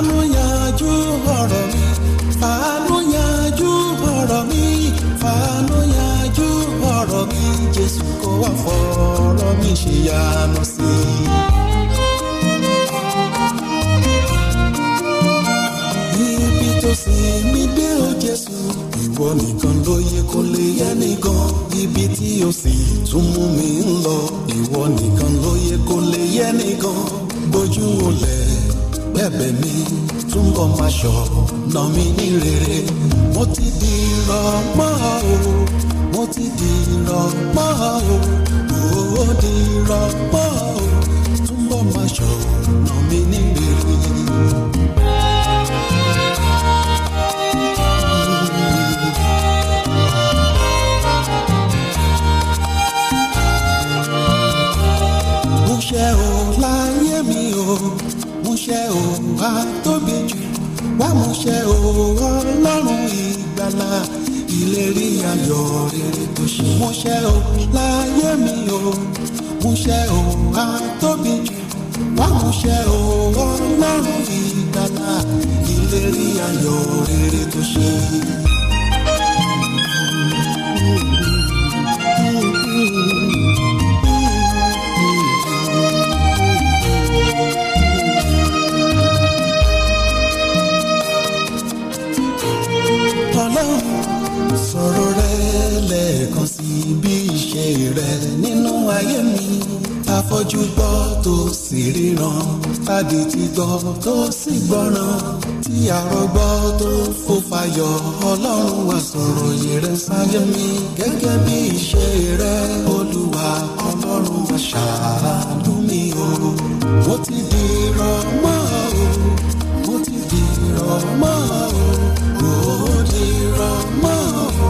fàánú yanjú ọ̀rọ̀ mi fàánú yanjú ọ̀rọ̀ mi fàánú yanjú ọ̀rọ̀ mi Jésù kó wá fọ̀rọ̀ mi ṣèyanu sí i. ibi tó sì mí dé o Jésù ìwọ nìkan ló yẹ kó mi ń lọ ìwọ nìkan ló yẹ kó lè yẹ nìkan bójú olè bẹ̀bẹ̀ mi túbọ̀ máa ṣọ̀nà mi ní rere mo ti di ìrọ̀pọ̀ o mo ti di ìrọ̀pọ̀ o mo di ìrọ̀pọ̀ o. múṣẹ o wá tóbi jù wá múṣẹ o ọlọ́run ìgbàlà ìlérí ayọ̀ rere tó ṣe múṣẹ o láyé mi o múṣẹ o wá tóbi jù wá múṣẹ o ọlọ́run ìgbàlà ìlérí ayọ̀ rere tó ṣe. rẹ nínú ayé mi afọ́jú gbọ́ tó sì ríran tádìtì gbọ́ tó sì gbọ́ràn tí àrọ́ gbọ́ tó fò fayọ̀ ọlọ́run wá sọ̀rọ̀ yìí rẹ sáyé mi gẹ́gẹ́ bí ìṣe rẹ olúwa ọlọ́run wá ṣàánú mi o mo ti di rọmọ o mo ti di rọmọ o mo di rọmọ o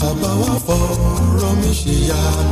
bàbá wa fọ̀rọ̀ mi ṣe yára.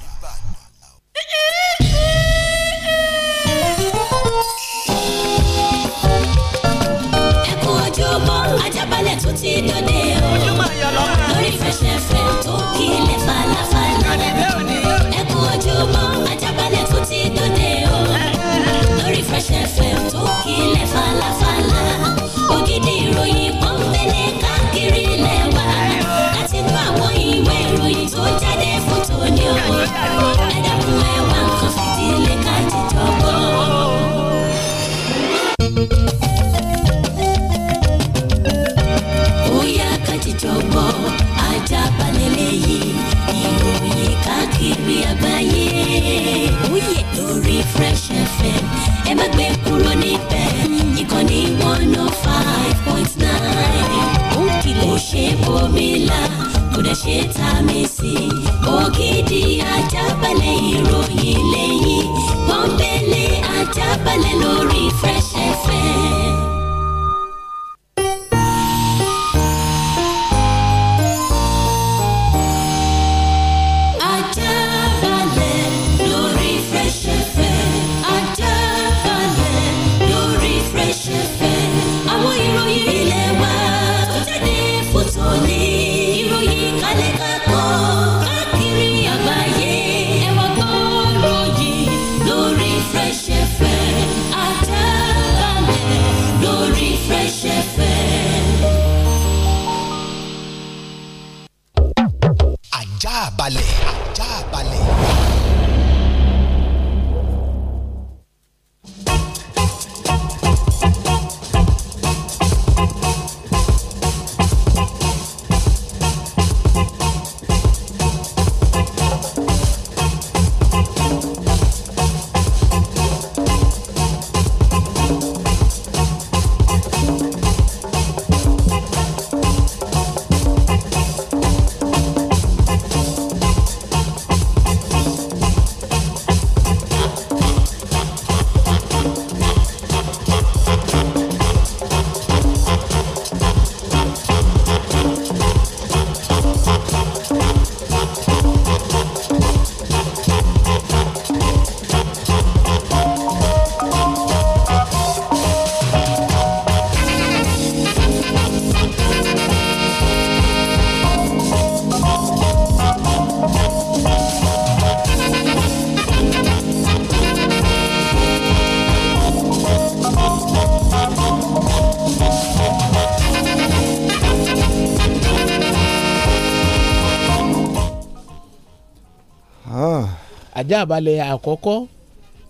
àjàbalẹ̀ àkọ́kọ́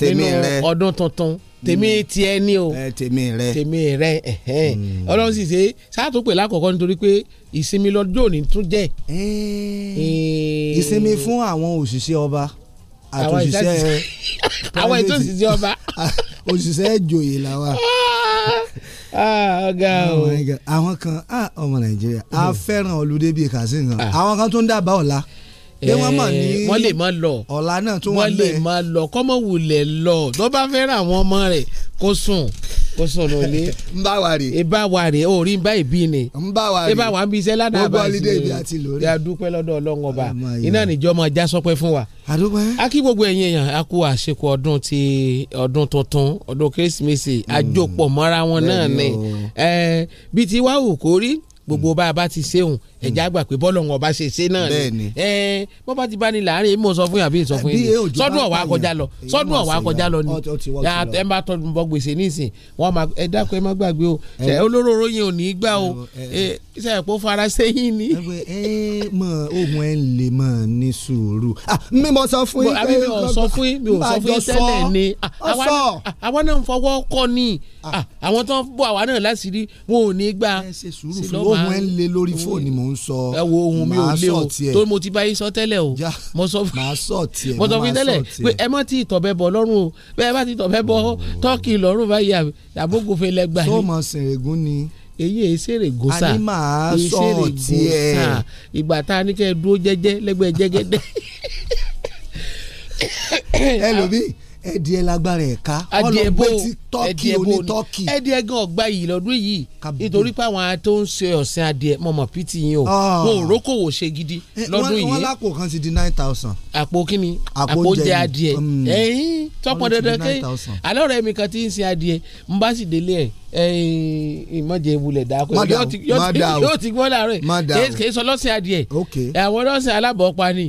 nínú ọdún tuntun tèmi mm. tiẹ̀ ni o tèmi rẹ tèmi rẹ mm. ọlọ́run sì ṣe sátúpè lákọ̀ọ́kọ́ nítorí pé ìsinmi lọ́jọ́ òní tún jẹ́. ìsinmi fún àwọn òṣìṣẹ́ ọba àtòṣìṣẹ́ àwọn ètò òṣìṣẹ́ ọba òṣìṣẹ́ ìjòyè làwà. Ah, ọ̀gá o oh àwọn kan ah, ọmọ nàìjíríà a hmm. fẹ́ràn olùdébí kàṣí nǹkan ah. àwọn kan tó ń dábàá ọ̀la pé wọ́n mọ̀ eh, ní wọ́n lè má lọ ọ̀la náà tún wọ́n lè má lọ kọ́mọ wulẹ̀ lọ tó bá fẹ́ ra àwọn ọmọ rẹ̀ kó sùn kó sùn lónìí. n bá wa rè. e bá wa rè orí n bá ìbí ni. n bá wa rè e bá wa ń bí iṣẹ́ ládàá bá sí i lórí. a dúpẹ́ lọ́dọ̀ ọlọ́run ọba iná níjọ́ máa já sọpẹ́ fún wa. a a kí gbogbo ẹ̀yin èèyàn a kú àṣekù ọdún ti ọdún tuntun ọdún kérésìmesì àjọpọ̀ mm. mọ́ra wọn náà ni bí ti wá wù gbogbo mm. bá a bá ti ṣéhùn ẹ̀já gbà pé bọ́ọ̀lù ọ̀hún ọba ṣe ṣe náà ni ẹ̀ẹ́n bọ́ bá ti bá ní láàrin èmi ò sọ fún yàrá èmi sọ fún yìí sọ́dún ọ̀wá kọjá lọ sọ́dún ọ̀wá kọjá lọ ni ẹ bá tọ́ bọ́ gbèsè nísìn wọ́n máa ẹ dákun ẹ má gbàgbé o olóróró yẹn ò ní í gbà o ṣe ẹ̀pọ̀ fara sẹ́yìn ni. ẹ mọ oògùn ẹ lè mọ ní sùúrù mi mo sọ fún yín pé mi ò sọ fún yín mi ò sọ fún yín tẹ́lẹ̀ ni àwọn náà ń fọwọ́ kọ́ ni àwọn tó ń bọ̀ àwa náà láṣìírí wọn ń sọ ẹ wo ohun mi ò lé o tó mo ti bá sọ tẹ́lẹ̀ o mo sọ fún mo sọ fún tẹ́lẹ̀ pé ẹ má ti tọ̀bẹ bọ̀ lọ́rùn o bẹ́ẹ̀ bá ti tọ̀bẹ bọ̀ tọ́kì lọ́rùn báyìí àbógunfe lẹ́gbàá yìí. sọ́ọ̀mọ̀ sẹ̀rẹ̀gùn ni èyí ẹ ṣeré gòsà a ní máa sọ tiẹ̀ ìgbà tá a ní kẹ́ ẹ dúró jẹ́jẹ́ lẹ́gbẹ̀ẹ́ jẹ́gẹ́dẹ́. ẹ lóbi ẹdìẹ lágbára ẹka ọlọgbẹ ti tọkì oní tọkì. ẹdìẹ gan ọgbà yìí lọ́dún yìí nítorí pé àwọn tó ń ṣe ọ̀sìn adìẹ mọ̀mọ́ pìtì yín o ah. wọn ò rókòwò ṣe gidi eh, lọ́dún yìí. wọn lápò kan ti di nine thousand. àpò kíni àpò jẹ adìẹ hmm. ẹyin tọpọ dandan kẹyìn alẹ́ ọ̀rẹ́ mi kan ti ń sin adìẹ n bá sì délé ẹ̀ ìmọ̀jẹ̀ ìwulẹ̀ dáko yóò ti gbọ́ láàárọ̀ kì í sọ lọ́sìn adìẹ àwọn lọ́sìn alábọ̀ọ́pa ni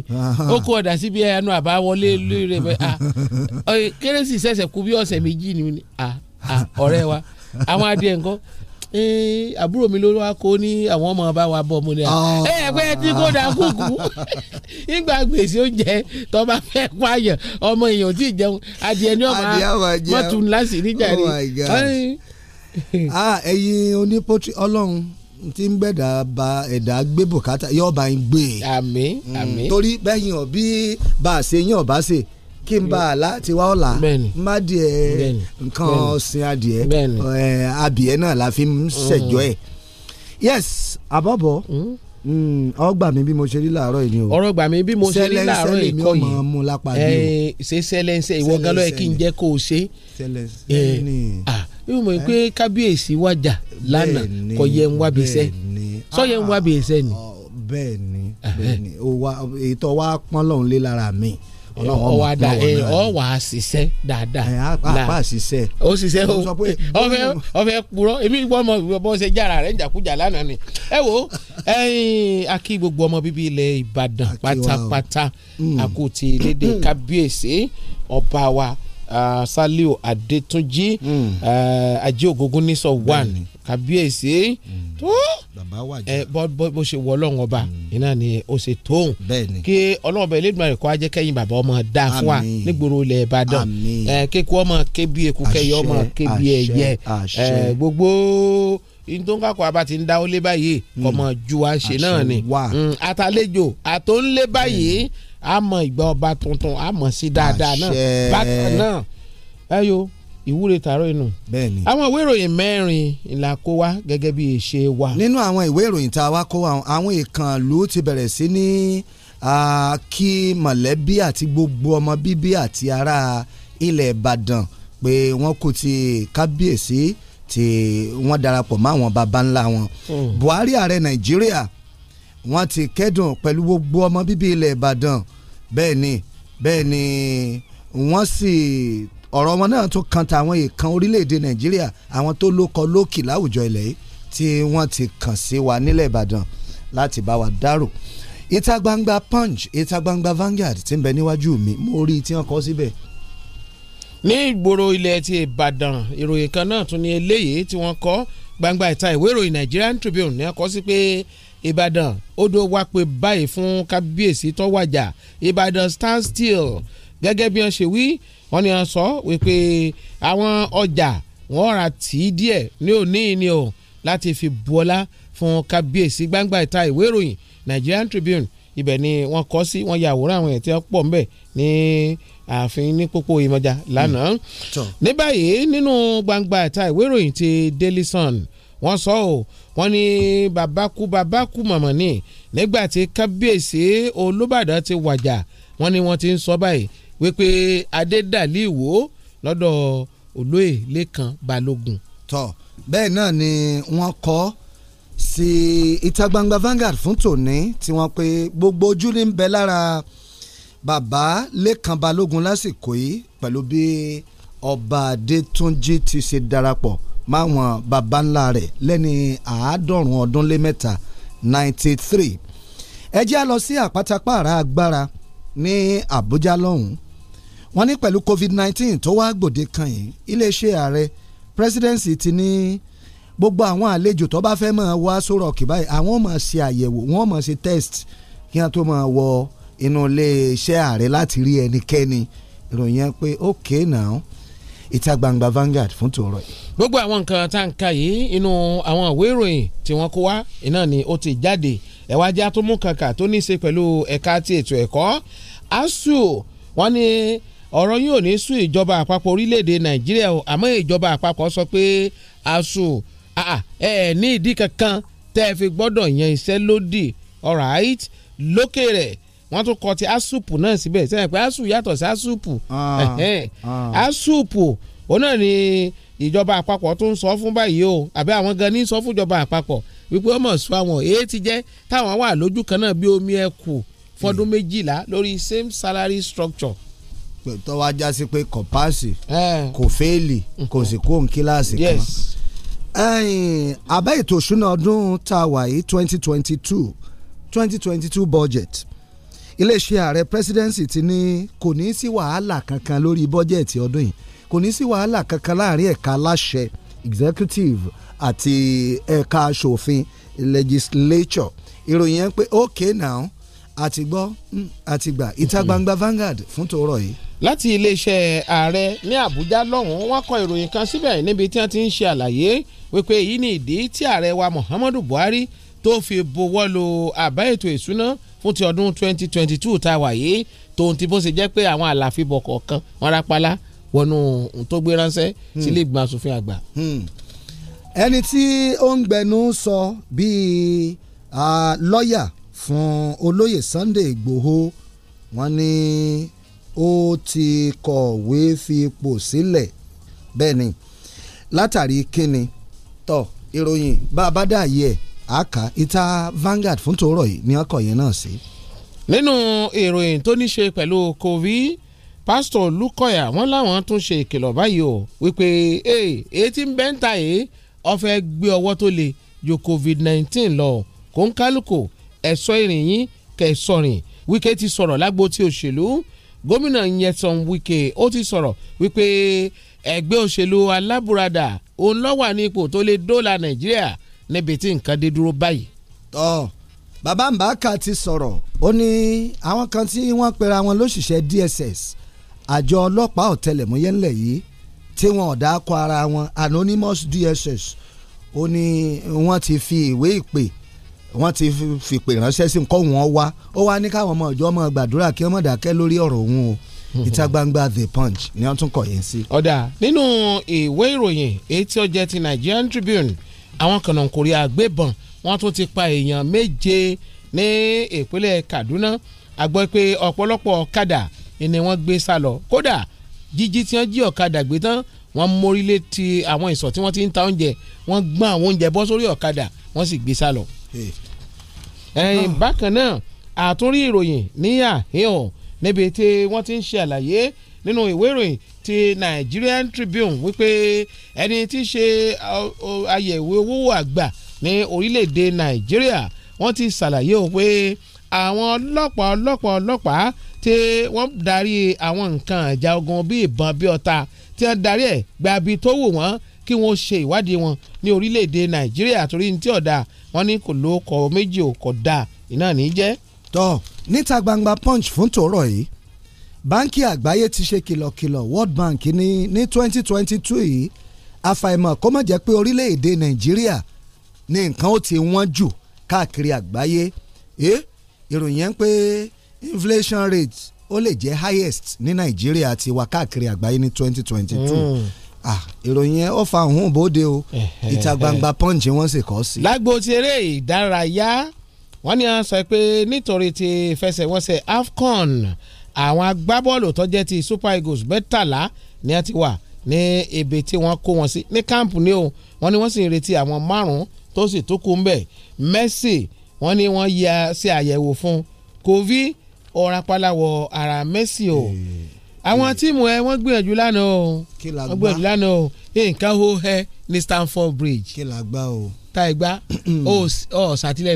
ó kó ọ̀dà síbi ẹnu àbáwọlé lórí rẹ̀ ah, ah, kérésì ṣẹ̀ṣẹ̀ kú bí ọ̀sẹ̀ méjì ni ah, ọ̀rẹ́ wa àwọn adìẹ nǹkan àbúrò mi ló wá kó ní àwọn ọmọ bá wa bọ̀ mu ẹ ẹ tí kò dá kúkú nígbà gbèsè oúnjẹ tó fẹ́ pààyàn ọmọ èèyàn tí ì jẹun adìẹ ní ọmọ mọ́tún lásìrí jàre. Oh Ah, ẹ̀yin onípótí ọlọ́run tí ń gbẹ̀dà ba ẹ̀dá gbé bùkátà yóò bá ń gbé e. àmín mm, àmín. torí bẹ́yìn ọ̀ bí bá a ṣe yín ọ̀ bá ṣe kí n bá a láti wá ọ̀la má díẹ̀ nǹkan ọ̀sìn adìẹ eh, abìẹ náà la fi ń mm-hmm. ṣẹ̀jọ́ ẹ̀. yes abọ́bọ̀ ọgbà mm-hmm. mm, mi bí mo ṣe rí làárọ̀ yìí o. ọ̀rọ̀ gbà mí bí mo ṣe rí làárọ̀ yìí kọ́ yìí eh, ṣe sẹ́lẹ̀nsẹ̀ ìwọ gan lọ́yẹ̀ kí n jẹ́ kó o ṣe. sẹ́lẹ̀nsẹ̀ ni yóò mọ̀ pé eh? kábíyèsí wájà lánàá kò yẹ ń wábi iṣẹ́ sọ yẹ ń wábi iṣẹ́ ni. Ah, ah, bẹ́ẹ̀ ni bẹ́ẹ̀ ni ètò wa pọ́n lọ́hún lé lára mi ọwọ da ẹ ọ wà á eh, ṣiṣẹ́ dáadáa eh, la apá ṣiṣẹ́ ó ṣiṣẹ́ o ọfẹ ọfẹ purọ́ èmi gbọ́ ọmọ bọ́ ṣe jára rẹ̀ ńjàkújà lánàá ni ẹ wo akí gbogbo ọmọ bíbí ilẹ̀ Ìbàdàn pátápátá àkùtì mm. lédè kábíyèsí ọba wa uh, Saliu Adétúnjí mm. uh, ajé ògógún ní sọ one kábíyèsí mm. tó ẹ eh, bó bó ṣe wọ ọlọ́run ọba mm. iná ni ó ṣe tóun kí ọlọ́run ọba elédùn àrẹ̀kọ́ ajẹ́ kẹ́yìn bàbá ọmọ dáa fún wa nígboro ilẹ̀ Ìbàdàn eh, kéku ọmọ kébi eku kẹyọ ọmọ kébi ẹyẹ eh, gbogbo ntòǹkàkọ́ abá ti ń dáwọ́lé báyìí mm. kọ́mọ ju wa náà ni àtàlejò àtòǹlé báyìí àmọ́ ìgbà ọba tuntun àmọ́ sí dáadáa náà bákan náà ẹyọ ìwúre tààrọ inú. bẹ́ẹ̀ni àwọn ìwé ìròyìn mẹ́rin ìlà kó wa gẹ́gẹ́ bí ìṣe wa. nínú àwọn ìwé ìròyìn tá a wá kó àwọn ìkànnlú ti bẹ̀rẹ̀ sí ní kí mọ̀lẹ́bí àti gbogbo ọmọ bíbí àti ará ilẹ̀ Ìbàdàn pé wọ́n kò ti kábíyèsí tí wọ́n darapọ̀ mọ́ àwọn baba ńlá wọn. Hmm. Buhari ààrẹ Nàìjíríà wọ́n ti kẹ́dùn pẹ̀lú gbogbo ọmọ bíbí ilẹ̀ Ìbàdàn bẹ́ẹ̀ ni bẹ́ẹ̀ ni wọ́n sì ọ̀rọ̀ wọn náà tún kan tàwọn èèkan orílẹ̀-èdè Nàìjíríà àwọn tó lókọ lókì láwùjọ ilẹ̀ yìí tí wọ́n ti kàn sí wa nílẹ̀ Ìbàdàn láti bá wa dárò ìta gbangba punch ìta gbangba Vanguard ti ń bẹ níwájú mi mo rí i tí wọ́n kọ síbẹ̀ ní ìgboro ilẹ̀ ti Ìbàdàn ìròyìn kan náà tún ní eléyìí tí wọ́n kọ gbangba ìta ìwé ìròyìn Nigerian Tribune ní ẹ̀kọ́ sí pé ìbàdàn odò wa pé báyìí fún kábíyèsí tó wàjà ìbàdàn stand still gẹ́gẹ́ bí wọ́n ṣe wí wọ́n ní wọ́n sọ wípé àwọn ọjà wọ́n ra tì í díẹ̀ ní òní ni o láti fi bu ọlá fún kábíyèsí gbangba ìta ìwé ìròyìn Nigerian Tribune ibẹ̀ ni wọ́n kọ́ sí wọ́n ya àwòrán àwọn ètò pọ̀ ńbẹ̀ ní ààfin ní pópó ìmọ̀já lánàá. Mm. ní báyìí nínú gbangba ìta ìwé ìròyìn ti Daily Sun wọ́n sọ ọ́ wọ́n ní babakú babakú mọ̀mọ́ ní nígbà tí kábíyèsí olúbàdàn ti wàjà wọ́n ní wọ́n ti ń sọ báyìí wípé adédàlíwò lọ́dọ̀ olóyè lẹ́kan balógun. tọ́ bẹ́ẹ̀ náà ni wọ́n kọ sí ìta gbangba Vanguard fún tòní tí wọ́n pe gbogbo ojú ní bẹ lára bàbá lẹ́kan balógun lásìkò yìí pẹ̀lú bí ọba adétúnjì ti ṣe darapọ̀ máwọn baba ńlá rẹ̀ lẹ́ni àádọ́rùn ọdún lé mẹ́ta ninety three ẹ jẹ́ a lọ sí àpátápàrà agbára ní Àbújá lọ́hùn-ún wọ́n ní pẹ̀lú covid nineteen tó wá gbòde kan yìí iléeṣẹ́ ààrẹ presidency ti ní gbogbo àwọn àlejò tó bá fẹ́ máa wá sórọ̀ kì báyìí àwọn máa ṣe àyẹ̀wò wọ́n máa ṣe test kí wọ́n tó máa wọ inú iléeṣẹ́ ààrẹ láti rí ẹnikẹ́ni ìròyìn pé okay now ìta gbangba Vanguard fún tòórọ yìí. gbogbo àwọn nǹkan tá à ń ka yìí inú àwọn ìwé ìròyìn tí wọ́n kó wá iná ni ó ti jáde ẹ̀wá ajá tó mú kàkà tó ní í ṣe pẹ̀lú ẹ̀ka ti ètò ẹ̀kọ́ ASUU wọ́n ní ọ̀rọ̀ yìí ò ní sùn ìjọba àpapọ̀ orílẹ̀-èdè Nàìjíríà o àmọ́ ìjọba àpapọ̀ sọ pé ASUU ẹ̀ ní ìdí kankan tẹ́ ẹ fi gbọ́dọ̀ yan iṣẹ́ lódì all right lókè rẹ̀ wọ́n tún kọ ti asupu náà síbẹ̀ sẹ́yìn pé asu yàtọ̀ sí asupu ah, ah. asupu òun náà ni ìjọba àpapọ̀ tún ń sọ fún báyìí o àbí àwọn gan ní sọ fún ìjọba àpapọ̀ wípé ọmọ sọ àwọn èyí ti jẹ́ táwọn wà lójú kan náà bí omi ẹ̀kú fọdún hmm. méjìlá lórí same salary structure tó wá já sí pé kò paasi kò fẹ́ẹ̀lì kò sì kó n kíláàsì kan. abẹ́ ètò ìṣúná ọdún tá a wà yìí twenty twenty two twenty twenty two budget iléeṣẹ́ ààrẹ presidency ti ní kò ní sí wàhálà kankan lórí bọ́jẹ̀tì ọdún yìí kò ní sí wàhálà kankan láàrin ẹ̀ka aláṣẹ executive àti ẹ̀ka asòfin legislature ìròyìn yẹn pé okay now àti gbọ́ hmm, àti gbà ìta mm-hmm. gbangba Vanguard fún tòórọ̀ yìí. láti iléeṣẹ́ ààrẹ ní Àbújá lọ́hùn-ún wọ́n kọ ìròyìn kan síbẹ̀ níbi tí wọ́n ti ń ṣe àlàyé wípé èyí ni ìdí tí ààrẹ wa Muhammadu Buhari tó fi buwọ́ lu àbá ètò ìsúná fún ti ọdún 2022 tá a wà yìí tòun ti bó ṣe jẹ́ pé àwọn àlàfíbọ̀ kọ̀ọ̀kan wọn rápálá wọnú tó gbé ránṣẹ́ sílé ìgbìmọ̀ asòfin àgbà. Hmm. ẹni tí ó ń gbẹnu sọ bíi lọ́ọ̀yà fún olóyè Sunday Ìgbòho wọ́n ní ó ti kọ̀wé fipò sílẹ̀ bẹ́ẹ̀ ni látàrí kíni tọ̀ ìròyìn bá a bá dà yẹ àkà ìta Vanguard fún tòórọ̀ yìí ni ọkọ̀ yẹn náà sí. nínú ìròyìn tó ní ṣe pẹ̀lú covid pásítọ̀ Lukoya wọ́n láwọn tún ṣe ìkìlọ̀ báyìí o wípé èyí tí ń bẹ́ ń ta yìí ọ̀fẹ́ gbé ọwọ́ tó le ju covid nineteen lọ kó ń kálukò ẹ̀sọ́ ìrìn kẹsọ̀rìn Wike ti sọ̀rọ̀ lágbo ti òṣèlú gómìnà Nyesom Wike ó ti sọ̀rọ̀ wípé ẹgbẹ́ òṣèlú alábùradà òun ló wà ipò tó lè dóòlà Nàìjíríà níbi tí nǹkan dé dúró báyìí. tọ́ bàbá mbàkà ti sọ̀rọ̀ ó ní àwọn kan tí wọ́n pera wọn lóṣìṣẹ́ DSS àjọ ọlọ́pàá ọ̀tẹlẹ̀múyẹ́ ńlẹ̀ yìí tí wọn ò dákọ ara wọn anonymous DSS ó ní wọ́n ti fi ìwé ìpè wọ́n ti fìpè ránṣẹ́ sí nǹkan wọn wá ó wá ní káwọn ọmọ ìjọ ọmọ gbàdúrà kí wọ́n mọ̀ dákẹ́ lórí ọ̀rọ̀ òun o ìta gbangba the punch ni wọ́n tún kọ yẹn sí. ọ̀dà nínú ìwé ìròyìn etí ọjà ti Nigerian Tribune àwọn kànáńkórí agbébọn wọ́n tún ti pa èèyàn méje ní ìpínlẹ̀ Kaduna a gbọ́ pé ọ̀pọ̀lọpọ̀ ọ̀kadà ni wọ́n gbé sá lọ kódà jíjí tí wọ́n jí ọ̀kadà gbé tán wọ́n mórí létí àwọn ìsọ̀ tí wọ́n ti ń ta oúnjẹ wọ́n gbọ́n àwọn oúnjẹ bọ́ sórí ọ̀kadà wọ́n sì gbé sá lọ. ẹ̀yìn ah. bákan náà àtúrí ìròyìn níyà hàn níbi tí wọ́n ti ń ṣe àlàyé nínú ìwé ìròyìn ti Nigerian Tribune wípé ẹni tí í ṣe àyẹ̀wò owó àgbà ní orílẹ̀-èdè Nàìjíríà wọ́n ti ṣàlàyé òun pé àwọn ọlọ́pàá ọlọ́pàá ọlọ́pàá tí wọ́n darí àwọn nǹkan ìjà ogun bí ìbọn bí ọta tí wọ́n darí ẹ̀ gba ibi tó wù wọ́n kí wọ́n ṣe ìwádìí wọn ní orílẹ̀-èdè Nàìjíríà torí ní tí ọ̀dà wọn ní kò lóko méjì ò kò dáa iná ní jẹ́. tọ́ níta gbangba punch fún tòórọ̀ yìí báńkì àgbáyé ti ṣe kìlọ̀kìlọ̀ World Bank ní ní 2022 yìí àfàìmọ̀ kó má jẹ́ pé orílẹ̀-èdè Nàìjíríà ní nǹkan ó ti wọ́n jù káàkiri àgbáyé eh ìròyìn yẹn pé inflation rate ó lè jẹ́ highest ní Nàìjíríà ti wà káàkiri àgbáyé ní twenty mm. ah ìròyìn yẹn ó fa òun bóde o ìta gbangba punch wọ́n sì kọ́ sí. lágbo ti eré ìdárayá wọ́n ní a sọ pé nítorí ti fẹsẹ̀wọnsẹ̀ AFCON àwọn agbábọ́ọ̀lù tó jẹ́ ti Super Eagles mẹ́tàlá ni a ti wà ní ibi tí wọ́n kó wọn sí ní káàmpù ni o wọ́n ní wọ́n sì ń retí àwọn márùn-ún tó sì tó kú mbẹ̀ Messi wọ́n ní wọ́n ya ṣe àyẹ̀wò fún covid ọ̀rapalawọ̀ ara Messi o eh, àwọn eh. tíìmù ẹ wọ́n gbìyànjú lánàá o wọ́n gbìyànjú lánàá o nǹkan hó ẹ ní Stamford Bridge tá ẹ gbá o ò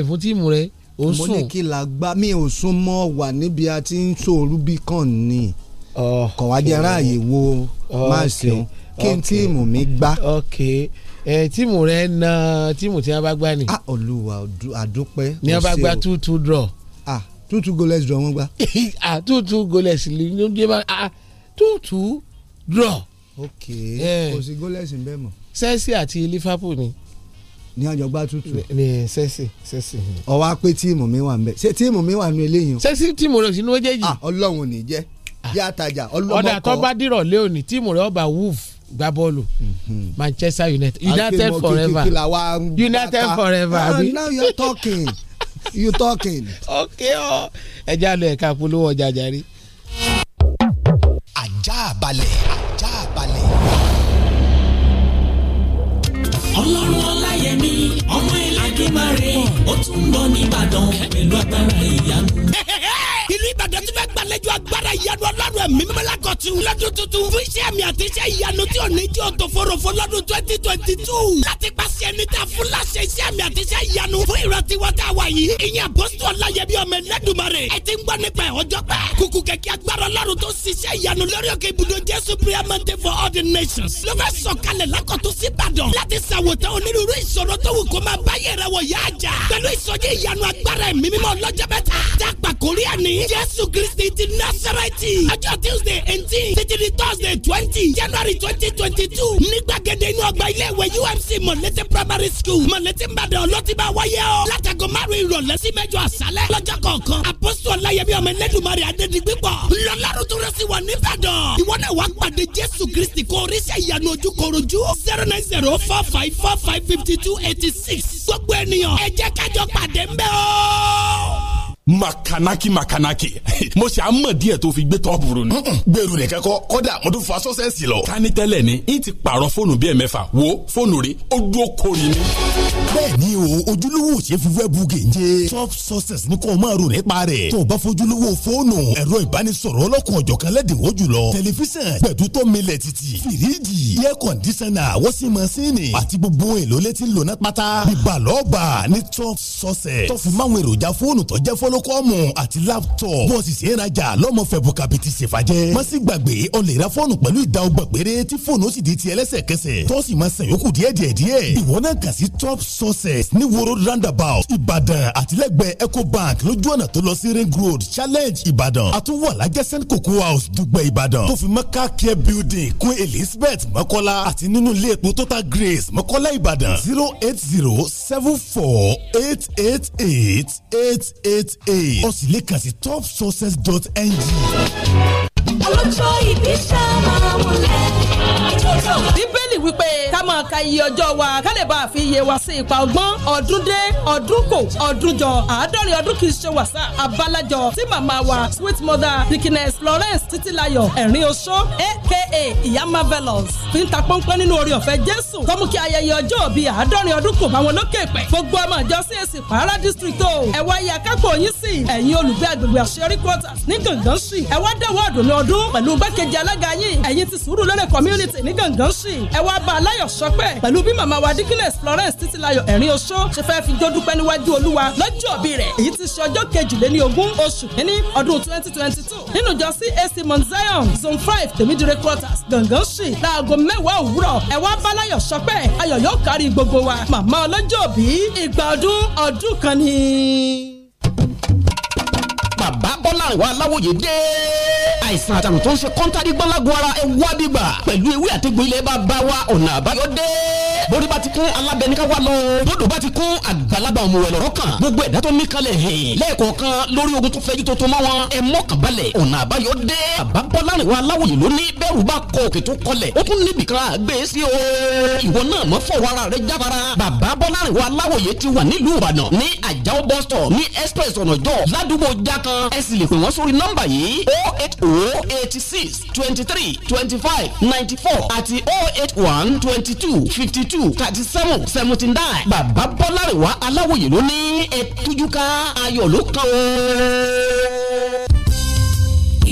fún tíìmù rẹ̀ ó sùn mo ní kí la gbá mi ò sún mọ́ wà níbi a ti ń so Rubicon ni kọ̀ wá jẹ́ ráàyè wo máa ṣeun kí n tíìmù mi gbá. tíìmù rẹ na tíìmù tí wọ́n bá gbá ni. Ah, olúwa àdúpẹ́. ni wọ́n bá gbá two two draw. ah two two goalless draw wọ́n gbá. ah two two goalless ló dé bá ah two two draw. ok kò sí goalless ń bẹ mọ́. Chelsea àti Liverpool ni ní àjọgbá tútù. ní sẹ́sì sẹ́sì. ọwọ́ á tíìmù mi wà nbẹ ṣé tíìmù mi wà nù eléyìí o. sẹ́sì tíìmù rẹ̀ sínú méjèèjì. Ah, ọlọ́run ò ní jẹ́ bí àtàjà ọlọ́mọkọ. ọ̀dà tó dìrọ̀ lé òní tíìmù rẹ̀ ọba wolf gba bọ́ọ̀lù mhm. Manchester United United forever United forever ah, now you are talking you talking. ok ọ ẹ já lọ ẹ̀ka polówó ọjà jàre. ajá balẹ̀ ajá balẹ̀. ọlọ́run mari mari ó tún bọ̀ nìbàdàn pẹ̀lú agbára ìyanu ìlú ìbàdàn ti fẹ́ gbàlejò agbára ìyanu ọlọ́run ẹ̀mí mímọ́lá kọ̀tù lọ́dún tuntun fún iṣẹ́ mi àti iṣẹ́ ìyanu tí ò ní jẹ́ òtòforofo lọ́dún twenty twenty two láti pàṣẹ ẹni tá a fún láṣẹ iṣẹ́ mi àti iṣẹ́ ìyanu fún ìrántí wọn tá a wà yìí ìyẹn àpọ́sítù ọláyẹmí ọmọ ẹlẹ́dùnmarè ẹ ti ń gbọ́ nípa ẹ̀ pẹ́ kùkù kẹ̀kẹ́ agbára ọlọ́run tó ṣiṣẹ́ ìyanu agbára ẹ̀mí mímọ́ ọlọ́jọ́ mẹ́ta tá a ẹni ní jésù kristi ti násàrẹ́tì ọjọ́ tuesday eighteen títí di thursday twenty january twenty twenty two ní gbàgede inú ọgbà ilé ìwé umc mọ̀lẹ́tẹ̀ primary school mọ̀lẹ́tẹ̀ ìbàdàn ọlọ́tí bá wáyé ọ látàgọ́ márùn-ún ìrọ̀lẹ́ sí mẹ́jọ àṣálẹ́ lọ́jọ́ kọ̀ọ̀kan àpọ́sù ọláyẹmí ọmọ ẹlẹ́dùnmarè adédìgbé pọ̀ ńlọlọ́run tó rẹ sí wọn nìbàdàn ìwọ náà wàá pàdé jésù kristi kó oríṣẹ́ ìyanu ojú korojú zero nine zero four five four five fifty two eighty six gbogbo ènìyàn ẹ jẹ́ kájọ pàdé ńbẹ̀ o makanaki makanaki mo ṣe àmọ̀ díẹ̀ tó fi gbé tọ́pù rò ní. gbèrú nìkan kọ kọ́dà mo tún fa sọ́sẹ̀sì lọ. kání tẹ́lẹ̀ ni n ti pààrọ̀ fóònù bíi ẹ̀mẹ́fà wo fóònù rí ó dúró kori ni. bẹ́ẹ̀ni o ojúlówó ṣe fífẹ́ bu gèje top success ní kò máa rò nípa rẹ̀ tó o bá fojúlówó fóònù ẹ̀rọ ìbánisọ̀rọ̀ ọlọ́kùn ọ̀jọ̀kan lẹ́dínwó jùlọ tẹlifíṣàn gbẹ̀dútọ́ milẹ̀ títì fìríjì air conditioner wọ́sí masínì àti gbogbo èlò létí lónà pátá success tó fi máwọn èròjà fóònù tó kọ́lọ́kọ́mù àti laptop bọ́ọ̀sì sì ń rajà lọ́mọ fẹ̀bù kàbìtì ṣèfàjẹ́ má sì gbàgbé ọ lè ra fóònù pẹ̀lú ìdá ọgbà péré tí fóònù ó sì di ti ẹlẹ́sẹ̀kẹsẹ̀ tọ́sí máa ṣàn yòókù díẹ̀ díẹ̀ díẹ̀ ìwọ náà kà sí top sources ní woro roundabout ìbàdàn àtìlẹ́gbẹ̀ẹ́ ecobank lójú ọ̀nà tó lọ sí ring road challenge ìbàdàn àtúwọ̀ alájẹ́ st cocoa house dùgbẹ̀ ìbàdàn tó fi maka care building kún elizabeth mọ́kọ́lá àti nínú ilé epo total grace mọ́kọ́lá ìbàdàn zero eight zero seven four eight eight eight eight eight eight o sì lè kàn sí topsources.ng. ọlọ́jọ́ ìbí ṣá wọlé ìjọ́jọ́ sì wí pé ká máa ka iye ọjọ́ wa ká lè bá a fi iye wa sí ipa ọgbọ́n ọdún dé ọdún kò ọdún jọ àádọ́rin ọdún kì í ṣe wàsá àbálájọ tí màmá wa sweet mother dikines Florence títílayọ̀ ẹ̀rín oṣó aka ìyá marvelous fi ń ta pọ́npẹ́ nínú orí ọ̀fẹ́ Jésù tó mú kí ayẹyẹ ọjọ́ bíi àádọ́rin ọdún kò bá wọn lókè pẹ̀ gbogbo ọmọ ìjọ CAC Pàrà district o ẹ̀wọ́ ayé akápò yín sí ẹ̀yin olùgbé agbègbè àṣeyọrí quarters ní gàngán sí ẹ̀wọ́ dẹ́wọ́ ọdún ní ọdún pẹ̀lú gbẹ́kejì alága yín ẹ̀yin ti sùúrù lórí community ní gàngán sí ẹ̀w wá bá aláyọ̀ sọpẹ́ pẹ̀lú bí màmá wa dikines Florence títílayọ̀ ẹ̀rín oṣó ṣe fẹ́ fi jó dúpẹ́ níwájú olúwa lọ́jọ́ bí rẹ̀ èyí ti ṣe ọjọ́ kejìléní ogún oṣù kínní ọdún twenty twenty two nínú ìjọ CAC Mount Zion zone five tèmídìrẹ́ quarters gangan sí láago mẹ́wàá òwúrọ̀ ẹ wá bá aláyọ̀ sọpẹ́ ayọ̀ yóò kárí gbogbo wa màmá ọlọ́jọ́ bí ìgbà ọdún ọdún kan ni bàbá bọ́lárin wa aláwòye dé àìsàn àtàrùn tó ń ṣe kọ́ńtàdígbọ́lágun ara ẹ̀ wá bíbà pẹ̀lú ewé àtegbò ilẹ̀ bàbá wa ọ̀nà àbáyọ dé bórí bá ti kún alábẹ́ni ká wá lọ. bódò bá ti kún àgbàlagbà ọmọ wẹ̀ lọ́rọ́ kan gbogbo ẹ̀dá tó ní kalẹ̀ hìn lẹ́ẹ̀kọ̀ọ̀kan lórí ogun tó fẹ́jú tó tó mọ́ wọn. ẹ mọ́kàn balẹ̀ ọ̀nà àbáyọ dé. bàbá bọ́lárin wa aláwòye lónìí bẹ́ẹ̀rù bá kọ òkè tó kọlẹ̀ ó tún níbi kan àgbé sí o. ìwọ náà mọ fọwọ́ ara rẹ jábára. bàbá bọ́lárin wa aláwòye ti wà nílùú ìbàdàn ní àjàó bus stop ní express ọ̀nà jọ ládùúgbò jákan ẹ sì lè pè wọ́n sórí nọ́mbà yìí oh eight oh eighty six twenty three twenty five ninety four àti oh eight one twenty two fifty two two thirty seven seventy nine bàbá bọ́lárẹ̀wá aláwòye ló ní ẹ̀tújúká ayọ̀ ló kàn ó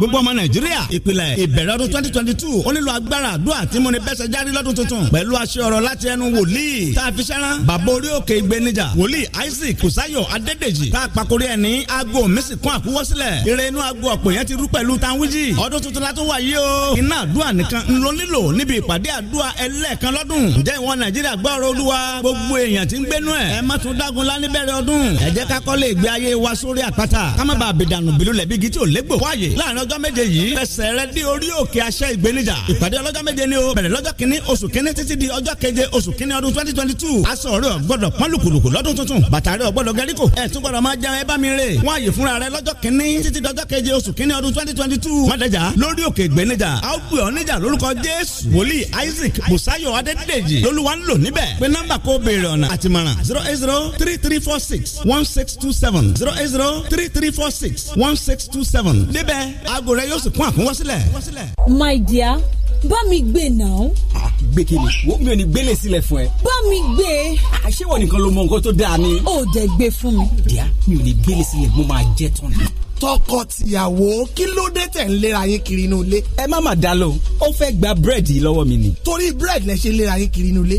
gbogbo ọmọ nàìjíríà ìpìlẹ̀ ìbẹ̀rẹ̀ ọdún twenty twenty two ó nílò agbára àdúrà tí mo ní bẹ́sẹ̀ járí lọ́dún tuntun pẹ̀lú aṣọ ọ̀rọ̀ láti ẹnu wòlíì tá a fi ṣẹ́rán bàbá orí òkè ìgbénijà wòlíì isaac kùsáyọ̀ adédèjì tá a pàkórí ẹ̀ ní aago mísì kún àkúwọ́sílẹ̀ eré inú aago ọ̀pọ̀ yẹn ti rú pẹ̀lú tanwiji ọdún tuntun la tún wà yìí o iná àdúrà nìkan ń lo nílò níbi ìpàdé àdúrà ẹlẹ́ẹ̀kan lọ́dún ǹjẹ́ ìwọ nàìjíríà gbọ́rọ̀ olúwa gbogbo èèyàn ti ń gbénú ẹ̀ ẹ má tún dágun lá níbẹ̀rẹ̀ ọdún ẹ jẹ́ ká kọ́lé ìgbé ayé wa sórí àpáta ká má bàa bìdànù bìlú lẹ̀bi igi tí ò légbò fọ́ àyè láàrin ọjọ́ ọlọ́jọ́ méje yìí fẹsẹ̀ rẹ dé orí òkè aṣẹ́ ìgbénijà ìpàdé ọlọ́jọ́ méje ni o bẹ̀rẹ̀ lọ́jọ́ kínní oṣù kínní títí di ọjọ́ keje oṣù kínní ọdún twenty twenty two aṣọ rẹ gbọ́dọ̀ pọ́n lùkùlùkù lọ́dún tuntun bàtà rẹ gbọ́dọ̀ gẹríkò ẹ tún gbọ́dọ̀ máa jẹun ẹ bá mi rè wọn àyè fúnra rẹ lọ́jọ́ kínní títí dọjọ́ aago rẹ yóò sì kún àkúnwọ́ sílẹ̀. my dear bá mi gbé náà. Ah, gbé kí ni wo mi ò ní gbélé sílẹ̀ fún ẹ. bá mi gbé. àṣé ah, wọn nìkan ló mọ nǹkan tó dáa ni. ó dẹ gbé fún mi. díà mi ò ní gbélé sílẹ̀ mo máa jẹ tán ni tọkọtìyàwó kí ló dé tẹ̀ ń léra yín kiri inú ilé. ẹ má mà dá lóhùn ó fẹ́ gba búrẹ́dì lọ́wọ́ mi ni. torí búrẹ́dì lẹ ṣe léra yín kiri inú ilé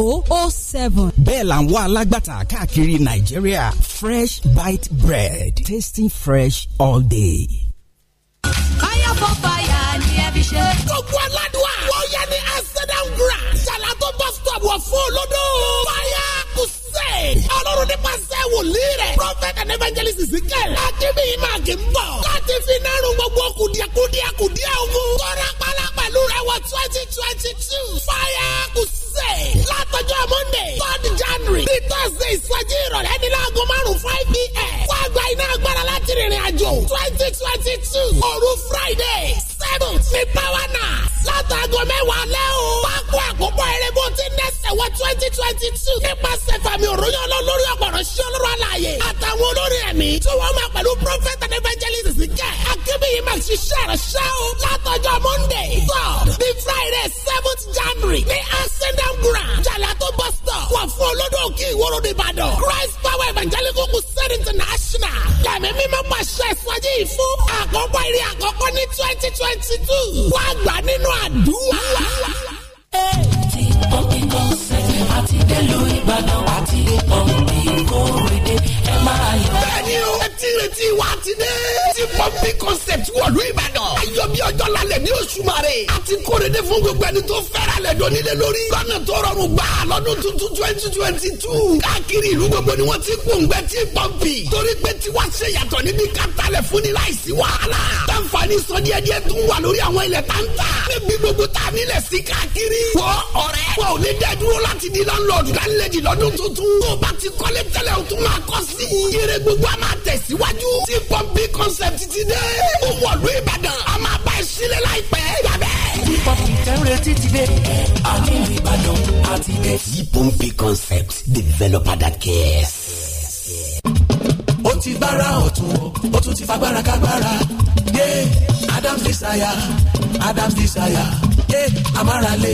zero oh seven. bẹ́ẹ̀ là ń wá alágbàtà káàkiri nàìjíríà fresh bite bread tasting fresh all day. fire for fire ni ẹ fi ṣe. gbogbo aládùá wọ́n yẹ ní amsterdam grand. jàlátó bus stop wọ̀ fún olódò. fire kù sí ọlọ́run nípasẹ̀ wòlíì rẹ̀. prophet and evangelist Ezekiel. láti bí máa kí n bọ̀. láti fi náírà gbogbo kùdìẹ̀kùdìẹ̀ kùdìẹ̀ ogun. tọ́ra pálá pẹ̀lú rẹ̀ twenty twenty two. fire kù sí tuesday látọjọ́ monday third january bíi thursday ìsọjí ìrọ̀lẹ́ ní láago márùn-ún five pm fún àgbà iná agbára láti rìnrìn àjò twenty twenty two òru friday seventh ní power nap látago mẹ́wàá lẹ́ o. pákó àkókò erébó ti nẹ́sẹ̀ wọ twenty twenty two nípasẹ̀ fàmì òróyìn olórí ọ̀pọ̀rọ̀ sí ọlọ́run àlàyé àtàwọn olórí ẹ̀mí tí wọ́n máa pẹ̀lú prophet and evangelist kẹ́. akébíyì máa ṣiṣẹ́ rẹ̀ ṣá o látọjọ́ monday third the friday seventh january ní ascendant ground jalato bus stop wà fún olódò òkè ìwòrò nìbàdàn christ power evangelical crusade international lẹ́mí mímọ́ pàṣẹ ìsọjí ìfún àkọ́kọ́ eré àkọ́kọ́ ní twenty twenty two wọ́n àgbà nínú àdúrà. ti pọ́ǹpì kọ́nsẹ̀tì àti délùú Ìbàdàn àti pọ́ǹpì kórèdè ẹ máa yọ bẹ́ẹ̀ni o. etí retí wa ti dé. ti pọ́ńpì concept wọ̀lú ìbàdàn. ayọ̀bí ọjọ́ lálẹ́ ní oṣù mare. a ti kóre dé fún gbogbo ẹni tó fẹ́ra lẹ̀ dọ́nilé lórí. lọ́nà tó rọrùn gbà lọ́dún tuntun twenty twenty two. káàkiri ìlú gbogbo ni wọ́n ti gbòǹgbẹ́ ti pọ́ńpì. torí pé tiwa ṣe yàtọ̀ níbi kátàlẹ̀ fún ni láìsí wàhálà. tàǹfààní sọ díẹ̀ díẹ̀ tún wà lórí àwọn ilẹ̀ táǹtà. níbi gbogbo tá a nílẹ̀ sí káàkiri. wọ ọ̀rẹ́. wọn ò ní dẹ́ láti di láńlọ́ọ̀dù dánilẹ́jì lọ́dún tuntun. tó o bá ti kọ́lé tẹ́lẹ̀ o tún máa kọ́ sí. yẹrẹ gbogbo wa máa tẹ̀síwájú tí pọ́ńpì concept ti dé. ó wọ̀lú ìbàdàn a máa bá ẹ sílẹ̀ láìpẹ́ gbàgbẹ́. tí pọ́ńpì tẹ́rẹ̀ ti ti dé. àmì ìbàdàn a ti dé. tí pọ́ńpì concept developer that cares. ó ti gbára ọ̀tún ó tún ti fagbára kágbára yé yeah. Adam's Desire Adam's Desire yé yeah. amárale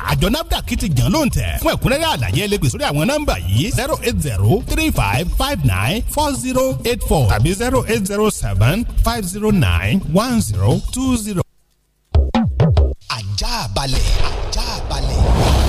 àjọ nafdac ti jàn ló ń tẹ̀ fún ẹ̀kúnrẹ́rẹ́ àlàyé ẹlẹ́gbẹ̀ sórí àwọn nọ́mbà yìí zero eight zero three five five nine four zero eight four tàbí zero eight zero seven five zero nine one zero two zero. ajá balẹ̀ ajá balẹ̀.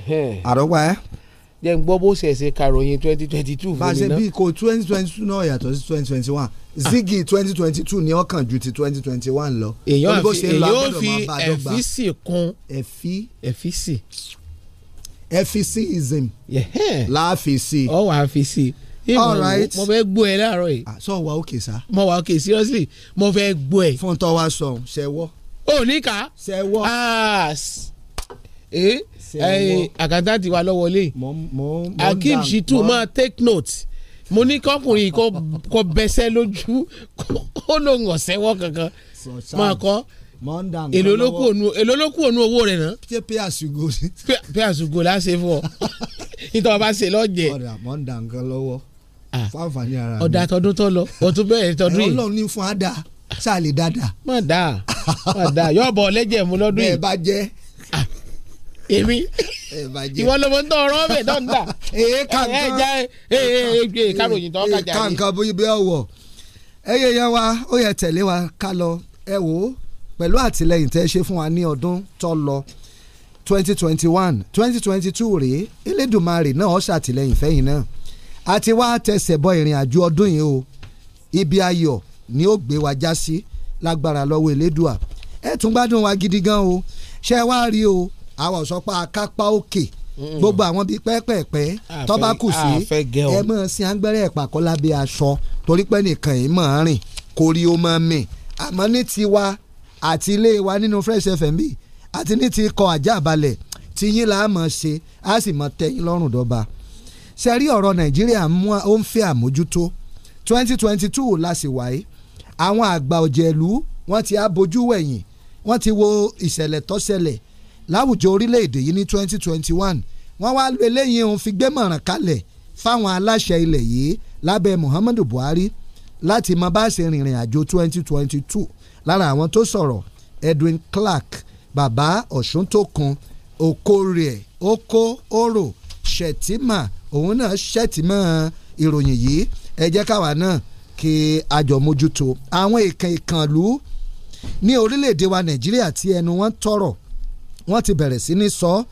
àrọ́wá ẹ́. jẹ́ n gbọ́ bó ṣe ṣe karòyìn twenty twenty two. bá a ṣe bí twenty twenty two náà yàtọ̀ sí twenty twenty one zigi twenty twenty two ni ọkàn ju ti twenty twenty one lọ. èyàn fi èyàn fi ẹ̀físì kún. ẹ̀fí. ẹ̀físì. ẹ̀físìism. láàfíìsì. ọwọ́ àfíìsì. all right mo fẹ́ gbọ́ ẹ láàárọ̀ yìí. sọ wa òkè sá. mo wa òkè seriously mo fẹ́ gbọ́ ẹ. fún tọ́wá sọ ṣẹ́wọ́. ò ní ká. ṣẹ́wọ́. ah. Eh? àkàtà tiwa lọ wọlé akeem shitu ma take note mo ní kọkùnrin kọ bẹsẹ lójú kó ló ń ọ̀sẹ̀wọ́ kankan máa kọ́ èlò ló kù ònú owó rẹ̀ náà. ṣé pay as you go. pay as you go láṣẹ fún ọ nítorí ọba ṣe lọ́jẹ̀. ọ̀rẹ́ àmọ́ ń dà nǹkan lọ́wọ́ fáfàní ara mi. ọ̀dà tọdún tó lọ ọ̀tún bẹ́ẹ̀ tọdún yìí. ọlọ́run ní fún ada ṣáà lè dáadáa. má dáa má dáa yóò lẹ́jẹ̀ mu lọ́dún yìí. bẹ́ẹ̀ bá jẹ́ èmi ìwọ ló mọ ń tọrọ ọbẹ dọ́ńdà ẹ jẹ ẹ ẹ káròyìn tó kájà yìí. ká nǹkan bóyá bí ọwọ ẹ yẹ yẹn wa ó yẹ tẹ̀lé wa ká lọ ẹ wò ó pẹ̀lú àtìlẹyìn tẹ́ ẹ ṣe fún wa ní ọdún tó lọ twenty twenty one twenty twenty two rèé Elédùmarè náà ó ṣàtìlẹyìn fẹ́yìn náà àti wá tẹsẹ̀ bọ ìrìn àjò ọdún yìí o ibi ayọ̀ ni ó gbé wa já sí lágbára lọ́wọ́ Elédùà ẹ tún gbádùn wa gidi gan o ṣé wá rí o àwọn ọ̀sọ́pá akápá òkè gbogbo àwọn bíi pẹ́pẹ́pẹ́ tọ́ba kù sí ẹ mọ̀ sí àgbẹ̀rẹ̀ ìpàkọ́ lábẹ́ aṣọ torí pé nìkan yìí mọ̀ ń rìn kórí ó mọ̀ mì àmọ́ ní tiwa àti ilé wa nínú Fresh FM bíi àti ní ti kọ àjà balẹ̀ tí yín là á mọ̀ ṣe á sì mọ̀ tẹ́yìn lọ́rùn dọ́ba ṣe ọ̀rọ̀ Nàìjíríà ó ń fẹ́ àmójútó twenty twenty two la sì wáyé àwọn àgbà òjèlú wọ́n ti á bojú wẹ̀yìn wọ́n ti wo ìṣẹ̀lẹ̀ tó láwùjọ orílẹ̀-èdè yìí ní 2021 wọ́n wá eléyìí òun fi gbé mọ̀ràn kalẹ̀ fáwọn aláṣẹ ilẹ̀ yìí lábẹ́ Muhammadu Buhari láti mọ bá ṣe rìnrìn àjò 2022 lára àwọn tó sọ̀rọ̀ Edwin Clark bàbá Ọ̀ṣuntòkun Okorie Oko Oro Shettima òun náà Shettima ìròyìn yìí ẹ jẹ́ káwa náà kí àjọmójútó àwọn ìkànnì ìkànnì ní orílẹ̀-èdè wa Nàìjíríà tí ẹnu wọn tọrọ̀ wọ́n ti bẹ̀rẹ̀ sí ní sọ ọ́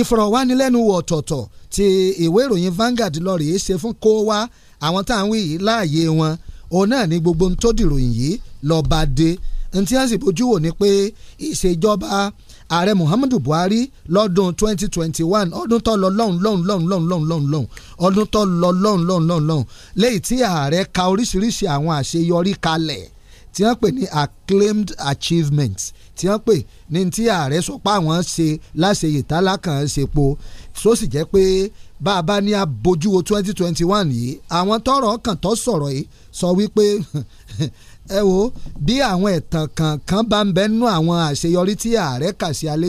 ìfọ̀rọ̀wánilẹ́nuwò ọ̀tọ̀ọ̀tọ̀ ti ìwé ìròyìn Vanguard lọ́ọ̀rì yìí ṣe fún kó wá àwọn tá à ń wí yìí láàyè wọn òun náà ni gbogbo ohun tó dìròyìn yìí lọ́ọ́ bá dé ntí a sì bójú wò ni pé ìṣèjọba ààrẹ Muhammadu Buhari lọ́dún 2021 ọdún tó lọ lọ́hùn lọ́hùn lọ́hùn lọ́hùn lọ́hùn lọ́hùn lọ́hùn ọdún tó lọ lọ́hùn lọ́hùn lọ́hùn lọ́hùn lẹ́yìn tí ààrẹ ka oríṣiríṣi àwọn àṣeyọrí kalẹ̀ tí wọ́n pè ní acclaimed achievements tí wọ́n pè ní tí ààrẹ sọ pé àwọn ṣe láṣẹ ìtàlá kan ṣepo tó sì jẹ́ pé bá a bá ní abojúwo twenty twenty one yìí àwọn tọrọ kan tó sọ̀rọ̀ yìí sọ wípé ẹ wo bí àwọn ẹ̀tàn kankan bá ń bẹ nú àwọn àṣeyọrí tí ààrẹ kà sí alé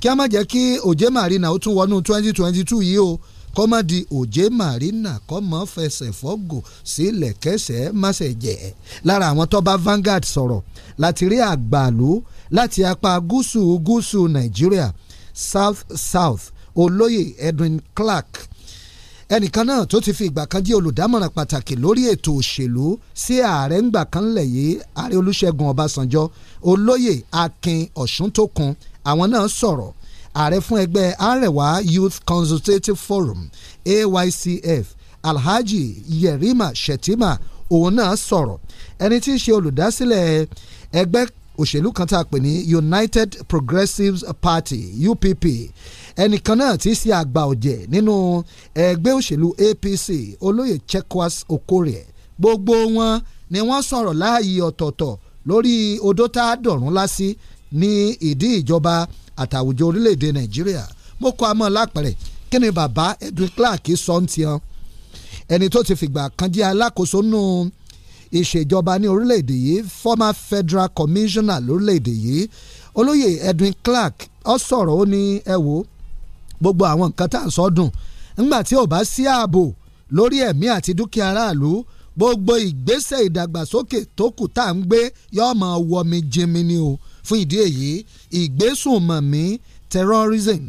kí a má jẹ́ kí òjé marina ó tún wọnú twenty twenty two yìí o kọ́mọ́ di òjé marina kọ́mọ́ fẹsẹ̀ fọ́gò sílẹ̀ kẹsẹ̀ máṣẹ̀ jẹ́ lára àwọn tó bá Vanguard sọ̀rọ̀ láti rí àgbàlú láti apá gúúsù gúúsù nàìjíríà south south olóyè Edwin Clark ẹnìkan náà tó ti fi ìgbà kan jẹ́ olùdámọ̀ràn pàtàkì lórí ètò òṣèlú sí ààrẹ ńgbà kan lẹ̀ yìí ààrẹ Olúṣẹ́gun Ọbásanjọ́ olóyè Akin Ọ̀ṣúntókun àwọn náà sọ̀rọ̀ ààrẹ fún ẹgbẹ́ Arewa Youth Consultative Forum AYCF Alhaji Yerima Shetima òun náà sọ̀rọ̀ ẹni tí í ṣe olùdásílẹ̀ ẹgbẹ́ òṣèlú kan tá a pè ní United Progressives Party UPP ẹnìkan náà ti ṣe àgbà ọ̀jẹ̀ nínú ẹgbẹ́ òṣèlú APC olóyè Chekwas Okorie gbogbo wọn ni wọ́n sọ̀rọ̀ láàyè ọ̀tọ̀ọ̀tọ̀ lórí odó tá a dọ̀rùn lásì ní ìdí ìjọba àtàwùjọ orílẹ̀-èdè Nàìjíríà mo kọ́ amọ̀ lápẹ̀rẹ̀ kí ni bàbá Edwin Clark sọ ń tiẹ̀ ẹni tó ti fìgbà kan jẹ́ alákòóso nù. No ìṣèjọba ní orílẹ̀-èdè yìí former federal commissioner lórílẹ̀-èdè yìí olóyè Edwin Clark ó sọ̀rọ̀ ó ní ẹ wo gbogbo àwọn nǹkan tá à ń sọdùn ńgbà tí ò bá sí ààbò lórí ẹ̀mí àti dúkìá aráàlú gbogbo ìgbésẹ̀ ìdàgbàsókè tó kù tá à ń gbé yóò máa wọmi jimi ni o fún ìdí èyí ìgbésùnmọ̀mí terrorism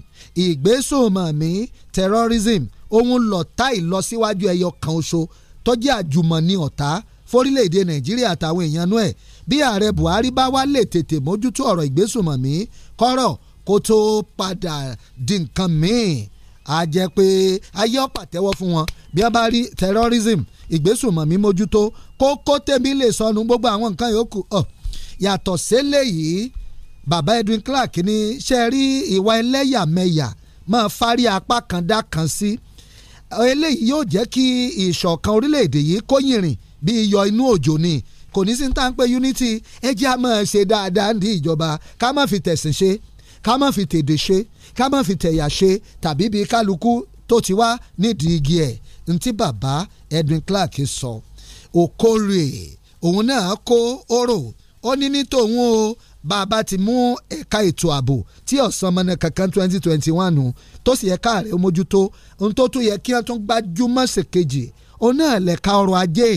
ìgbésùnmọ̀mí terrorism ohun lọ̀tá ìlọsíwájú ẹyọ kan ṣoṣo tó jẹ́ àjùmọ̀ní ọ̀tá fórílẹ̀-èdè nàìjíríà àtàwọn èèyàn nú ẹ̀ bí ààrẹ buhari bá wá lè tètè mójútó ọ̀rọ̀ ìgbésùnmọ̀mí kọ́rọ̀ kó tó padà di nǹkan míì a jẹ́ pé ayé ọ̀pá tẹ́wọ́ fún wọn bí wọ́n bá rí terrorism ìgbésùnmọ̀mí mójútó kókó tèmi lè sọnù gbogbo àwọn nǹkan yòókù ọ̀ yàtọ̀ sílẹ̀ yìí bàbá Edwin Clark ní ṣe rí ìwà ẹlẹ́yàmẹ̀yà máa fárí apá kan dá kan sí eléyìí yóò jẹ́ kí ìṣọ̀kan orílẹ̀-èdè yìí kó yìnrìn bí iyọ̀ inú òjò ni kò ní sí ní tán unity ẹ jẹ́ a máa ṣe dáadáa ní ìjọba ká má fi tẹ̀sìn ṣe ká má fi tèdè ṣe ká má fi tẹ̀yà ṣe tàbí bí kálukú tó ti wá nídìí igi ẹ̀ ntí bàbá Edwin Clark sọ Okorie òun náà kó orò ó ní ní tòun o bá a bá ti mú ẹ̀ka ètò ààbò tí ọ̀sán mọ́nà kankan twenty twenty one tó sì yẹ káàrẹ̀ mójútó ohun tó tún yẹ kí wọ́n tún gbájúmọ́ ṣèkejì òun náà lẹ̀ka ọrọ̀ ajé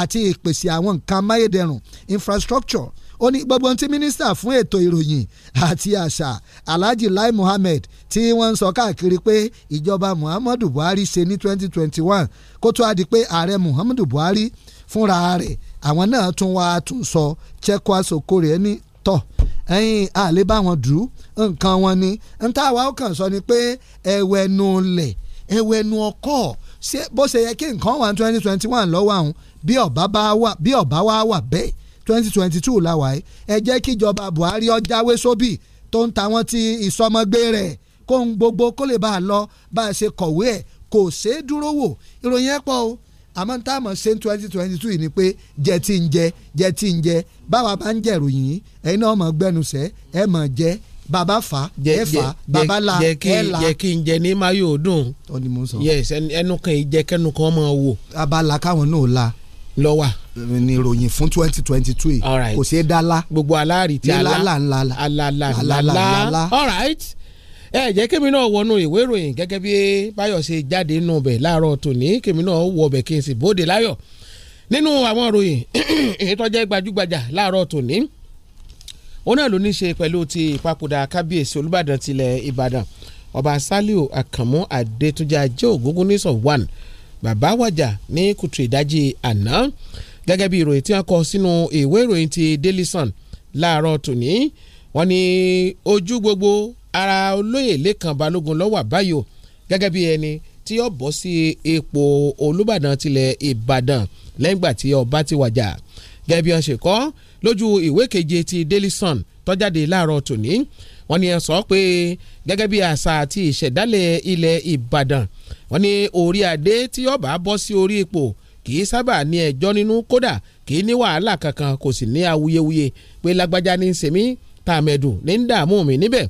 àti ìpèsè àwọn nǹkan amáyédẹrùn infrastructure ó ní gbogbo tí mínísítà fún ètò ìròyìn àti àṣà alhaji lai muhammed tí wọ́n ń sọ káàkiri pé ìjọba muhammadu buhari ṣe ní 2021 kó tó a di pé ààrẹ muhammadu buhari fúnra rẹ̀ àwọn náà tún wá tún sọ chekwas okore ẹni tọ̀ ẹ̀yin àlè bá wọn dùú nǹkan wọn ni ń àwa ó kàn sọ ni pé ẹ̀wẹ̀nu lẹ̀ ẹ̀wẹ̀nu ọkọ̀ bó ṣe yẹ kí nǹkan wà ní 2021 lọ́wọ́ àwọn bí ọ̀bá wá wà bẹ́ẹ̀ twenty twenty two la wà yìí ẹ jẹ́ kíjọba Buhari ó jáwé sóbì tó ń ta wọ́n ti ìsọmọgbé rẹ̀ kó ń gbogbo kó lè bá a lọ bá a ṣe kọ̀wé ẹ̀ kò ṣeé dúró wò ìròyìn ẹ̀ pọ̀ o àmọ́ tá a mọ̀ ṣe twenty twenty two ni pé jẹ tí ń jẹ jẹ tí ń jẹ báwa bá ń jẹ ìròyìn ẹ̀yin náà mọ̀ gbẹnusẹ̀ ẹ̀ mọ̀ jẹ bàbá fà ẹ fà bàbá la ẹ la jẹ kí n jẹ ní mayo dùn yes ẹnu kan ìjẹkẹnu kan mọ wò. abala káwọn náà la lọ́wà. ni ìròyìn fún twenty twenty two yìí kò ṣeé dá la. gbogbo aláàrí ti ala alalalala alright ẹ jẹ́ kémi náà wọnú ìwé ìròyìn gẹ́gẹ́ bí Báyọ̀ ṣe jáde nù bẹ̀ láàárọ̀ tòní kémi náà wọ bẹ̀ kí n sì bóde láyọ̀ nínú àwọn ìròyìn èyí tó jẹ́ gbajúgbajà láàárọ̀ tòní òun náà ló ní í ṣe pẹ̀lú ti ìpapòdà kábíyèsí Olúbàdàn tilẹ̀ Ìbàdàn ọba Sálíù Àkànmú Adétúnjì Ajé Ògúngún ní sọ one bàbá wàjà ní kùtù ìdajì àná gẹ́gẹ́ bí ìròyìn tí wọ́n kọ sínú ìwé ìròyìn ti Daily Sun láàárọ̀ tòní wọ́n ní ojú gbogbo ara olóyè Lẹ́kàn Balógun ló wà báyò gẹ́gẹ́ bí ẹni tí ó bọ́ sí ipò Olúbàdàn tilẹ̀ Ìbàdàn lẹ́yìn ìgbà tí ọba ti wàjà gẹ́gẹ́ bí wọ́n ṣe kọ lójú ìwé keje ti Daily Sun tó láàárọ̀ tòní wọ́n ní ẹ sọ pé gẹ́gẹ́ bí àṣà àti ìṣẹ̀dálẹ̀ ilẹ̀ Ìbàdàn wọ́n ní orí adé tí ọba bọ́ sí orí ipò kì í sábà ní ẹjọ́ nínú kódà kì í ní wàhálà kankan kò sì ní awuyewuye pé lágbájá ní sèmi tàmẹ̀dù ní ń dààmú mi níbẹ̀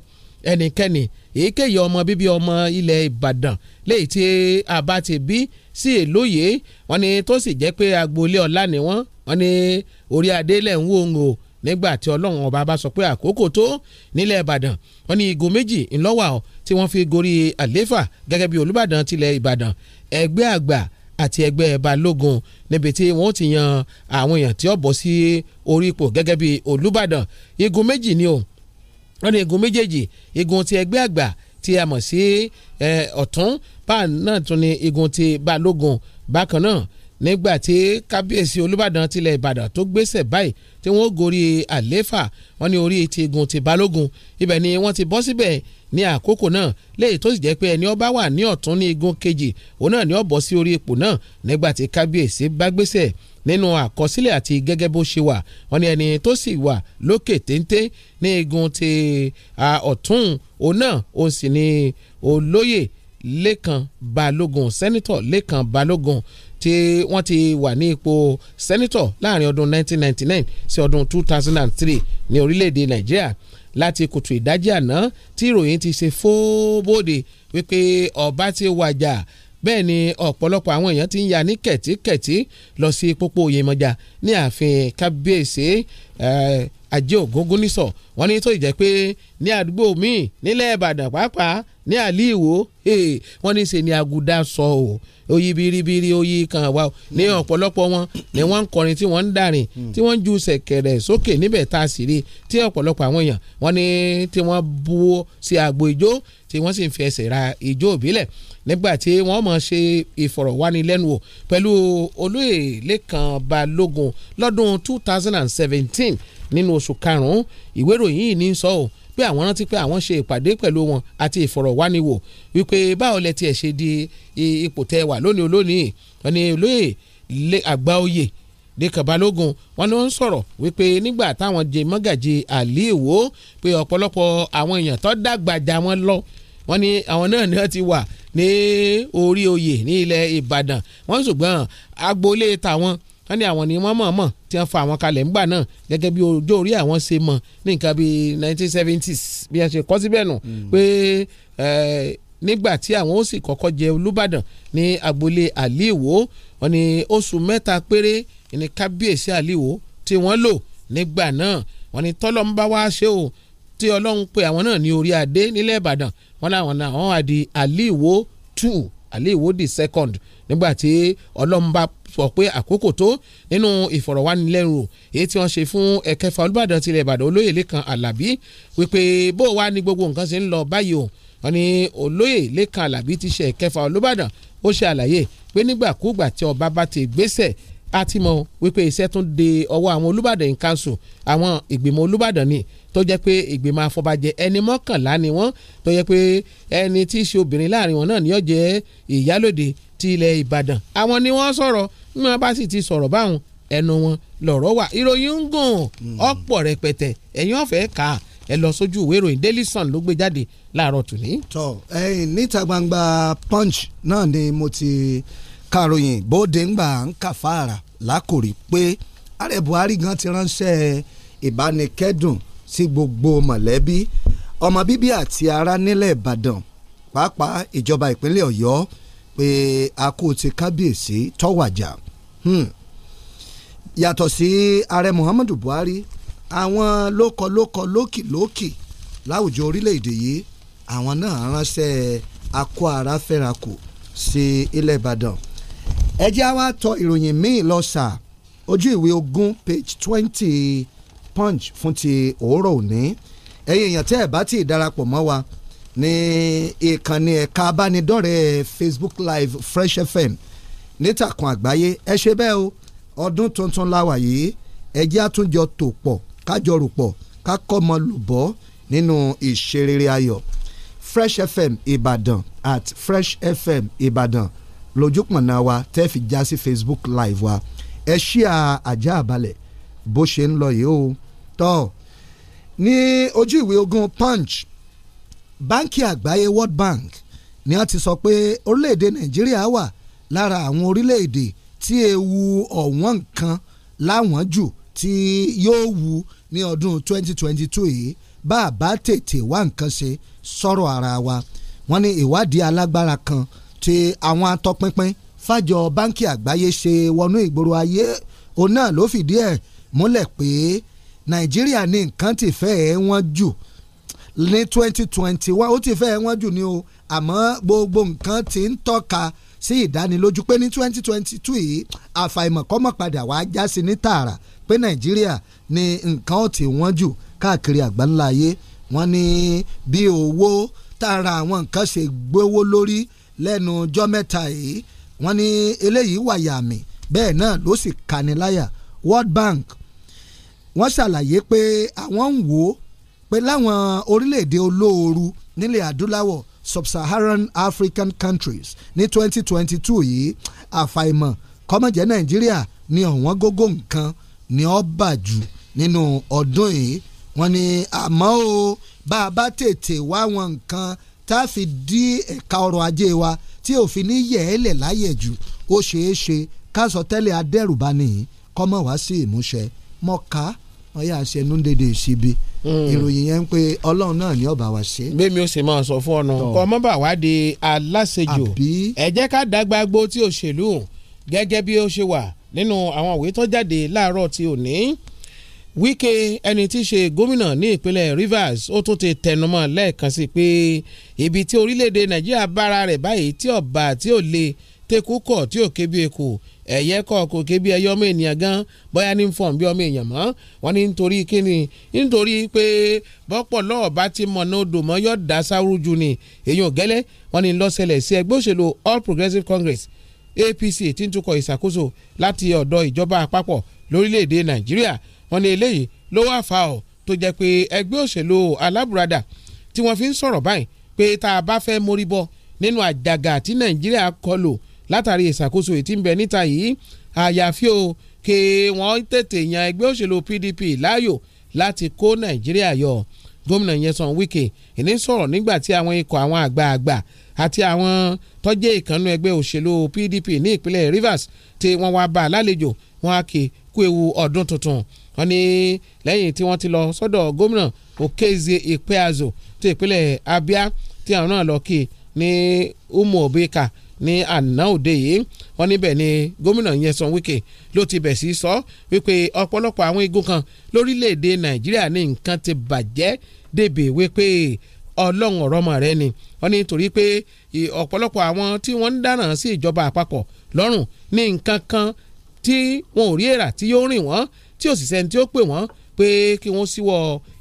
ẹnikẹ́ni èyíkéyìí ọmọ bíbí ọmọ ilẹ̀ Ìbàdàn léyìí tí a ti bí sí èlóye wọ́n ní tó sì jẹ́ pé agboolé ọlá ni wọ́n wọ́n ní orí adé lẹ̀ ń wò ń o nígbà tí ọlọ́run ọba bá sọ pé àkókò tó nílẹ̀ ìbàdàn wọn ni igun méjì ńlọ́wà ọ tí wọ́n fi gorí àléfà gẹ́gẹ́ bí olùbàdàn tilẹ̀ ìbàdàn ẹgbẹ́ àgbà àti ẹgbẹ́ balógun níbi tí wọ́n ti yan àwọn èèyàn tí ó bọ́ sí orí ipò gẹ́gẹ́ bí olùbàdàn igun méjì ni o wọ́n ní igun méjèèjì igun ti ẹgbẹ́ àgbà tí a mọ̀ sí ọ̀tún báà náà tún ni igun ti balógun bákan náà nígbà tí kábíyèsí olúbàdàn tilẹ̀ ìbàdàn tó gbéṣẹ̀ báyìí tí wọ́n gorí àléfà wọn ní orí ti gun ti balógun ibẹ̀ ni wọ́n ti bọ́ síbẹ̀ ní àkókò náà léyìí tó sì jẹ́ pé ẹni ọba wà ní ọ̀tún ní igun kejì òun náà ni ó bọ́ sí orí ipò náà nígbà tí kábíyèsí bá gbéṣẹ̀ nínú àkọsílẹ̀ àti gẹ́gẹ́ bó ṣe wà wọn ni ẹni tó sì wà lókè téńté ní igun ti ọ̀tún òun náà òun sì ni olóyè lẹ́kàn balógun sẹ́nitọ̀ lẹ́kàn balógun tí wọ́n ti wà ní ipò sẹ́nítọ̀ láàrin ọdún 1999 sí ọdún 2003 ní orílẹ̀-èdè nàìjíríà láti kùtù ìdájí àná tí ìròyìn ti ṣe fóbóde wípé ọba ti wàjà bẹ́ẹ̀ ni ọ̀pọ̀lọpọ̀ àwọn èèyàn ti ń ya ní kẹ̀tíkẹ̀tí lọ sí pópó Yemọja ní ààfin kábíyèsí ajé ògógún nísọ̀ wọ́n ní tó ìjẹ́ pé ní àdúgbò míì nílẹ̀ ìbàdàn pàápàá ní àlì ìwò wọ́n ní ṣe ni agudá sọ o oyi biribiri oyi kan wa ní ọ̀pọ̀lọpọ̀ wọn ni wọ́n ń kọrin tí wọ́n ń dàrin tí wọ́n ń ju ṣẹ̀kẹ̀rẹ̀ sókè níbẹ̀ tá a sì rí tí ọ̀pọ̀lọpọ̀ àwọn èèyàn wọ́n ní tí wọ́n buwó sí àgbo ìjó tí wọ́n sì ń fi ẹsẹ̀ ra ìjó òbílẹ̀ nígbà tí wọ́n mọ̀ ṣe ìfọ̀rọ̀wánilẹ́nuwò pẹ̀lú olóyè Lékan Balógun lọ́dún 2017 nínú oṣù karùn-ún ìwé ìròyìn yìí ní sọ ọ́ pé àwọn rántí pé àwọn ṣe ìpàdé pẹ̀lú wọn àti ìfọ̀rọ̀wánilẹ́nuwò wípé báwo lẹ tiẹ̀ ṣe di ipò tẹ́ wà lónìí olónìí wọn ni olóyè àgbà oyè Lékan Balógun wọn ló ń sọ̀rọ̀ wípé nígbà táwọn jẹ mọ́gàjì àlè ìwò pé ọ̀pọ̀lọpọ̀ àwọn èèyàn tó dàgbàjà wọn lọ wọn ni àwọn náà ni wọ́n ti wà ní orí oyè ní ilẹ̀ Ìbàdàn wọ́n ṣùgbọ́n agboolé tàwọn wọ́n ní àwọn ni wọ́n mọ̀ọ́mọ̀ tí wọ́n fa àwọn kalẹ̀ ńgbà náà gẹ́gẹ́ bí ọjọ́ orí àwọn ṣe mọ̀ ní nǹkan bíi 1970s bí a ṣe kọ́ síbẹ̀ nù mm. pé nígbà tí àwọn ó sì kọ́kọ́ jẹ Olúbàdàn ní agboolé àlìwò wọ́n ní oṣù mẹ́ta péré ní kábíyèsí àlìwò tí wọ́n lò nígbà náà wọ́n ní tọ́lọ́mbá ṣe o tí ọlọ́run pé àwọn náà ní orí adé nílẹ̀ ìbàdàn wọn làwọn náà wọn wà di aliwo two aliwo the second nígbà tí ọlọ́run bá sọ pé àkókò tó nínú ìfọ̀rọ̀wánilẹ́rù èyí tí wọ́n ṣe fún ẹ̀kẹfà olùbàdàn tilẹ̀ ìbàdàn olóyè lẹ́kan alábí wípé bó wà ní gbogbo nǹkan ṣe ń lọ báyìí o wọn ni olóyè lẹ́kan alábí ti ṣe ẹ̀kẹfà olùbàdàn ó ṣe àlàyé pé nígbàkúgbà tí ọba bá ti gbéṣẹ̀ á ti mọ̀ wípé iṣẹ́ tún de ọwọ́ àwọn olùbàdàn in àwọn ìgbìmọ̀ olùbàdàn ni tó jẹ́ pé ìgbìmọ̀ afọbajẹ ẹni mọ́kànlá ni wọ́n tó jẹ́ pé ẹni tí í ṣe obìnrin láàrin wọn náà ni ó jẹ́ ìyálòde ti ilẹ̀ Ìbàdàn àwọn ni wọ́n sọ̀rọ̀ ní wọn bá sì ti sọ̀rọ̀ báwọn ẹnu wọn lọ̀rọ̀ wà ìròyìn ń gùn hmm. ọ̀pọ̀ rẹpẹtẹ ẹ̀yin ọ̀fẹ́ kà ẹ lọ sójú ìwé ìròyìn Daily Sun ló gbé jáde láàárọ̀ tòní. tọ ẹyin níta gbangba Punch náà ni mo ti karòyìn bóde ńgbà ń kà fáàrà lákòrí pé ààrẹ Buhari gan ti ránṣẹ́ ìbánikẹ́dùn e sí gbogbo mọ̀lẹ́bí ọmọ bíbí àti ará nílẹ̀ Ìbàdàn pàápàá ìjọba ìpínlẹ̀ Ọ̀yọ́ pé a kò ti kábíyèsí tọ́wàjà hmm. yàtọ̀ sí ààrẹ Muhammadu Buhari àwọn lókọlókọ lókìlókì láwùjọ orílẹ̀-èdè yìí àwọn náà ránṣẹ́ akó ara fẹ́ra kù sí ilẹ̀ Ìbàdàn ẹ jẹ́ wá tọ ìròyìn míì lọ sà ojú ìwé ogún page twenty punch fún ti òórọ̀ òní ẹ̀yin èèyàn tẹ́ ẹ̀ bá ti darapọ̀ mọ́ wa ní ìkànnì ẹ̀ka abánidọ́rẹ̀ẹ́ Facebook live Fresh FM nítàkùn àgbáyé ẹ ṣe bẹ́ẹ̀ o ọdún tuntun láwà yìí ẹjẹ́ àtúnjọ tò pọ̀ kájọ rò pọ̀ kákọ́mọ lùbọ́ nínú ìṣerere ayọ̀ Fresh FM Ìbàdàn at Fresh FM Ìbàdàn lójúpọ̀nà wa tẹ́ fi já sí Facebook live wa ẹ ṣí àjà àbalẹ̀ bó ṣe ń lọ yìí o tọ́ ní ojú ìwé ogun punch báńkì àgbáyé world bank ni a ti sọ pé orílẹ̀-èdè nàìjíríà wà lára àwọn orílẹ̀-èdè tí ewu ọ̀wọ́n nǹkan láwọn jù tí yóò wu ní ọdún 2022 yìí bá a bá tètè wá nǹkan ṣe sọ̀rọ̀ ara wa wọ́n ní ìwádìí alágbára kan Ti àwọn atọpinpin fàjọ báńkì àgbáyé ṣe wọnú ìgboro ayé òun náà ló fìdí ẹ̀ múlẹ̀ pé nàìjíríà ní nǹkan ti fẹ́ ẹ̀ wọ́n jù ní twenty twenty wa ó ti fẹ́ ẹ̀ wọ́n jù ní o àmọ́ gbogbo nǹkan ti ń tọ́ka sí ìdánilójú pé ní twenty twenty two yìí àfàìmọ̀ kọ́mọ̀ padà wá já sí ní tààrà pé nàìjíríà ní nǹkan ó ti wọ́n jù káàkiri àgbáńlá ayé wọ́n ní bí owó tààrà àwọn nǹkan ṣe gbówó lórí lẹ́nu ọjọ́ mẹ́ta yìí wọ́n ní eléyìí wàyà bẹ́ẹ̀ náà ló sì kaniláyà World Bank wọ́n ṣàlàyé pé àwọn ń wò ó pé láwọn orílẹ̀-èdè olóoru nílẹ̀ adúláwọ̀ sub-Saharan African countries ní 2022 yìí àfàìmọ̀ kọ́mọ̀jẹ́ Nàìjíríà ní ọ̀wọ́n gógó nǹkan ni ó bàjù nínú ọdún yìí wọ́n ní àmọ́ o bá a bá tètè wá wọn nǹkan tá a fi dí ẹ̀ka ọrọ̀ ajé wa tí òfin ní yẹ̀ẹ́lẹ̀ láyè jù ó ṣeé ṣe ká sọ tẹ́lẹ̀ adẹ́rùbá nìyí kọ́mọ̀ wá sí ìmúṣẹ mọ̀ká wọ́n yà ṣe ẹnu dédé síbi hmm. ìròyìn yẹn ń pe ọlọ́run náà ní ọba wa ṣe. bẹ́ẹ̀mi ó sì máa sọ fún ọ̀nà kọ́ ọmọ bá wá di aláṣejò ẹ jẹ́ ká dàgbà gbó tí òṣèlú gẹ́gẹ́ bí ó ṣe wà nínú àwọn ìwé tó jáde láàárọ̀ tí ò ní. Wike ẹni tí í ṣe gómìnà ní ìpínlẹ̀ Rivers ó tún ti tẹnumọ́ lẹ́ẹ̀kan sí pé ibi tí orílẹ̀-èdè Nàìjíríà bára rẹ̀ báyìí tí ọba tí ò le tekú kọ̀ tí ò kébí eku ẹ̀yẹ kọ̀ọ̀kọ̀ kébí ẹyọ ọmọ ènìyàn gan bóyá ní fọ̀n bí ọmọ èèyàn mọ́ wọ́n ní nítorí kíni nítorí pé bọ́pọ̀ lọ́ọ̀ bá ti mọ̀ ní odò mọ́ yóò dá sáwúrú ju ni èyàn gẹ́lẹ́ wọ́n ní lọ́sẹ̀lẹ̀ sí ẹgbẹ́ òṣèlú All Progressives Congress APC tí ń tukọ̀ ìṣàkóso láti ọ̀dọ̀ ìjọba àpapọ̀ lórílẹ̀‐èdè Nàìjíríà wọ́n ní eléyìí ló wà fà ọ́ tó jẹ́ pé ẹgbẹ́ òṣèlú alábùradà tí wọ́n fi ń sọ̀rọ̀ báyìí pé tá a bá fẹ́ mórí nínú àjàgà tí Nàìjíríà kọlù látàrí ìṣàkóso ètí ń bẹ níta yìí àyàfi o kí wọ́n tètè yan ẹgbẹ́ òṣèlú PDP láàyò láti kó Nàìjíríà yọ gómìnà Nyesom Wike ìní sọ̀rọ̀ nígbà tí àwọn ikọ̀ àwọn àgbààgbà àti àwọn tọ́jẹ́ ìkànnú ẹgbẹ́ òṣèlú PDP ní ìpínlẹ̀ Rivers tí wọ́n wá bá a lálejò wọ́n á kí kú ewu ọdún tuntun wọ́n ní lẹ́yìn tí wọ́n ti lọ sọ́dọ̀ gómìnà Okezie Ikpeazu ti ìpínlẹ̀ Abia tí àwọn náà lọ kí ní Umuobeka ní àná òde yìí wọ́n níbẹ̀ ni gómìnà Nyesom Wike ló ti bẹ̀ sí sọ wípé ọ̀pọ̀lọpọ̀ àwọn igun kan lórílẹ̀‐èdè Nàìjíríà ní nǹkan ti bàjẹ́ débi wípé ọlọ́run ọ̀rọ̀ mọ̀ rẹ ni wọ́n ní torí pé ọ̀pọ̀lọpọ̀ àwọn tí wọ́n ń dáràn sí ìjọba àpapọ̀ lọ́rùn ní nǹkan kan tí wọn ò rí èrà tí yóò rìn wọ́n tí ò sì sẹ́ni tí ó pè wọ́n pé kí wọ́n síwọ́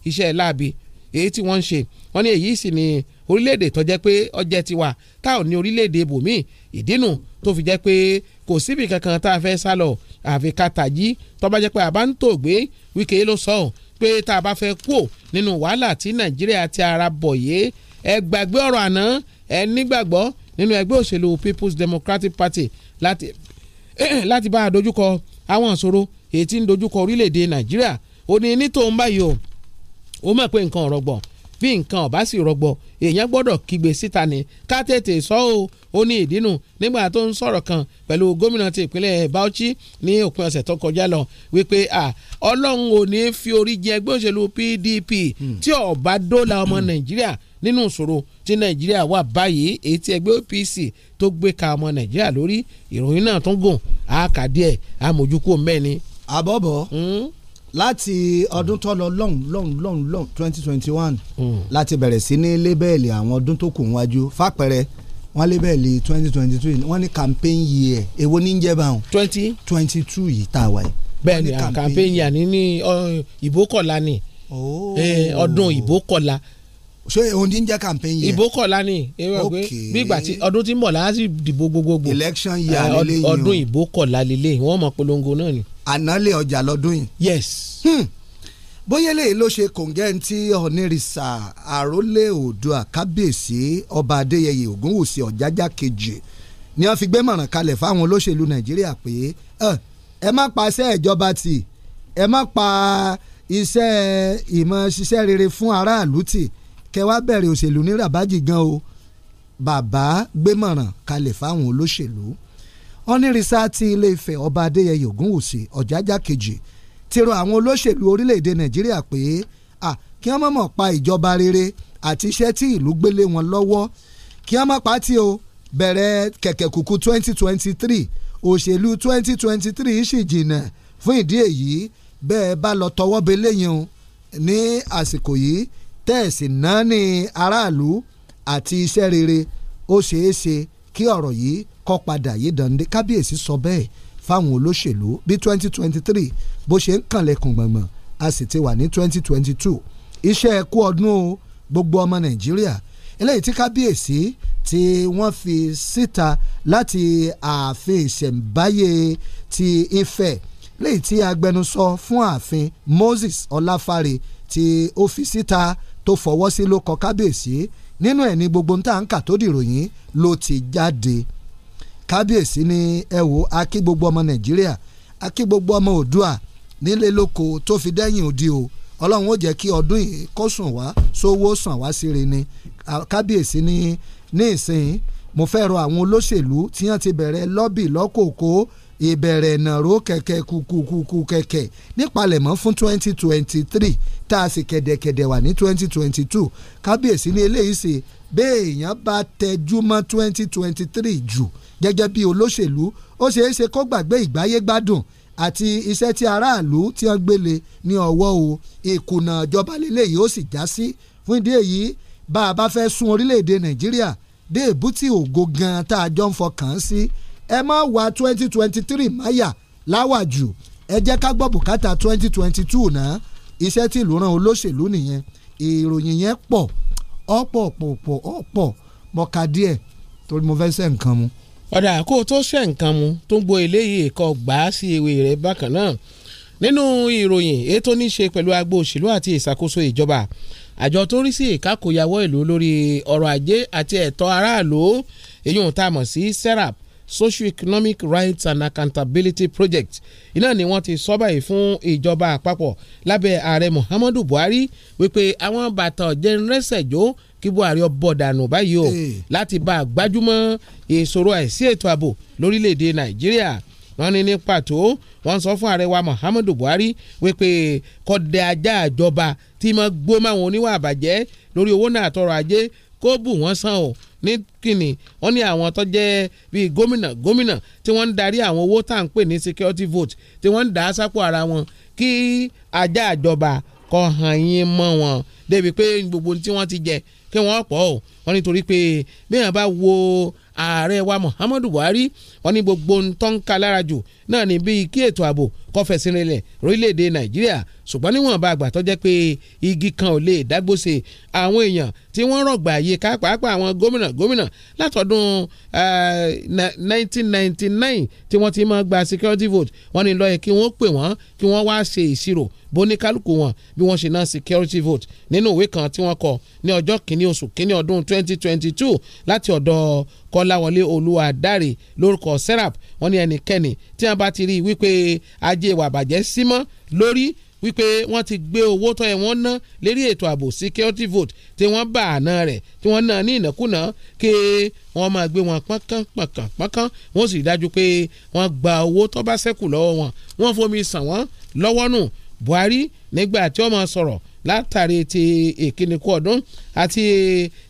iṣẹ́ láabi èyí tí wọ́n ń ṣe wọ́n ní èyí sì ni orílẹ̀-èdè tó jẹ́ pé ọjẹ́ tiwa tá ò ní orílẹ̀-èdè ibòmíì ìdínú tó fi jẹ́ pé kò síbi kankan tá a fẹ́ sá lọ àfi ká tàjí tó bá jẹ́ pé àbá ń wíkẹ́ ló sọ ọ́ pé tá a bá fẹ́ kú nínú wàhálà tí nàìjíríà ti ara bọ̀ yé ẹ gbàgbé ọ̀rọ̀ àná ẹ nígbàgbọ́ nínú ẹgbẹ́ òṣèlú People's Democratic Party láti láti bá a dojúkọ àwọn ìṣòro èyí tí ń dojúkọ orílẹ̀-èdè nàìjíríà òní ní tòun báyìí o ó mọ̀ pé nǹkan ọ̀rọ̀ gbọ̀n bí nǹkan ọ̀bá sì rọgbọ èèyàn gbọ́dọ̀ kígbe síta ni ká tètè sọ ọ́ ó ní ìdínú nígbà tó ń sọ̀rọ̀ kan pẹ̀lú gómìnà ti ìpínlẹ̀ Bauchi ní òpin ọ̀sẹ̀ tó kọjá lọ wípé ọlọ́run ò ní fi orí jẹ ẹgbẹ́ òṣèlú PDP hmm. tí ọ̀bá dóòlà ọmọ Nàìjíríà nínú ìṣòro tí Nàìjíríà wà báyìí èyí tí ẹgbẹ́ OPC tó gbé ka ọmọ Nàìjíríà lórí ìròyìn náà tó gùn àkàdé ẹ̀ àmójúkú mẹ́ni. àbọ̀bọ̀ hmm? láti ọdún tó lọ long long lọ́hùn lọ́hùn twenty twenty one hmm. láti bẹ̀rẹ̀ sí ní lébẹ́ẹ̀lì àwọn ọdún tó kù wájú fàpẹ̀rẹ̀ wọ́n lébẹ́ẹ̀lì twenty twenty two wọ́n ní campaign year èwo ní jẹ́ báwọn. twenty twenty two yìí tá a wáyé. bẹ́ẹ̀ni à campaign year ní ní ìbò ni oh. ọdún ìbò kọ̀la. ṣé òun ti ń jẹ́ campaign year. ìbò kọ̀la ni bí ìgbà tí ọdún tí ń bọ̀ láti dìbò gbogbogbò. election year lélẹ́yìn o ọdún ìbò kọ̀la lélẹ́yìn wọ́n mọ̀ polongo náà ni ànálẹ̀ ọjà lọ́dún yìí. yes. Hmm. bóyá lèyí ló ṣe kòǹgẹ́ tí ọ̀nìrìsà àrólé oòdùà kábíyèsí ọba adéyẹyè ògúnwùsì ọ̀jájá kejì ni wọ́n fi gbé mọ̀ràn kalẹ̀ fáwọn olóṣèlú nàìjíríà pé ẹ má pa iṣẹ́ ìjọba tì ẹ má pa iṣẹ́ ìmọ̀ ṣiṣẹ́ rere fún aráàlú tì kẹwàá bẹ̀rẹ̀ òṣèlú ní ràbájì gan o bàbá gbé mọ̀ràn kalẹ̀ fáwọn olóṣèlú ọ́nìrìsá ti ilé Ifẹ̀ ọba Adéyẹyè Ògúnwùsì Ọ̀jájá kejì ti rọ àwọn olóṣèlú orílẹ̀‐èdè Nàìjíríà pé kí wọ́n mọ̀mọ́ pa ìjọba rere àti iṣẹ́ tí ìlú gbélé wọn lọ́wọ́ kí wọ́n má pa tí o bẹ̀rẹ̀ kẹ̀kẹ́ kùkú 2023 òṣèlú 2023 sì jìnnà fún ìdí èyí bẹ́ẹ̀ bá lọ tọwọ́ belẹ̀ yẹn ní àsìkò yìí tẹ̀sí náà ní aráàlú àti iṣẹ́ rere ó ṣeé ṣe kí ọ̀rọ̀ yìí kọ́ padà yé dande kábíyèsí sọ bẹ́ẹ̀ fáwọn olóṣèlú bí 2023 bó ṣe ń kànlẹ̀kùn gbọ̀ngbọ̀n a sì ti wà ní 2022 iṣẹ́ ẹ̀kú ọdún o gbogbo ọmọ nàìjíríà eléyìí tí kábíyèsí tí wọ́n fi síta láti ààfin ìṣẹ̀ǹbáyé ti ifẹ̀ léyìí tí agbẹnusọ fún ààfin moses ọláfáre tí ó fi síta tó fọwọ́ sí ló kọ kábíyèsí nínú ẹ̀ ní gbogbo ń tà ń kà tó dìròyìn ló ti jáde kábíyèsí ni ẹ wò akí gbogbo ọmọ nàìjíríà akí gbogbo ọmọ oòdùà nílé lóko tó fi dẹ́yìn òdi o ọlọ́run ó jẹ́ kí ọdún yìí kó sùn wá sówó sàn wá sí re ni kábíyèsí ní ní ìsìn mo fẹ́ rọ àwọn olóṣèlú tí wọ́n ti bẹ̀rẹ̀ lọ́bì lọ́kòkó ìbẹ̀rẹ̀ ìnàró kẹ̀kẹ́ kùkùkùkù kẹ̀kẹ́ nípalẹ̀mọ́ fún twenty twenty three tá a sì kẹ̀dẹ̀kẹ̀dẹ̀ wà ní twenty twenty kábíyèsí ní eléyìí ṣe bẹ́ẹ̀ èèyàn bá tẹjú mọ́ twenty jù gẹ́gẹ́ bí olóṣèlú ó ṣeé ṣe kó gbàgbé ìgbáyégbádùn àti iṣẹ́ tí aráàlú tí wọ́n gbélé ní ọwọ́ o ìkùnà ìjọba lélẹ́yìí ó sì já sí fún ìdí èyí bá a bá fẹ́ sún orílẹ̀-èdè nàìjíríà dé èbúté ògo gan-an tá a jọ ń fọkàn sí ẹ má wá twenty twenty three máyà láwàjù ẹ jẹ́ ká gbọ́ bùkátà twenty twenty two náà iṣẹ́ tí ìlú ràn olóṣèlú nìyẹn ìròyìn yẹn pọ̀ ọ̀pọ̀ ọ̀pọ̀ ọ̀pọ̀ ọ̀pọ̀ mọ̀kadíẹ̀ torí mo fẹ́ sẹ́ mu ọ̀dà kó o tó ṣẹ̀ nǹkan mu tó ń gbo eléyìí kọ gbà á sí ewé rẹ̀ bákan náà nínú ìròyìn ètò ní ṣe pẹ̀lú agbo òṣèlú àti ìṣàkóso ìjọba àjọ tó rí sí ìkákòyàwó ìlú lórí ọrọ̀ ajé àti ẹ̀tọ́ aráàlú èyí ń tà mọ̀ sí serap Social economic rights and accountability project iná ni wọ́n ti sọ báyìí fún ìjọba àpapọ̀ lábẹ́ ààrẹ muhammadu buhari wípé àwọn bàtà jẹ́nrẹ́sẹ̀jọ́ kí Buhari ọbọ̀ dànù báyìí o láti bá a gbájúmọ́ ìṣòro àìsí ètò ààbò lórílẹ̀‐èdè Nàìjíríà wọ́n ní ní pàtó wọ́n sọ fún ààrẹ wa Muhammadu Buhari wípé kọ́dẹ̀ ajá àjọba tí mo gbó máwọn oníwà àbàjẹ́ lórí owó náà àtọrọ̀ ajé kó bù wọ́n san o ní kìnnì wọ́n ní àwọn tó jẹ́ bíi gómìnà gómìnà tí wọ́n ń darí àwọn owó tá à ń pè ní security vote tí wọ́n ń dà á sápò ara wọn kí ajá àjọba kọ hàn yín mọ́ wọn débi pé gbogbo tí wọ́n ti jẹ kí wọ́n pọ̀ o wọ́n nítorí pé bí wọ́n bá wo ààrẹ wa Muhammadu Buhari wọ́n ní gbogbo ń tán ká lára jù náà ní bíi kí ètò ààbò kọfẹsìnrinlẹ̀ orílẹ̀-èdè Nàìjíríà ṣùgbọ́n níwọ̀nba àgbà tó jẹ́ pé igi kan ò lè dágbóse àwọn èèyàn tí wọ́n rọ̀gbà yìí ká pàápàá àwọn gómìnà gómìnà látọ̀dún 1999 eh, tí wọ́n ti máa gba security vote wọ́n ní lọ́yẹ̀ kí wọ́n pè wọ́n kí wọ́n wá ṣe ìṣirò bóníkálùkù wọn bí wọ́n ṣe ná security vote nínú ìwé kan tí wọ́n kọ ní ọjọ́ kìíní oṣù kìíní ọdún 2022 láti ọ̀dọ̀ kọ́láwọlé olúwadáre lórúkọ serap wọ́n ní ẹnikẹ́ni tí wọ́n bá ti rí wípé ajé ìwà àbàjẹ́ símọ́ lórí wípé wọ́n ti gbé owó tó yẹ wọ́n ná lérí ètò ààbò security vote tí wọ́n bá àná rẹ̀ tí wọ́n ná ní ìnákúnà kí wọ́n máa gbé wọn pọ́nkán pọ́nkán pọ́nkán wọ́n sì dájú pé wọ́n gba owó tó bá ṣẹ́kù lọ́wọ́ wọn wọ́n fomi sàn wọ́n lọ́wọ́ nù Buhari nígbà tí wọ́n máa sọ̀rọ̀ látàrí ti ìkíníkù ọdún àti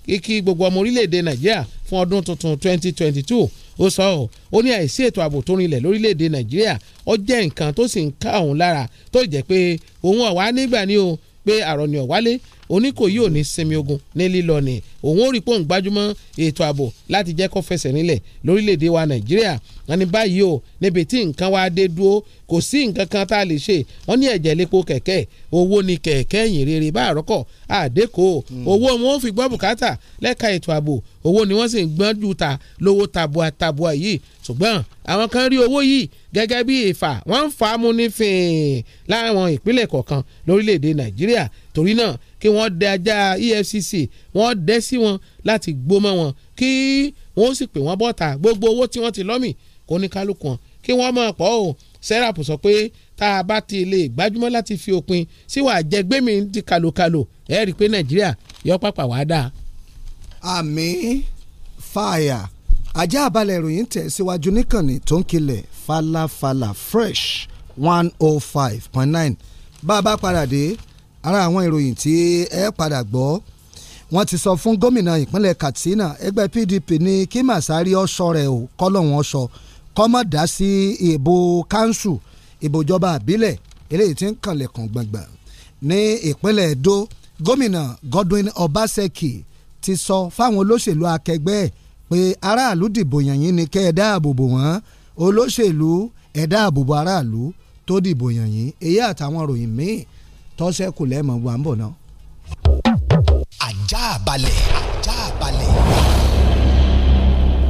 kíkí gbogbo ọmọ orílẹ̀-èdè Nàìjíríà fún ọdún tuntun 2022 ó sọ ọ́ ó ní àìsí ètò ààbò tó rinlẹ̀ lórílẹ̀‐èdè nàìjíríà ó jẹ́ nǹkan tó sì ń ká òun lára tó jẹ́ pé òun ọ̀wá nígbà ni o pé àròní ọ̀wálé oníkòyí ò ní sinmi ogun ní lílọ ni òun ò rí pòun gbájúmọ́ ètò ààbò láti jẹ́ kó fẹsẹ̀ nílẹ̀ lórílẹ̀‐èdè wa nàìjíríà wọn ní báyìí o níbi tí nǹkan wa dé dúró kò sí nǹkan kan tá a lè ṣe wọn ní ẹ̀jẹ̀ lépo kẹ̀kẹ́ owó ni kẹ̀kẹ́ yìn rere bá àrọ́kọ̀ àdékò hmm. owó wọn ò fi gbọ́ bùkátà lẹ́ka ètò ààbò owó ni wọ́n sì ń gbọ́n ju ta lówó tabua tabua yìí ṣùgbọ́n àwọn kan rí owó yìí gẹ́gẹ́ bí ìfà wọ́n ń fa amúnífin láwọn ìpínlẹ̀ kọ̀ọ̀kan lórílẹ̀‐èdè nàìjíríà torí náà kí wọ́n dẹ ajá EFCC wọ́n dẹ́ sí wọn láti gbó wọn kí wọ́n sì pè wọ́n bọ́ta gbogbo owó tí wọ́n ti lọ́mì kó ní kálukú wọn kí wọ́n mọ̀ pọ̀ o Serap sọ pé tá a bá ti lè gbájúmọ́ láti fi òpin síwà jẹgbẹ́mi di kàlòkàlò ẹ rí i pé Nàìjíríà yọ pápá wàá dáa. àmì fàyà ajá àbálẹ̀ ìròyìn tẹ̀ síwájú níkànnì tó ń kilẹ̀ falafala fresh one oh five point nine bá a bá padà dé ara àwọn ìròyìn tí ẹ padà gbọ́ wọ́n ti sọ fún gómìnà ìpínlẹ̀ Katsina ẹgbẹ́ PDP ní kí Masari ọ̀ṣọ́ rẹ̀ ò kọ́lọ̀ wọn sọ kọ́mọ̀ dá sí ìbò kanṣu ìbò ìjọba àbílẹ̀ eléyìí tí ń kànlẹ̀kùn gbọ̀ngbọ̀n ní ìpínlẹ̀ Edo gómìnà Godwin Obaseki ti sọ fáwọn olóṣèlú akẹgbẹ́ ẹ̀ pé aráàlú dìbò yàn ni kẹ́ ẹ dáàbò bò wọ́n olóṣèlú ẹ dáàbò bò aráàlú tó dìbò yàn èyí àtàwọn ròyìn míì tọ́sẹ̀ kò lẹ́ẹ̀mọ̀ wà ń bọ̀ náà. ajá balẹ̀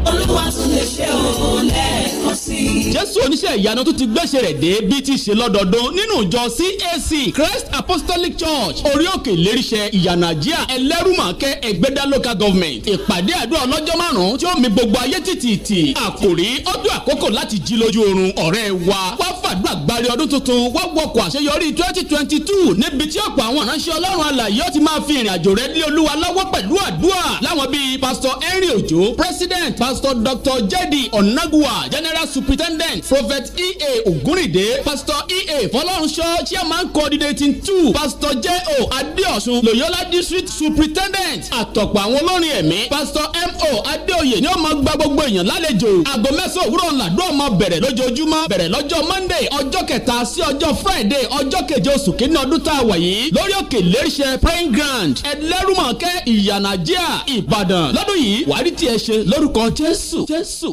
olúwa tún lè ṣe òun lẹ́ẹ̀kan sí i. jésù oníṣẹ́ ìyanu tó ti gbéṣẹ́ rẹ̀ dé bí ti ṣe lọ́dọọdún nínú ìjọ CAC Christ Apostolic Church orí òkè ìléríṣẹ́ ìyànà àjíà ẹlẹ́rùmọ̀kẹ́ ẹgbẹ́dá local government ìpàdé àdúrà ọlọ́jọ́ márùn-ún tí ó mi gbogbo ayé tìtìtì àkòrí ọdún àkókò láti jí lójú oorun ọ̀rẹ́ wa wá fàdúrà gbárí ọdún tuntun wá wọkọ̀ àṣeyọrí twenty twenty two níbi tí ọ̀pọ̀ àwọn aránṣẹ́ ọlọ́run alàyè ó ti máa fi ìrìn àjò rẹ̀ lé olúwa lọ́wọ́ pẹ̀lú àdúrà láwọn bíi pásítọ̀ henry òjò president pásítọ̀ pastor dr jedi onagwa general superintendent prophet ea ogunride pastor ea fọlọ́runṣọ́ chairman coordinating two pastor jo adeosun loyola district superintendent àtọ̀pọ̀ àwọn olórin ẹ̀mí pastor mo adeoye ni ó máa gba gbogbo èèyàn lálejò aago mẹ́sàn-án òwúrọ̀ làdúrà máa bẹ̀rẹ̀ lójoojúmọ́ bẹ̀rẹ̀ lọ́jọ́ monday ọjọ́ kẹta sí ọjọ́ friday ọjọ́ keje oṣù kínní ọdún tá a wà yìí lórí òkè lẹ́sẹ̀ praying ground ẹ̀lẹ́rùmọ̀kẹ́ ìyànàjíà ìbàdàn lọ́dún yìí wàá rí tiẹ̀ ṣe lórúkọ tí 减速，减速。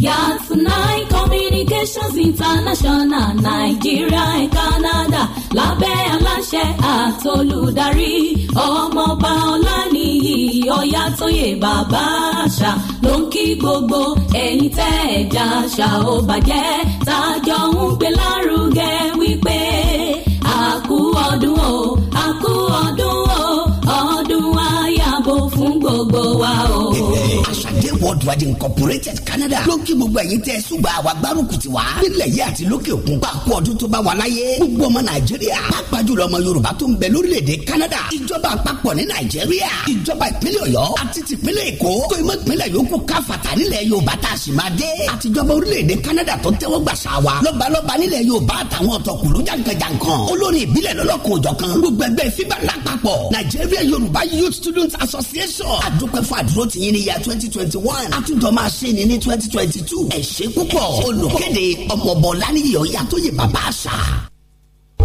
yatnai communications international Nigeria and canada lábẹ́ aláṣẹ àtolúdarí ọmọọba ọláníyì ọ̀yàtọ̀yẹ bàbá àṣà ló ń kí gbogbo ẹ̀yin tẹ́ ẹ̀já àṣà ò bàjẹ́ tájọ ń gbé lárugẹ wípé àkú ọdún o àkú ọdún o ọdún ayàbò fún gbogbo wa o. World Wide incorporated canada ló ń kí gbogbo ẹ̀yin tẹ́ ṣùgbọ́n àwa gbárùkù ti wá nílẹ̀ yìí àti lókè òkun pàkó ọdún tó bá wà láyé gbogbo ọmọ nàìjíríà pàápàá jùlọ ọmọ yorùbá tó ń bẹ lórílẹ̀‐èdè canada ìjọba àpapọ̀ ní nàìjíríà ìjọba ìpínlẹ̀ ọ̀yọ́ àti tìpínlẹ̀ èkó tó ìmọ̀ ìpínlẹ̀ yòókù káfàtà nílẹ̀ yorùbá tá a sì máa dé àtijọba orílẹ̀‐èdè canada tó tẹ́wọ́ gbà sá wa lọ́balọ́ba nílẹ̀ yorùbá àtàwọn ọ̀tọ̀kùlú jàǹkànjàǹkàn olórin ìbílẹ̀ lọ́lọ́kùn òjọ̀kan gbogbo ẹgbẹ́ fíbà lápapọ̀ nàìjíríà yorùbá youth students association àdúpẹ́ fún àdúró tìyín ní ya twenty twenty twenty one àtúntò máa ṣe ni ní twenty twenty two ẹ ṣé púpọ̀ olùkéde ọmọ bọ̀ọ̀lá níyì ọ̀yà tó yẹ bàbá àṣà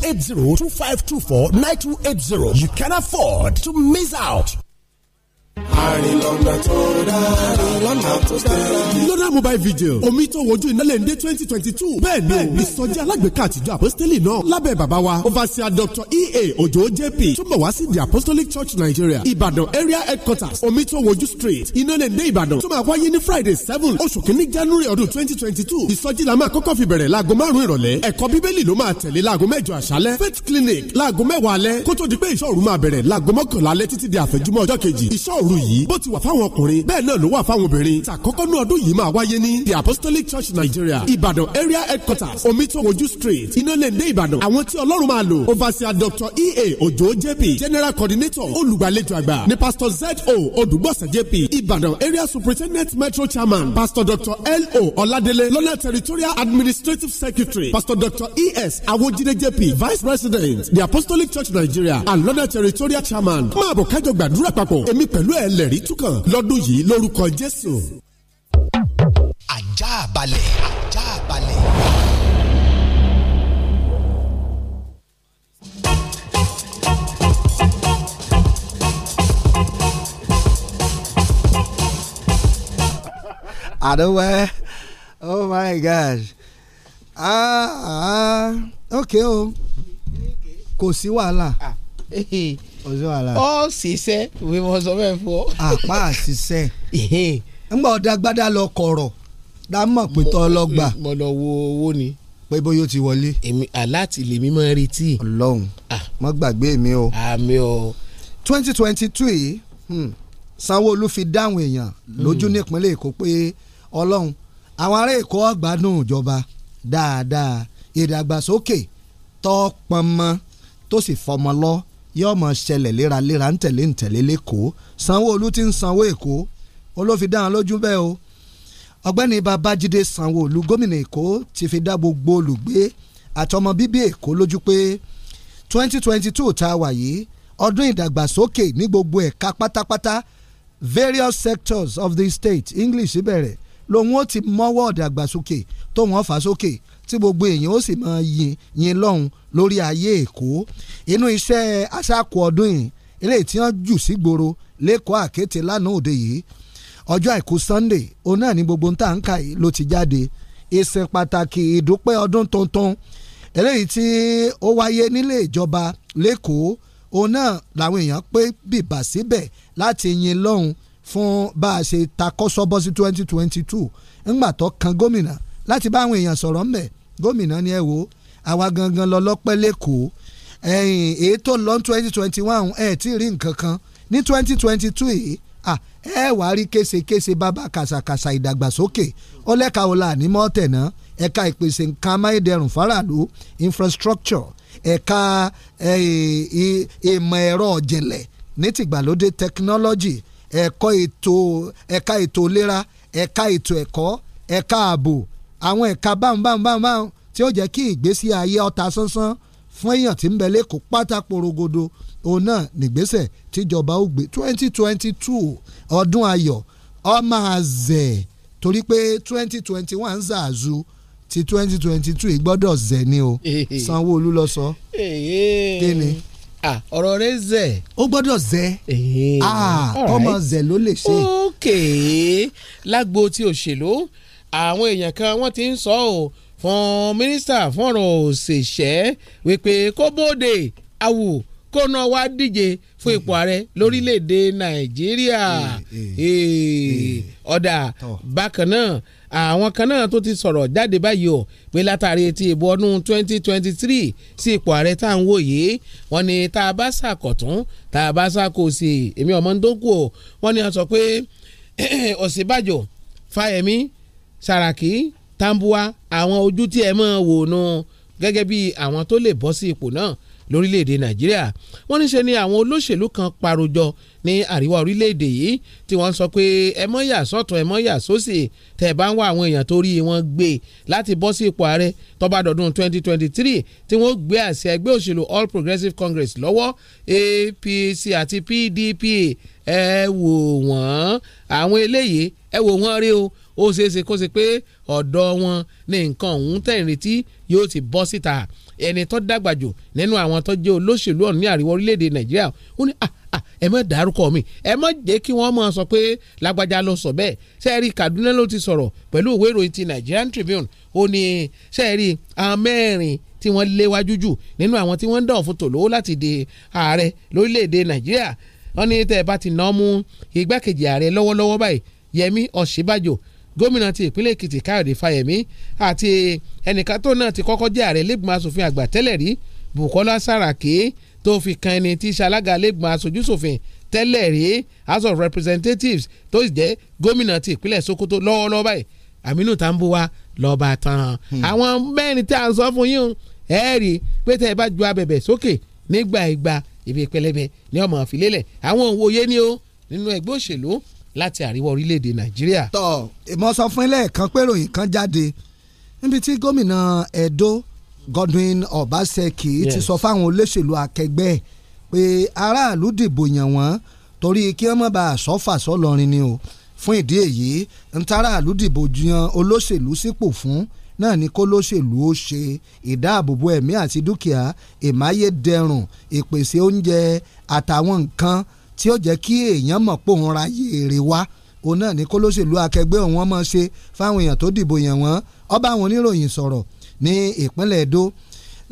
zero eight zero two five two four nine two eight zero. You can afford to miss out. àrìlọ́nà tó lọ́nà mobile vigil omi tó wojú ìnálẹ̀ ń dé twenty twenty two bẹ́ẹ̀ ni ìsọjí alágbèéká àtijọ́ apostoli náà lábẹ́ bàbá wa overseer doctor ea ojo jp túnbọ̀ wá sí the apostolic church nigeria ìbàdàn area headquarters omi tó wojú street ìnálẹ̀ ń dé ìbàdàn tó máa wáyé ní friday seven oṣù kínní january ọdún twenty twenty two ìsọjí la máa kọ́kọ́ fi bẹ̀rẹ̀ láago márùn-ún ìrọ̀lẹ́ ẹ̀kọ́ bíbélì ló máa tẹ̀lé láago mẹ́jọ àṣálẹ́ faith clinic láago mẹ́wàá alẹ́ kó tó di pé ìṣọ́ òru máa di àfẹ̀júmọ́ ọjọ́ kejì ìṣọ́ òru yìí bó ti wà fáwọn ọkùnrin bẹ́ẹ̀ náà ló wà fáwọn obìnrin tàkọ́kọ́ ní ọdún yìí máa wáyé ní the apostolic church nigeria ìbàdàn area headquarters omitowoju street inalende ìbàdàn àwọn tí ọlọ́run máa lò overseer dr ea ojo jp general coordinator olùgbàlejò àgbà ni pastor z o odùgbọ̀sẹ̀ jp ìbàdàn area superintendent metro chairman pastor dr l o ọládélé lọ́nà territorial administrative secretary pastor dr e s awojide jp vice president the apostolic church nigeria and lọ́nà territorial chairman máa bọ̀ kájọ gbàdúrà papọ̀ èmi pẹ̀lú pẹ̀lú ẹ̀ túkàn lọ́dún yìí lórúkọ Jésù. ajá balẹ̀ ajá balẹ̀. I Oh my gosh. Ah, ah, okay o. Kò sí wàhálà. Ah, eh, eh ọ ṣiṣẹ́ òwe mọ sọ bẹ́ẹ̀ fún ọ. àpá àṣìṣe ńgbà ọ̀dà gbádà lọ kọ̀rọ̀ dá mọ̀ pé tọ́ lọ́gbà. mo lọ wo owó ni. pé bóyá ó ti wọlé. èmi aláàtì lèmi máa retí. ọlọ́run mo gbàgbé mi o. àmì o. twenty twenty two yìí hmm, sanwó-olu fi dáhùn èèyàn hmm. lójú nípínlẹ̀ èkó pé ọlọ́run àwọn ará èkó ọgbàdùn ìjọba dáadáa ìdàgbàsókè tọ́ pọnmọ́ tó sì fọmọ lọ́ọ́ yóò mọ̀ ṣẹlẹ̀ léraléra ń tẹ̀lé ń tẹ̀lé lẹ́kọ̀ọ́ sanwó-olú ti ń sanwó èkó olófin dáhùn lójú bẹ́ẹ̀ o ọ̀gbẹ́ni babájídé sanwó-olú gómìnà èkó ti fi dá gbogbo olùgbé àtọmọ bíbí èkó lójú pé twenty twenty two tá a wà yìí ọdún ìdàgbàsókè ní gbogbo ẹ̀ka pátápátá various sectors of the state english bẹ̀rẹ̀ lòun ó ti mọ́wọ́ ìdàgbàsókè tó wọ́n fà sókè tí gbogbo èèyàn ó sì máa yin yin lọ́hùn lórí ayé èkó inú iṣẹ́ aṣáko ọdún yìí eléyìí tí wọ́n jù sí gbòòrò lẹ́kọ̀ọ́ àkété lánàá òde yìí ọjọ́ àìkú Sunday òun náà ni gbogbo nta nka yìí ló ti jáde ìsìn pàtàkì ìdúpẹ́ ọdún tuntun eléyìí tí ó wáyé nílé ìjọba lẹ́kọ̀ọ́ òun náà làwọn èèyàn pé bìbà síbẹ̀ láti yin lọ́hùn fún bá a ṣe takọ́sọ́bọ́sí 2022 ńgbà tó kan gómìnà láti bá àwọn èèyàn sọ̀rọ̀ ńbẹ̀ gómìnà ni ẹ wo àwa gangan lọ lọ́pẹ́ lẹ́kọ̀ọ́ ẹ̀yìn èyí tó lọ twenty twenty one ẹ̀ tí ì rí nǹkan kan ní twenty twenty two yìí ẹ wà á rí késekése bàbá kàṣàkàṣà ìdàgbàsókè ọlẹ́ka ọ̀la ànímọ́ tẹ̀nà ẹ̀ka ìpèsè nǹkan amáyédẹrùn faraàlú infrastructure ẹ̀ka ìmọ̀ ẹ̀rọ ọ̀jẹ̀lẹ̀ ní tìgbàlódé technology ẹ̀kọ́ ètò ẹ̀ka ètò ìlera ẹ̀ka ètò ẹ̀kọ́ ẹ̀ka ààbò àwọn ẹ̀ka báńbáńbáńbáń tí ó jẹ́ kí ìgbésí ayé ọta sánsán fún èèyàn tí ń bẹ lẹ́kọ̀ọ́ pátá porogodo òun náà nìgbésẹ̀ tíjọba ó gbé twenty twenty two ọdún ayọ̀ ọmọ àzẹ̀ torí pé twenty twenty one zàzù ti twenty twenty two ìgbọ́dọ̀ zẹ̀ ni o Sanwó-Olú lọ sọ kí ni ọ̀rọ̀ rẹ zẹ̀. ó gbọ́dọ̀ zẹ̀ ọmọ zẹ̀ ló lè ṣe. ókè lágbo tí òṣèlú àwọn èèyàn kan wọ́n ti ń sọ ọ́ fún mínísítà fọ́nrán òṣèṣẹ́ wípé kó bóde awù kó náà wá díje fún ipò ààrẹ lórílẹ̀‐èdè nàìjíríà eh, eh, eh, ọ̀dà bákan náà àwọn kan náà tó ti sọ̀rọ̀ jáde báyìí o pé látàrí ti ìbò ọdún 2023 sí ipò ààrẹ tá à ń wò yìí wọ́n ní tá a bá ṣàkọ̀tún tá a bá ṣàkóso èmi ọmọ ń dókòó wọ́n ní a sọ pé Ọ̀ṣínbàjò Fáyẹ̀mí Saraki, Tambua, àwọn ojú tí ẹ mọ̀ wò nu gẹ́gẹ́ bí àwọn tó lè bọ́ sí ipò náà lórílẹ̀‐èdè Nàìjíríà wọ́n ní ni àwọn olóṣèlú kan parojọ ní àríwá orílẹ̀‐èdè yìí tí wọ́n sọ pé ẹ mọ́ yà sọ́tún ẹ mọ́ yà sósì tẹ̀ bá ń wá àwọn èèyàn tó rí wọn gbé láti bọ́ sí ipò ààrẹ tó bá 2023 tí wọ́n gbé àṣẹ ẹgbẹ́ òṣèlú All Progressives Congress lọ́wọ́ APC àti PDP ẹ wò wọ́n àwọn eléyìí ẹ wò wọ́n rí o ó ṣeé ṣe kó ṣe pé ọ̀dọ̀ wọn ní nǹkan ọ̀hún tẹ̀rìntì yóò ti bọ́ síta ẹni tó dàgbà jù nínú àwọn tó jẹ́ olóṣèlú ọ̀hún ní àríwá orílẹ̀-èdè nàìjíríà ó ní ah, ah, ẹ má dárúkọ mi ẹ má jẹ́ kí wọ́n máa sọ pé lágbájá ló sọ bẹ́ẹ̀ sẹ́ẹ̀rì kaduna ló ti sọ̀rọ̀ pẹ̀lú ìwé ìròyìn ti nigerian tribune ó ní sẹ́ẹ̀rì àwọn mẹ́rin tí wọ́n léwájú jù nínú àwọn tí wọ́n ń dàn fún tòlówó láti di ààrẹ lórílẹ̀-èdè nàìjíríà wọ́n ní tẹ́ ẹ bá ti ná mú igbákejì ààrẹ lọ́wọ́lọ́wọ́ báyìí yẹmi ọ̀ṣíbàjò gómìnà ti ìpínlẹ̀ èkìtì káyọ̀dé fáyẹ̀mí àti ẹnìkan tó náà ti kọ́kọ́ jẹ́ ààrẹ lẹ́gbọ̀n asòfin àgbà tẹ́lẹ̀ rí bukola saraki tó fi kan ẹni tí ṣalága lẹ́gbọ̀n asojúṣòfin tẹ́lẹ̀ rí house of representatives tó sì jẹ́ gómìnà ti ìpínlẹ̀ sokoto lọ́wọ́lọ́wọ́ báyìí aminu tambuwa lọ́ba tán hmm. àwọn mẹ́rin tí a ń sọ fún yín ẹ rí pé tẹ́ ẹ bá ju abẹ̀bẹ̀ sókè nígbà ìgbà ibi pẹlẹbẹ ni ọmọ àfilélẹ̀ àwọn òwòye ni ó nínú ẹgbẹ́ òṣèlú láti àríwá orílẹ̀-èdè nàìjíríà. tọ́ mo sọ fún ilé kan pé ròyìn kan jáde níbi tí gómìnà Ẹdó Godwin Obaseki ti sọ fáwọn olóṣèlú akẹgbẹ́ pé aráàlú dìbò yàn wọ́n torí kí wọ́n má bá àsọ́fà sọ́lọ́rin ni o fún ìdí èyí ntàràlú dìbò yan olóṣèlú sípò fún náà ni kó lóṣèlú ó ṣe ìdáàbòbò ẹ̀mí àti dúkìá ìmáyédẹrùn ìpèsè oúnjẹ àtàwọn nǹkan tí ó jẹ́ kí èèyàn mọ̀ pé òun ra yèrè wá òun náà ní kólóṣèlú akẹgbẹ́ òun wọn máa ṣe fáwọn èèyàn tó dìbò yàn wọ́n ọba àwọn oníròyìn sọ̀rọ̀ ní ìpínlẹ̀ Edo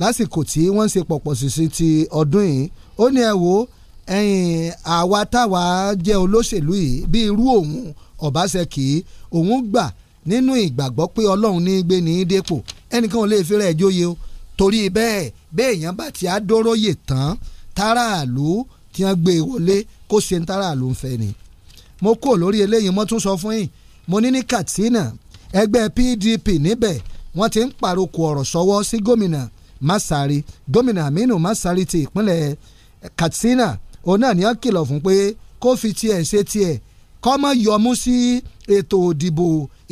lásìkò tí wọ́n ń ṣe pọ̀pọ̀ ṣìṣì ti ọdún yìí ó ní ẹ wo ẹ̀yin àwa táwa jẹ́ olóṣèlú yìí bí irú òun Ọbaṣẹ́kì òun gbà nínú ìgbàgbọ́ pé Ọlọ́run ní gbé ní dépò ẹnìkan ò lè fi rẹ̀ jóye o torí bẹ́ẹ̀ bẹ́ẹ̀ èèyàn bá ti á tán táráàlú kí wọ́n gbé e wọlé kó ṣe ń tára ló ń fẹ́ ni. mo kúrò lórí eléyìí mo tún sọ fún yín mo ní ní Katsina ẹgbẹ́ PDP níbẹ̀ wọ́n ti ń pàrokò ọ̀rọ̀ sọ́wọ́ sí gómìnà Masari gómìnà Aminu Masari ti ìpínlẹ̀ Katsina òun náà ni wọ́n kìlọ̀ fún pé kó fi tiẹ̀ ṣe tiẹ̀ kọ́mọ yọmú sí ètò òdìbò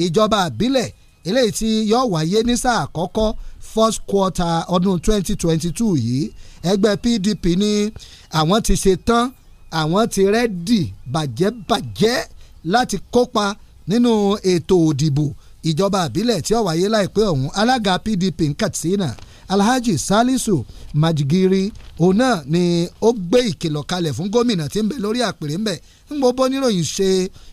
ìjọba àbílẹ̀ eléyìí tí yọ wáyé ní sáà àkọ́kọ́ first quarter ọdún 2022 yìí ẹgbẹ́ PDP ní àwọn ti ṣe tán àwọn ti rẹ́dì bàjẹ́bàjẹ́ láti kópa nínú ètò òdìbò ìjọba àbílẹ̀ tí ó wáyé láìpẹ́ ọ̀hún alága PDP ní Katsina Alhaji Salisu Majigiri òun náà ni ó gbé ìkìlọ̀ kalẹ̀ fún gómìnà tí ń bẹ lórí àpèrè ń bẹ ń gbọ́ bóníròyìn ṣe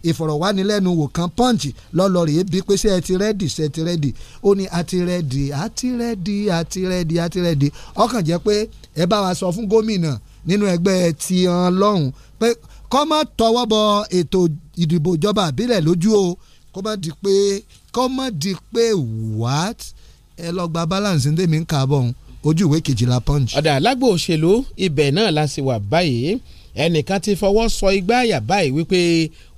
ìfọ̀rọ̀wánilẹ́nuwò kan punch lọ́lọ́rì ebi pé ṣé ẹ ti rẹ́dì ṣé ẹ ti rẹ́dì ó ní a ti rẹ́dì a ti rẹ́dì a ti rẹ́dì a ti rẹ́dì ọkàn jẹ́ pé ẹ bá wa sọ fún gómìnà nínú ẹgbẹ́ ti hàn lọ́hùn pé kọ́ má tọwọ́ bọ ètò ìdìbò ìjọba àbílẹ̀ lójú o kọ́ má di pé kọ́ má di pé what ẹ lọ gba balance ní tèmi ń kà bọ̀ ojú ìwé kejìlá punch. ọ̀dà lágbo òṣèlú ibẹ̀ náà la sì wà báyìí ẹnìkan ti fọwọ́ sọ igbá àyà báyìí wípé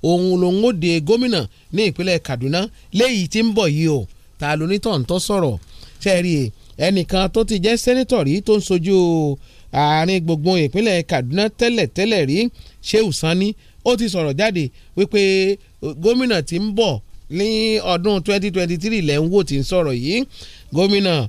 òun lòun ó de gómìnà ní ìpínlẹ̀ Kaduna léyìí tí ń bọ̀ yìí o ta ló ní tọ̀ǹtọ̀ sọ̀rọ̀ ṣẹ́ẹ̀rì ẹnìkan tó ti jẹ́ sẹ́nítọ̀ rí tó ń sojú àárín gbogbo ìpínlẹ̀ Kaduna tẹ́lẹ̀ tẹ́lẹ̀ rí Shehu Sani ó ti sọ̀rọ̀ jáde wípé gómìnà tí ń bọ̀ ní ọdún 2023 lẹ́ wò tí ń sọ̀rọ̀ yìí gómìnà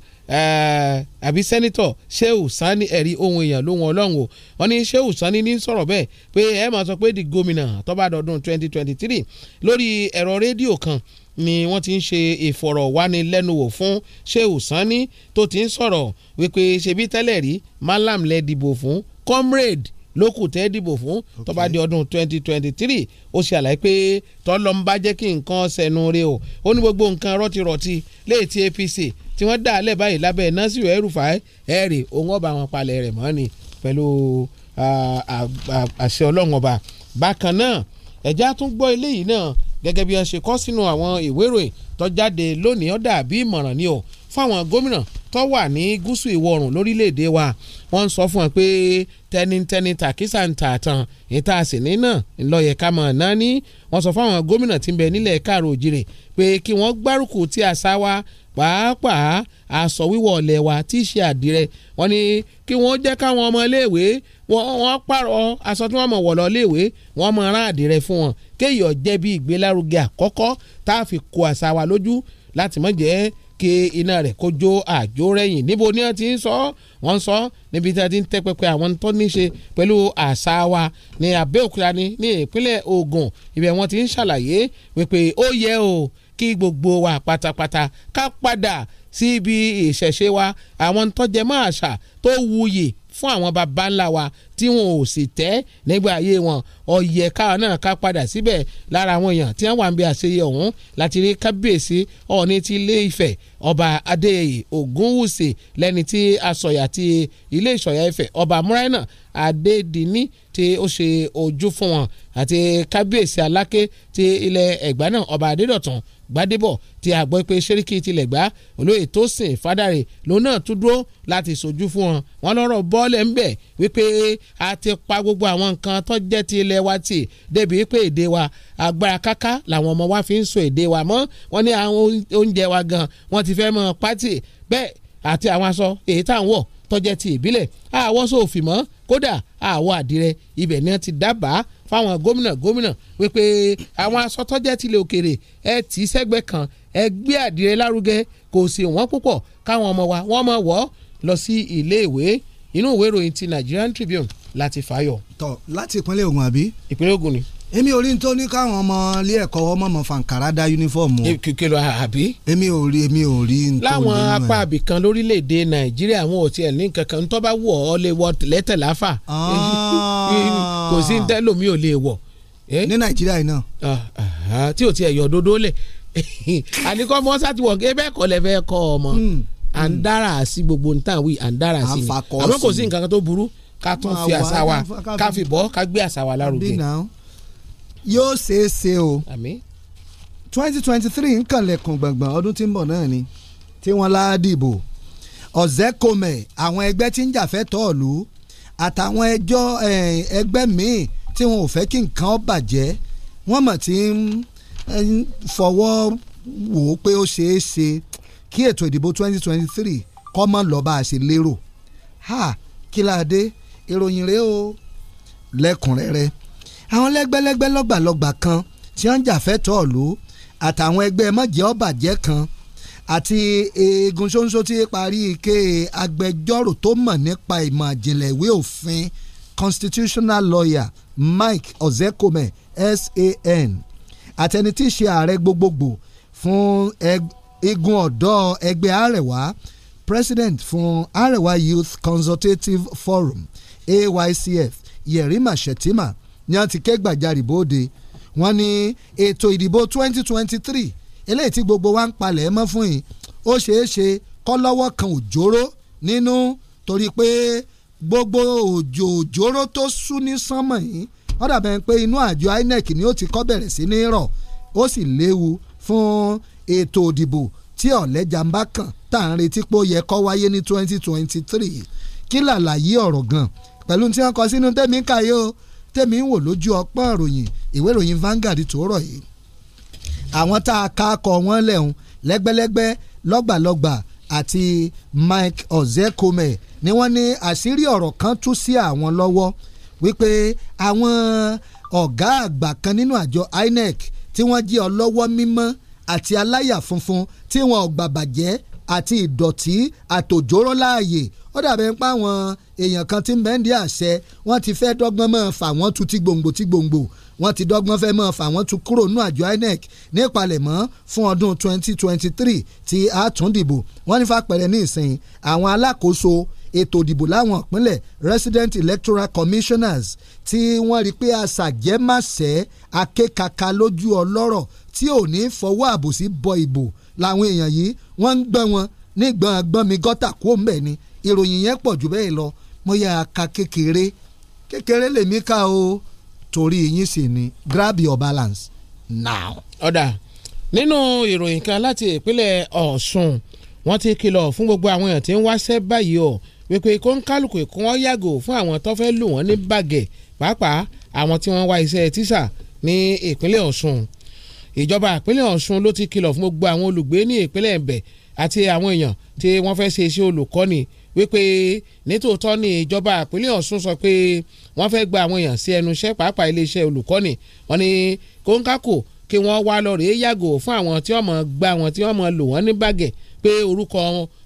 àbí sẹ́nitọ̀ Shehu Sani ẹ̀rí ohun èèyàn lóhun ọlọ́run o wọ́n ní Sani ní sọ̀rọ̀ bẹ́ẹ̀ pé ẹ máa sọ pé di gómìnà tó bá dọdún 2023 lórí ẹ̀rọ rédíò kan ni wọ́n ti ń ṣe ìfọ̀rọ̀wánilẹ́nuwò fún Shehu Sani tó ti ń sọ̀rọ̀ wípé ṣebí tẹ́lẹ̀ rí malam lẹ́ dìbò fún comrade lókù tẹ́ dìbò fún tó bá di ọdún 2023 ó ṣe àlàyé pé tọ́lọ́mbá jẹ́ kí nǹkan ṣẹ̀nu re o ó ní gbogbo nǹkan rọ́tìrọ́tì léètì APC tí wọ́n dá alẹ́ báyìí lábẹ́ Nasiru El-Rufai ẹ̀rì òun ọba àwọn palẹ̀ rẹ̀ mọ́ ni pẹ̀lú àṣẹ ọlọ́run ọba bákan náà ẹ̀já tún gbọ́ eléyìí náà gẹ́gẹ́ bí wọ́n ṣe kọ sínú àwọn ìwé ìròyìn tó jáde lónìí ó dà bí ìmọ̀ràn ni o fáwọn gómìnà tó wà ní gúúsù ìwọ̀ oòrùn lórílẹ̀‐èdè wa wọ́n ń sọ fún wọn pé tẹnitẹni tàkísà ń tààtàn ìta àsìní náà ńlọyẹ ká mọ̀ náà ní wọ́n sọ fáwọn gómìnà tí ń bẹ nílẹ̀ káàró òjìrè pé kí wọ́n gbárùkù ti àṣà wa pàápàá aṣọ wíwọ̀ ọ̀lẹ̀ wa tí í ṣe àdìrẹ wọn ni kí wọ́n jẹ́ káwọn ọmọ iléèwé wọ́n pààrọ̀ aṣọ tí wọ́n mọ̀ wọ̀ lọ iléèwé wọ́n mọ̀ rán àdìrẹ fún wọn kéèyàn jẹ́ bí ìgbélárugẹ àkọ́kọ́ tá a fi kó àṣà wa lójú láti mọ̀ jẹ́ kí iná rẹ̀ kó àjò rẹ̀yìn níbo ni wọ́n ti ń sọ wọ́n sọ níbi tí wọ́n ti ń tẹ́ pẹpẹ àwọn tó ní ṣe pẹ̀lú àṣà wa ní Abẹ́òkúta ní ìpínlẹ̀ Ògùn ibẹ̀ wọ́n ti ń ṣàlàyé wípé ó yẹ o kí gbogbo wa pátápátá ká padà síbi ìṣẹ̀ṣe wa àwọn tọ́jẹ́mọ́ àṣà tó wuyì fún àwọn baba ńlá wa tí wọn ò sì tẹ́ nígbà ayé wọn ọ̀yẹ̀ káwa náà ká padà síbẹ̀ lára àwọn èèyàn tí wọ́n wà ń bí àṣeyẹ ọ̀hún láti rí kábíyèsí ọ̀ọ́ni ti ilé Ifẹ̀ ọba Adéyẹyè Ògúnwùsì lẹ́ni tí asọ̀yà ti ilé ìṣọ̀yà Ifẹ̀ ọba Múráìnà Adédìní tí ó ṣe ojú fún wọn àti kábíyèsí Aláké ti ilẹ̀ Ẹ̀gbá náà ọba Adédọ̀tun gbadébọ̀ tí a pé sẹ́ríkì tilẹ̀ gbá olóyè tó sìn fádàrè lòun náà tún dúró láti ṣojú fún wọn wọn lọ́rọ̀ bọ́ọ̀lẹ̀ ń wípé a ti pa gbogbo àwọn nǹkan tó jẹ́ ti ilẹ̀ wa tì débi wípé èdè wa agbára káká làwọn ọmọ wa fi ń so èdè wa mọ́ wọn ní àwọn oúnjẹ wa gan wọn ti fẹ́ mọ pátì bẹ́ẹ̀ àti àwọn aṣọ èyí tá à ń wọ̀ tó jẹ́ ti ìbílẹ̀ àwọ̀ sófin mọ́ kódà àwọ̀ àdìrẹ ibẹ̀ ni wọ́n ti dábàá fáwọn gómìnà gómìnà wípé àwọn aṣọ tó jẹ́ tilẹ̀ òkèrè ẹ tì í sẹ́gbẹ́ kan ẹ gbé àdìrẹ lárugẹ kò sí wọ́n púpọ̀ káwọn ọmọ wa wọ́n máa wọ̀ lọ sí iléèwé inú ìwé ìròyìn ti Nigerian Tribune láti fàyọ. tọ láti ìpínlẹ̀ Ògùn àbí. ìpínlẹ̀ Ògùn ni èmi ò rí nítorí ní káwọn ọmọ ilé ẹ̀kọ́ ọmọ ọmọ fàǹkàrà dá yunifọ́ọ̀mù. kìkìlọ àbí. èmi ò rí èmi ò rí nítorí. láwọn apá àbìkan lórílẹ̀‐èdè nàìjíríà àwọn òtí ẹ̀ ní kankan tó bá wọ̀ ọ́ lè wọ lẹ́tẹ̀ láfà. Ah. kò sí ní tẹ́lómi ò lè wọ̀. Eh? ní nàìjíríà yìí náà. Ah, ah, tí Ti tiẹ̀ yọ dodo lẹ̀ àníkọ́ mọ́sá ti wọ̀ gẹ́gẹ́ kọ́ lẹ́fẹ́ kọ́ ọmọ hmm. à ń hmm. dára sí gbogbo ntàwí à ń dára sí ni àmọ́ kò sí nǹkan tó fi àṣà wa ká fi bọ́ ká gbé àṣà yóò ṣeé ṣe o twenty twenty three nkànlẹ̀kùn gbọ̀ngbọ̀n ọdún tí ń bọ̀ náà ni tí wọ́n lá dìbò ọ̀zẹ́kọ̀mẹ̀ àwọn ẹgbẹ́ tí ń jàfẹ́tọ̀ ọ̀lú àtàwọn ẹjọ́ eh, ẹgbẹ́ míì tí wọn ò fẹ́ kí nǹkan bàjẹ́ wọ́n mọ̀ tí ń eh, fọwọ́ wò ó pé ó ṣeé ṣe kí ètò ìdìbò twenty twenty three kọ́ mọ́ lọ bá lérò ha kí la dé ìròyìn rèé o lẹ́kùnrẹ́rẹ́ àwọn lẹ́gbẹ́lẹ́gbẹ́ lọ́gbàlọ́gbà kan tí wọ́n ń jà fẹ́tọ̀ ọ̀lú àtàwọn ẹgbẹ́ mọ̀jẹ́ ọ̀bàjẹ́ kan àti eegun ṣoṣo tí parí ike agbẹjọ́rò tó mọ̀ nípa ìmọ̀ àjìnlẹ̀ ìwé òfin constitutional lawyer Mike Ozekome SAN àtẹni tí í ṣe ààrẹ gbogbogbò fún igun ọ̀dọ́ ẹgbẹ́ Àrẹ̀wá president fún Arewa Youth Consultative Forum AYCF Yerima Shetima ni wọ́n ti ké gbàjarì bóde wọ́n ní ètò ìdìbò 2023 eléyìí tí gbogbo wa ń palẹ̀ mọ́ fún yìí ó ṣeé ṣe kọ́ lọ́wọ́ kan òjòrò nínú torí pé gbogbo òjò òjòrò tó sú ní sánmọ̀ yìí wọ́n dàbẹ̀ pé inú àjọ INEC ni ó ti kọ́ bẹ̀rẹ̀ sí ní rọ̀ ó sì léwu fún ètò òdìbò tí ọ̀lẹ́jà ń bá kàn tá à ń retí pé ó yẹ kó wáyé ní 2023 kí làlàyé ọ̀rọ̀ gan pẹ̀lú tí wọ́n kọ sínú tẹ́mi kàyé tèmi ń wò lójú ọpọ́ ìròyìn ìwé ìròyìn Vanguard tòórọ̀ yìí àwọn tá a ka akọ wọn lẹ́hùn lẹ́gbẹ́lẹ́gbẹ́ lọ́gbàlọ́gbà àti Mike Ozekome ni wọ́n ní àṣírí ọ̀rọ̀ kan tú sí àwọn lọ́wọ́ wípé àwọn ọ̀gá àgbà kan nínú àjọ INEC tí wọ́n jẹ́ ọlọ́wọ́ mímọ́ àti aláyà funfun tí wọn ò gbàbàjẹ́ àti ìdọ̀tí àtòjóró láàyè ó dàbẹ̀ ń pa àwọn èèyàn kan tí ń bẹ ń di àṣẹ wọ́n ti fẹ́ dọ́gbọ́n mọ́ fà wọ́n tu ti gbòǹgbò ti gbòǹgbò wọ́n ti dọ́gbọ́n fẹ́ mọ́ fà wọ́n tu kúrò nínú àjọ INEC ní ìpalẹ̀mọ́ fún ọdún 2023 ti a tún dìbò wọ́n ní fàpẹ̀rẹ̀ ní ìsìn àwọn alákòóso ètò ìdìbò láwọn ìpínlẹ̀ resident electoral commissioners tí wọ́n rí pé àṣàjẹ́màṣẹ́ akékaka lójú ọlọ́rọ̀ tí ò ní fọwọ́ àbòsí bọ ìbò làwọn èèyàn yìí wọ́n ń gbọ́n wọn ní gbọ̀ngbọ̀n mi gọ́tà kó ń ni ìròyìn yẹn pọ̀ jù bẹ́ẹ̀ lọ mo yà ka kékeré kékeré lèmi ká o torí yín sì ni grab your balance now. ọ̀dà nínú ìròyìn kan láti ìpínlẹ̀ Ọ̀ṣun wọ́n ti kìlọ̀ fún gbogbo àwọn èèyàn tí ń wáṣẹ́ báyìí o wípé kó ń kálukú kó wọ́n yàgò fún àwọn tó fẹ́ lù wọ́n ní bàgẹ́ pàápàá àwọn tí wọ́n wá iṣẹ́ tíṣà ní ìpínlẹ̀ Ọ̀ṣun ìjọba ìpínlẹ̀ Ọ̀ṣun ló ti kìlọ̀ fún gbogbo àwọn olùgbé ní ìpínlẹ̀ ẹ̀bẹ̀ àti àwọn èèyàn tí wọ́n fẹ́ ṣe iṣẹ́ olùkọ́ni wípé nítòótọ́ ni ìjọba ìpínlẹ̀ Ọ̀ṣun sọ pé wọ́n fẹ́ gba àwọn èèyàn sí ẹnu iṣẹ́ pàápàá iléeṣẹ́ olùkọ́ni wọ́n ní kóńkákò kí wọ́n wá lọ rèé yàgò fún àwọn tí wọ́n mọ̀ gba àwọn tí wọ́n mọ̀ lò wọ́n ní bàgẹ́ pé orúkọ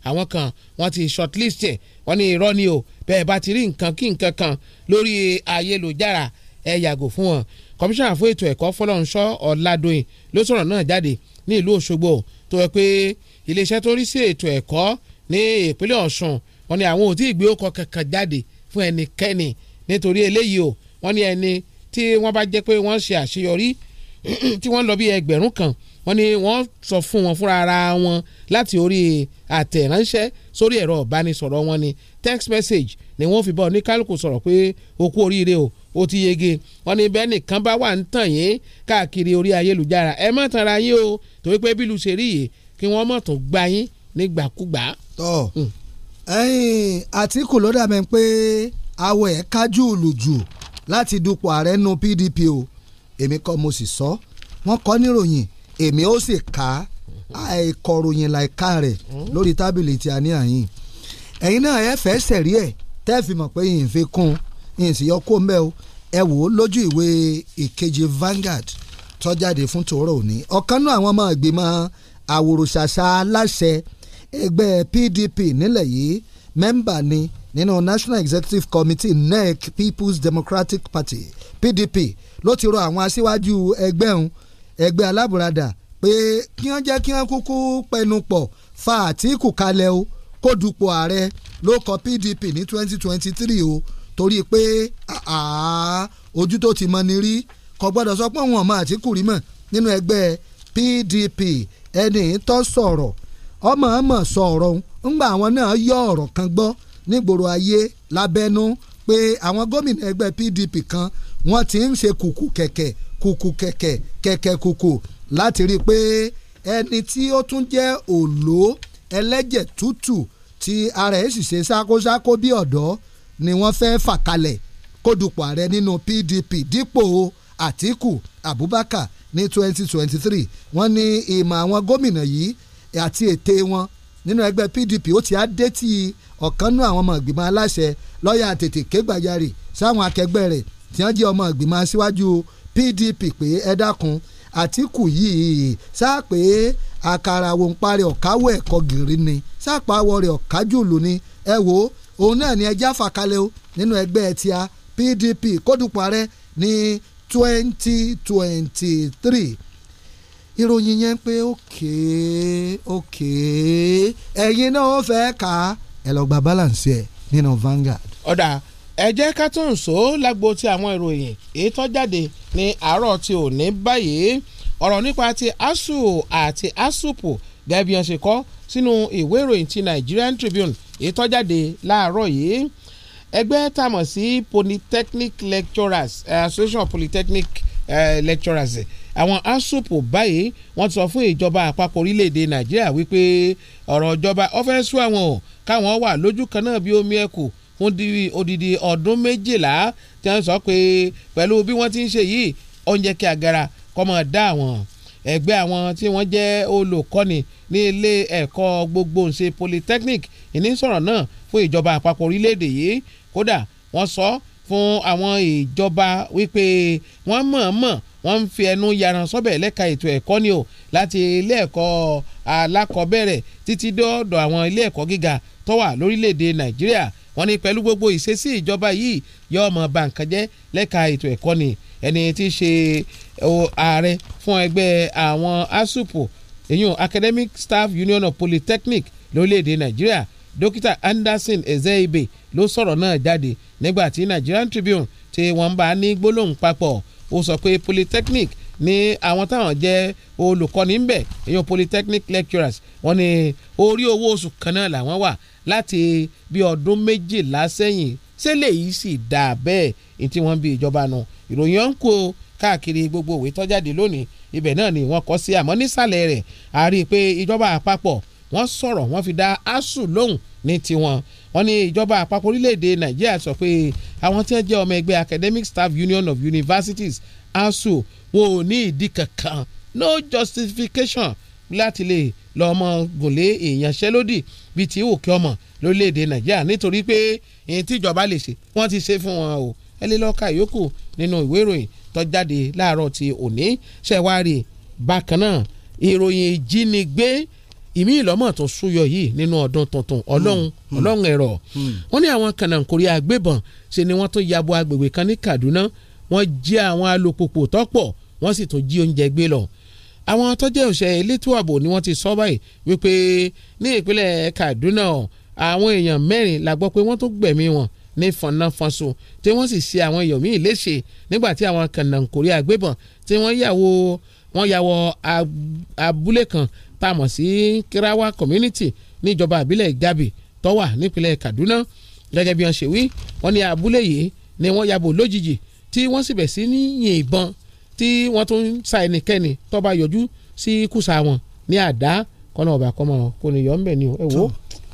àwọn kan wọ́n ti shortlist ẹ̀ wọ́n ní irọ́ ni o bẹ́ẹ̀ bá ti rí nǹkan kí nǹkan kan lórí ayélujára ẹ yàgò fún wọn kọmíṣánná fún ètò ẹ̀kọ́ fọlọ́nṣọ́ ọ̀làdọ́yìn ló sọ̀rọ̀ náà jáde ní ìlú Òṣogbo tó yẹ pé iléeṣẹ́ tó rí sí ètò ẹ̀kọ́ ní ìpínlẹ̀ Ọ̀ṣun wọn ni àwọn ò tí ì gbé ọkọ̀ kankan jáde fún ẹnikẹ́ni nítorí eléyìí o wọn ni ẹni tí wọ́n bá jẹ́ pé wọ́n ṣe àṣeyọrí tí wọ́n lọ bí ẹgbẹ̀rún kan wọ́n ní wọ́n sọ fún wọn fúnra ara wọn láti orí àtẹ̀ránṣẹ́ sórí ẹ̀rọ ìbánisọ̀rọ̀ wọn ni text message ni wọ́n fi bá oníkálukú sọ̀rọ̀ pé o kú oríire o ó ti yege wọ́n ní bẹ́ẹ̀ nìkan bá wà ń tàn yín káàkiri orí ayélujára ẹ má tanra yín o torí pé bílù ṣe rí yìí kí wọ́n mọ̀ tó gba yín nígbàkúgbà. tọ́ hmm. àtìkù ló dà mí pé awọ ẹ̀ kájú lùjù láti dupò ààrẹ nu PDP o èmi kọ́ mo sì sọ wọ́n kọ́ níròyìn èmi ó sì kà á àìkọ̀ròyìn láìka rẹ̀ hmm. lórí tábìlì tí a ní àyìn ẹ̀yin náà ẹ fẹ́ sẹ̀rí ẹ̀ tẹ́ẹ̀fì mọ̀ pé yìnyín fi kún yìnyín sì yọ kó mbẹ́ o ẹ wò ó lójú ìwé ìkeje Vanguard tó jáde fún tòórọ́ òní ọ̀kan náà àwọn ọmọ ìgbìmọ̀ àwòrò aláṣẹ ẹgbẹ́ PDP nílẹ̀ yìí mẹ́mbà ni nínú National Executive Committee NEC People's Democratic Party PDP ló ti rọ àwọn aṣíwájú ẹgbẹ́ òun ẹgbẹ́ alábùradà pé kí wọ́n jẹ́ kí wọ́n kúkú pẹnu fa Àtíkù kalẹ̀ o kó dupò ààrẹ ló kọ PDP ní twenty twenty three o torí pé ojú tó ti mọ ni rí kò gbọ́dọ̀ sọ pé òun ọ̀mọ Àtíkù rí mọ̀ nínú ẹgbẹ́ PDP ẹni tó sọ̀rọ̀ ọmọ ọmọ sọ̀rọ̀ ńgbà àwọn náà yọ ọ̀rọ̀ kan gbọ́ nígboro ayé lábẹ́nú pé àwọn gómìnà ẹgbẹ́ PDP kan wọ́n ti ń ṣe kùkù kẹ̀kẹ́ kùkù kẹ̀kẹ́ kẹ̀kẹ́ kùkù láti rí i pé ẹni tí ó tún jẹ́ òòló ẹlẹ́jẹ̀ tútù tí ara ẹ̀ sì ṣe ṣákóṣákó bí ọ̀dọ́ ni wọ́n fẹ́ fà kalẹ̀ kó ààrẹ nínú PDP dípò Àtíkù Abubakar ní 2023 wọ́n ní ìmọ̀ àwọn gómìnà yìí àti ète wọn nínú ẹgbẹ́ PDP ó ti á dé tí ọ̀kanú àwọn ọmọ ìgbìmọ̀ aláṣẹ lọ́ọ̀yà tètè kégbàjarì sáwọn akẹgbẹ́ rẹ̀ tí wọ́n jẹ́ ọmọ ìgbìmọ̀ aṣíwájú PDP pé ẹ dákun Àtíkù yìí sáà pé àkàrà òǹpa rẹ̀ ọ̀káwọ̀ ẹ̀kọ́ gìrì ni sáà pa àwọ̀ rẹ̀ ọ̀kájùlù ni ẹ wo òun náà ni ẹjẹ́ àfàkalẹ̀ o nínú ẹgbẹ́ ti PDP kódùpọ̀ rẹ̀ ní twenty twenty three ìròyìn yẹn pé òkè òkè ẹ̀yin náà ó fẹ́ kà ẹ lọ gba balance ẹ nínú Vanguard. ọ̀dà ẹ jẹ́ ká tún sọ lágbo ti àwọn ìròyìn èyí tó jáde ní àárọ̀ ti òní báyìí ọ̀rọ̀ nípa ti asuu àti asupu gẹ́gẹ́ bí wọ́n ṣe kọ́ sínú ìwé ìròyìn ti Nigerian Tribune èyí tó jáde láàárọ̀ yìí ẹgbẹ́ tá a mọ̀ sí polytechnic lecturers eh, association of polytechnic uh, lecturers àwọn asupu báyìí wọ́n ti sọ fún ìjọba àpapọ̀ orílẹ̀-èdè Nàìjíríà wípé ọ̀rọ̀ ìjọba ọ̀fẹ́ sún àwọn káwọn wà lójú kan náà bí omi ẹ̀kú fún odidi ọdún méjìlá tí wọ́n sọ pé pẹ̀lú bí wọ́n ti ń ṣe yìí oúnjẹ kí agara kọ́ máa dá àwọn ẹgbẹ́ àwọn tí wọ́n jẹ́ olùkọ́ni ní ilé ẹ̀kọ́ gbogboǹṣe polytechnic ìní sọ̀rọ̀ náà fún ìjọba àpapọ̀ orílẹ̀-èdè yìí kódà wọ́n sọ fún àwọn ìjọba wípé wọ́n mọ̀ọ́mọ̀ wọ́n ń fi ẹnu yaran sọ́bẹ̀ lẹ́ka ètò ẹ̀kọ́ ni o láti ilé ẹ̀kọ́ alákọ̀ọ́bẹ̀rẹ̀ títí dọ́ọ̀dọ̀ àwọn ilé ẹ̀kọ́ gíga tó lórílẹ̀-èdè Nàìjíríà wọ́n ní pẹ̀lú gbogbo ìṣesí ìjọba yìí yóò mọ ba nǹkan jẹ́ lẹ́ka ètò ẹ̀kọ́ ni ẹni tí í ṣe ààrẹ fún ẹgbẹ́ àwọn asupo èyàn academic staff union of polytechnic lórílẹ̀‐èdè nàìjíríà dókítà anderson ezeibe ló sọ̀rọ̀ náà jáde nígbà tí nigerian tribune tí wọ́n bá ní gbólóhùn papọ̀ ó sọ pé polytechnic ní àwọn táwọn jẹ́ olùkọ́ni ńbẹ̀ èyàn polytechnic lecturers wọ́n ní orí owó oṣù kan náà làwọn wà láti bí ọdún méjìlá sẹ́yìn ṣé lèyí sì dà bẹ́ẹ̀ ní tí wọ́n ń bi ìjọba nu ìròyìn ọ̀hún kó káàkiri gbogbo òwe tọ́jáde lónìí ibẹ̀ náà ni wọ́n kọ́ sí àmọ́ nísàlẹ̀ rẹ̀ a rí i pé ìjọba àpapọ̀ wọ́n sọ̀rọ̀ wọ́n fi dá asuu lóhùn ní tiwọn wọ́n ní ìjọba àpapọ̀ orílẹ̀-èdè nàìjíríà sọ pé àwọn tí wọ́n jẹ́ ọmọ ẹgbẹ́ academic staff union of universities asuu wọn ò ní ìdí kankan no justification láti lè lọ́ọ́ mọ gòlé ìyanṣẹ́lódì bíi ti òkè ọmọ lórílẹ̀‐èdè nàìjíríà nítorí pé èyí tíjọba lè ṣe wọ́n ti ṣe fún wọn o ẹ lè lọ́ọ́ ka ìyókù nínú ìwé ìròyìn tó jáde láàárọ̀ ti òní ṣẹ̀wárì bákan náà ìròyìn ìjínigbé ìmí ìlọ́mọ̀ tó súyọ yìí nínú ọdún tuntun ọlọ́run hmm, hmm, ọlọ́run ẹ̀rọ hmm. wọ́n ní àwọn kànáńkórí agbébọn ṣe ni wọ́n tó yabo agbègbè kan ní Kaduna wọ́n jí àwọn alòpùpù tọ́pọ̀ wọ́n sì tún jí oúnjẹ gbé lọ àwọn tó jẹ́ elétò ààbò ni wọ́n ti sọ báyìí wípé ní ìpínlẹ̀ Kaduna àwọn èèyàn mẹ́rin la gbọ́ pé wọ́n tó gbẹ̀mí wọn ní fọnáfọnso tí wọ́n sì ṣe àwọn èèyàn míì léṣe nígbà tí àwọn kànáńkórí agbébọn tí wọ́n yàwó wọ́n yàwọ̀ abúlé kan tá a mọ̀ sí Kirawa community níjọba àbílẹ̀ Gabi tó wà nípínlẹ̀ Kaduna gẹ́gẹ́ bí wọ́n ṣe wí wọ́n ní abúlé yìí ni wọ́n yàbò lójijì tí wọ́n sì bẹ̀ sí ní yìnbọn tí wọ́n tún sa ẹnikẹ́ni tó bá yọjú sí kùsà wọn ní àdá kọ́nà ọ̀bà kọ́mọ kò ní yọ̀ ń bẹ̀ ni o ẹ wo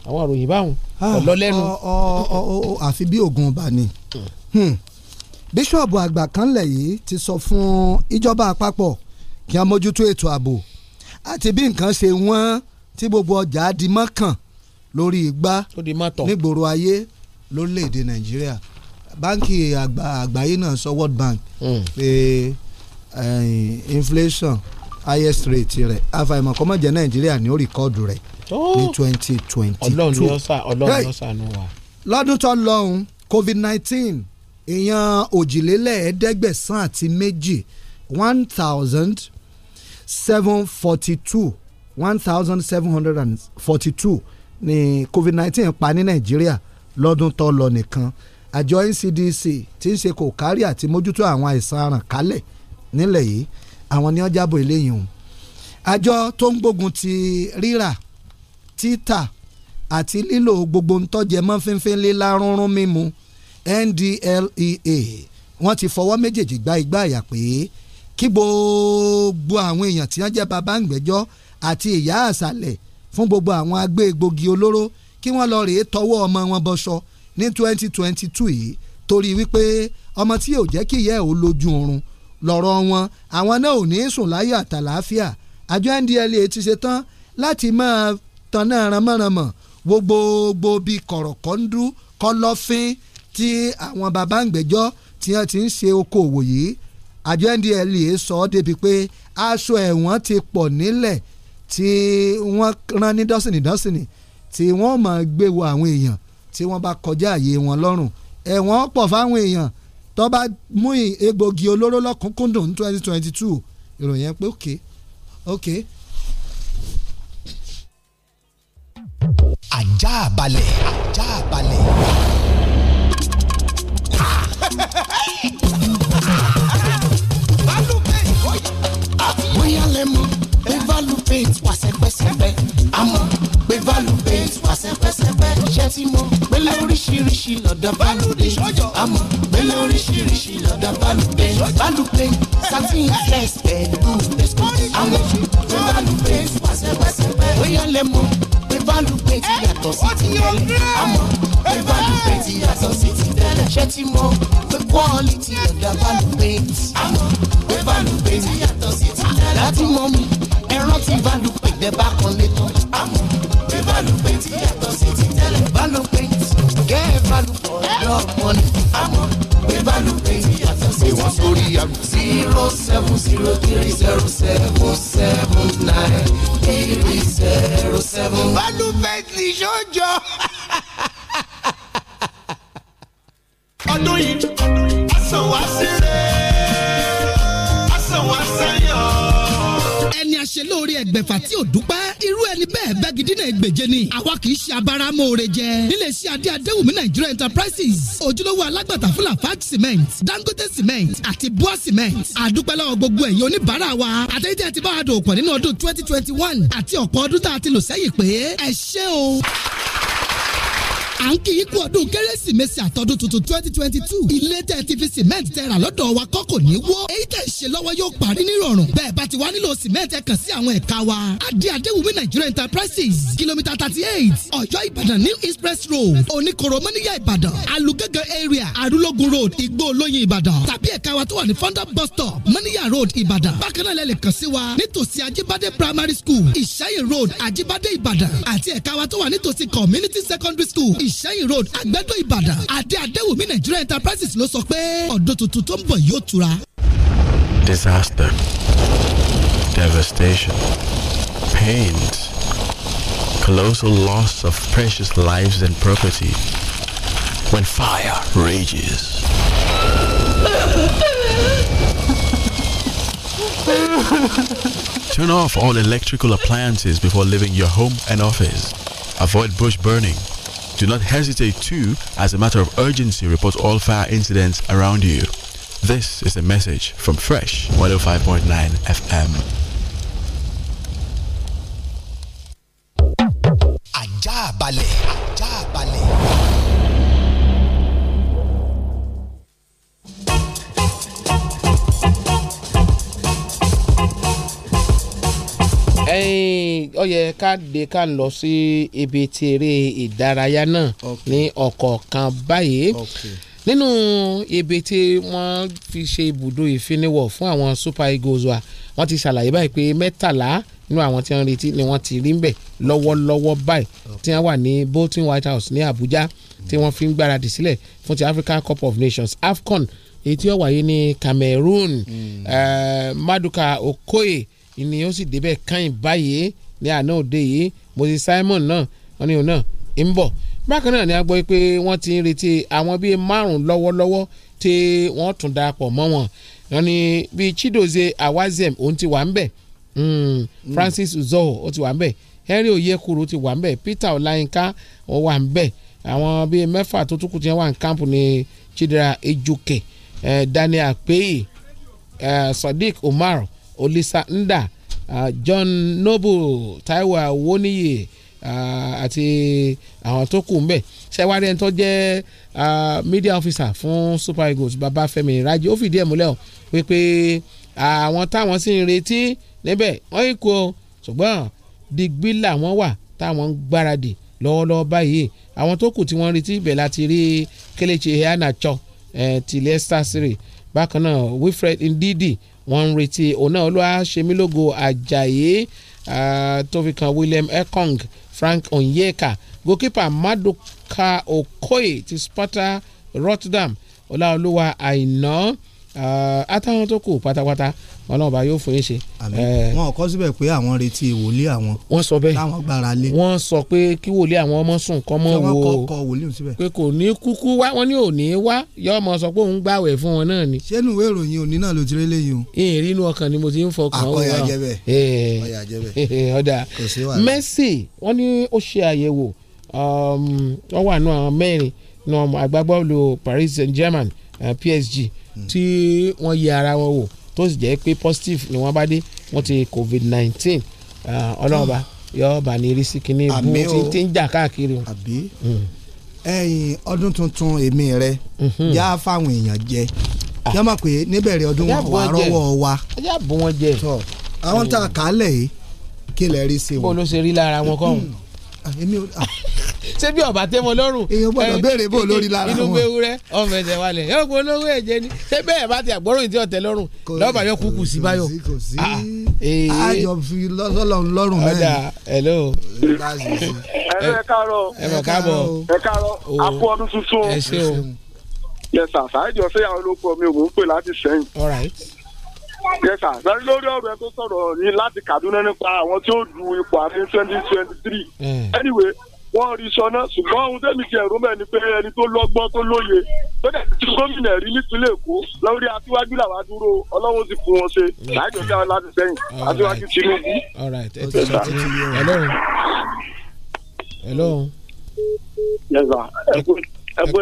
àwọn àròyìn báwọn ah, ọlọ́lẹ́nu. àfi bí oògùn ọba ni hmm. bíṣọ̀bù àgbà kanlẹ̀ yìí ti sọ fún ìjọba àpapọ̀ kí a mójútó ètò ààbò àti bí nǹkan ṣe wọ́n tí gbogbo ọjà di mọ́kàn lórí igbá nígboro ayé lórílẹ̀‐èdè nàìjíríà báńkì àgbáyé náà sọ World Bank hmm. pé. Mm. E, Eh, inflation highest rate rẹ̀ àfàìmọ̀ kọ́mọ̀ jẹ́ nàìjíríà ní ó rìkọ́ọ̀dù rẹ̀ ní twenty twenty two ọlọ́run ni ó sà ọlọ́run ni ó sà nù wá. lọ́dún tó lọ́hùn covid nineteen èèyàn òjìlélẹ́ẹ̀ẹ́dẹ́gbẹ̀sán àti méjì one thousand seven forty two one thousand seven hundred and forty two ni covid nineteen pa ní nàìjíríà lọ́dún tó lọ nìkan àjọ ncdc tí ń ṣe kò kárí àti mójútó àwọn àìsàn àràn kálẹ̀ nílẹ̀ yìí àwọn ni wọ́n jábọ̀ eléyìí o àjọ tó ń gbógun ti rírà títà àti lílo gbogbo ntọ́jẹmọ́ fínfín líla rúnrún mímu NDLEA wọ́n ti fọwọ́ méjèèjì gba igbá àyà pé kí gbogbo àwọn èèyàn tí wọ́n jẹ́ bàbá ǹgbẹ́jọ́ àti ìyá àṣàlẹ̀ fún gbogbo àwọn agbégbògi olóró kí wọ́n lọ rèé tọwọ́ ọmọ wọn bọṣọ ní 2022 yìí torí wípé ọmọ tí yóò jẹ́ kí ìyá ẹ̀ ó lójú oorun lọ́rọ̀ wọn àwọn náà ò ní sùn láyọ̀ àtàlàáfíà àjọ NDLEA ti ṣe tán láti máa tanná ranmọ́ranmọ́ wo gbogbo bí kọ̀rọ̀kọ́ndú kọ̀lọ̀fín tí àwọn bàbá ń gbẹ́jọ́ tí wọ́n ti ń ṣe okòwò yìí àjọ NDLEA sọ ọ́ débi pé aṣọ ẹ̀wọ̀n ti pọ̀ nílẹ̀ tí wọ́n rán ní dọ́sìnì dọ́sìnì tí wọ́n máa gbé wo àwọn èèyàn tí wọ́n bá kọjá àyè wọn lọ́rùn ẹ̀wọ̀n pọ̀ fáwọn èèyàn tó bá mú egbògi olóró lọ́kùnkúndùn ní twenty twenty two ìròyìn yẹn pé ok ok. ajá balẹ̀ ajá balẹ̀. bóyá lẹ́mu pé value paint wà sẹ́gbẹ́sẹ́gbẹ́ àmọ́ pé value paint. Mint wá sẹ́pẹ́sẹ́pẹ́ iṣẹ́ tí mo gbélé oríṣiríṣi lọ́dọ̀ Balùdé àmọ́ gbélé oríṣiríṣi lọ́dọ̀ Balùdé Balùdé satin flex pẹ̀lú ẹ̀sìkòtì àwọn ìwé Balùdé wá sẹ́pẹ́sẹ́pẹ́ bóyá lẹ mọ̀ pé Balùdé ti yàtọ̀ sí ti tẹ́lẹ̀ àmọ́ pé Balùdé ti yàtọ̀ sí ti tẹ́lẹ̀ ṣé tí mo pé quality lọ́dọ̀ Balùdé àmọ́ pé Balùdé ti yàtọ̀ sí ti tẹ́lẹ̀ láti mọ mi ẹran ti Balùdé bẹ́ẹ̀ bá kan lé tán àmọ́ pé balùwẹ̀ ti yàtọ̀ sí ti tẹ́lẹ̀. balùwẹ̀ kẹ́ ẹ balùwẹ̀ ọ̀dọ́ mọ́lẹ̀. àmọ́ pé balùwẹ̀ ti yàtọ̀ sí ti tẹ́lẹ̀. ìwọ̀n sórí àgbà. zero seven zero three zero seven seven nine three zero seven. balùwẹ̀ ti ṣojo. ọdún yìí ẹni àṣẹ lórí ẹgbẹ̀fà tí ò dúpẹ́ ẹ̀bẹ́gidínà ẹgbẹ̀je ni àwa kì í ṣe abáramóore jẹ. nílé iṣẹ́ adé adéwùmí Nigeria enterprises ojúlówó alágbàtà fúlà fat cement Dangote cement àti bua cement àdúpẹ́lẹ́ gbogbo ẹ̀yìn oníbàárà wa àtẹ̀yẹ́tẹ̀ àti báwa dòkò nínú ọdún twenty twenty one àti ọ̀pọ̀ ọdún tá a ti lò sẹ́yìn pé ẹ ṣé o à ń kí ikú ọdún kérésìmesì àtọ́dún tuntun twenty twenty two ilé tẹ́ ti fi sìmẹ́ǹtì tẹ́ rà lọ́dọ̀ wa kọ́ kò ní wó èyí tẹ́ ṣe lọ́wọ́ yóò parí nírọ̀rùn bẹ́ẹ̀ bá ti wá nílò sìmẹ́ǹtì ẹ kàn sí àwọn ẹ̀ka wa adé adéwùmí Nigeria Enterprises kìlómítà thirty eight ọ̀yọ́ ìbàdàn new express road oníkoro mọ́níyà ìbàdàn alugẹ́gẹ́ area arúlógún road igbó olóyin ìbàdàn tàbí ẹ̀ka wa tó wà ní fonda bus stop mọ́níyà road ìbàdàn bákan náà lẹ́lẹ̀ kàn sí wa primary school ìṣẹ́yìn road ajibade ìbàdàn àti ẹ̀ka wa tó wà nítòsí community secondary school ìṣẹ́yìn road àgbẹ̀dọ̀ ìbàdàn àdé àdéwòmí nigeria enterprises ló sọ pé ọdún tuntun tó ń bọ̀ yóò tura. disaster devastation pain colossal loss of precious lives and property when fire rages. Turn off all electrical appliances before leaving your home and office. Avoid bush burning do not hesitate to, as a matter of urgency, report all fire incidents around you. This is a message from Fresh 105.9 FM. Ajabale, Ajabale. ó yẹ ká dé ká lọ sí ibi tí eré ìdárayá náà ní ọ̀kọ̀ọ̀kan báyìí nínú ibi tí wọ́n fi ṣe ibùdó ìfiniwọ̀ fún àwọn Super Eagles wa wọ́n ti ṣàlàyé báyìí pé mẹ́tàlá nínú àwọn tí wọ́n retí ni wọ́n ti rí mbẹ̀ lọ́wọ́lọ́wọ́ báyìí tí wọ́n wà ní Bolton White House ní Abuja tí wọ́n fi ń gbáradì sílẹ̀ fún ti African Cup of Nations AFCON èyí tí ó wáyé ní Cameroon hmm. eh, Maduka Okoye. Mm. Uh, ni ó sì débẹ̀ káyìn báyìí ní àná òde yìí Moses Simon náà wọn ni òun náà ń bọ̀ bákan náà ni a gbọ́ pé wọ́n ti ń retí àwọn bíi márùn-ún lọ́wọ́lọ́wọ́ tí wọ́n tún darapọ̀ mọ́ wọn wọn ni bíi Chidozie Awaziem òun ti wà ń bẹ̀ hmm, hmm. Francis Uzoho ó ti wà ń bẹ̀ Henry Oyekuru ti wà ń bẹ̀ Peter Olayinka ó wà ń bẹ̀ àwọn bíi mẹ́fà tó tún kù tí wọ́n wà ní kámpu ní Chidera Ejuke eh, Daniel Akpeyi eh, Sadiq Omar olisa nda uh, John Noble Taiwo Awoniyi àti àwọn tó kù ńbẹ ṣẹwárí ẹni tó jẹ́ media officer fún Super Eagles Babafẹ́mi Raji ó fìdí ẹ̀ múlẹ̀ o wípé àwọn táwọn sì ń retí níbẹ̀ wọ́n yìí kú o ṣùgbọ́n digbí làwọn wà táwọn ń gbáradì lọ́wọ́lọ́wọ́ báyìí àwọn tó kù tí wọ́n retí ibẹ̀ láti rí Kelechi Iheanacho ti Leicester City bákan náà Wilfred Ndidi wọ́n ń retí òun náà olúwaṣemílógo ajayi tó fi kan william ekong frank onyeka goalkeeper maduka okoye ti sparta rotterdam ọláolúwa àìná Uh, àtàwọn tó kù pátápátá ọlọ́run bá yóò fún yín ṣe. Eh, wọn ò kọ́ síbẹ̀ pé àwọn retí wòlíì àwọn. wọ́n sọ bẹ́ẹ̀ táwọn gbára lé. wọ́n sọ pé kí wòlíì àwọn ọmọ sùn kọ́ mọ́ wo pé kò ní kúkú wá wọ́n ní òní wá yọ ọmọ sọ pé òun gbàwẹ̀ fún wọn náà ni. sẹ́nu ìwé ìròyìn òní náà ló ti rí léyìn o. ìrìn inú ọkàn ni mo ti ń fọkàn wọn. akọyà jẹbẹ eh, ọyà jẹbẹ eh, ọdà Messi wọ́n ní ó ṣe àyẹ̀wò um, wọ́n wà nù àwọn mẹ́rin nù àgbábọ́ọ̀lù Paris Saint-Germain PSG tí wọ́n yẹ ara wọn wò tó sì jẹ́ pé positive ni wọ́n bá dé wọ́n ti covid nineteen ọlọ́run bá yọ bá ní irísí kíní bú tí ń jà káàkiri. àbí hmm. ẹ̀yin ọdún tuntun èmi rẹ mhm. yá fáwọn èèyàn jẹ ah. yá mọ̀ pé níbẹ̀rẹ̀ ọdún wọn wà rọ́wọ́ wa. ẹjá bù wọn jẹ. àwọn tá a hmm. kà á lẹ̀ yìí kí lè rí sí wọn. bó ló ṣe rí lára wọn kọ́hún. Ah, èmi ò ah. ṣé bí ọba tẹ́mọ lọ́rùn èèyàn gbọ́dọ̀ eh, béèrè bò lórí lára wọn inú gbẹwúrẹ́ ọmọ ẹ̀jẹ̀ wálẹ̀ yóò gbọ́ olówó ẹ̀jẹ̀ ni ṣé bẹ́ẹ̀ bá ti àgbọ̀rọ̀ ìdí ọ̀tẹ̀ lọ́rùn lọ́ba yóò kúkú sí báyọ̀ kò sí ah, eh. ayọ̀ fi lọ́sọ̀lọ̀ lọ́rùn mẹ́rin. ọjà hello. ẹ káàárọ̀ ẹ káàbọ̀ ẹ káàárọ̀ oh. akú ọdún tuntun. ẹ ṣé yẹsà lórí ọ̀rọ̀ ẹ tó sọ̀rọ̀ yín láti Kaduna nípa àwọn tí ó du ipò ààrẹ twenty twenty three hmm. anyway wọ́n rí sọnà ṣùgbọ́n ohun tẹ́mi ti ẹ̀rú mẹ́ni pé ẹni tó lọ́gbọ́n tó lóye tó dẹ̀ ti gómìnà rí nípínlẹ̀ Èkó lórí Aṣíwájú làwa dúró Ọlọ́run ti fún wọn ṣe hmm. láìjọ bí aláàbí sẹ́yìn Aṣíwájú Tinubu. hello. yẹsà ẹ kú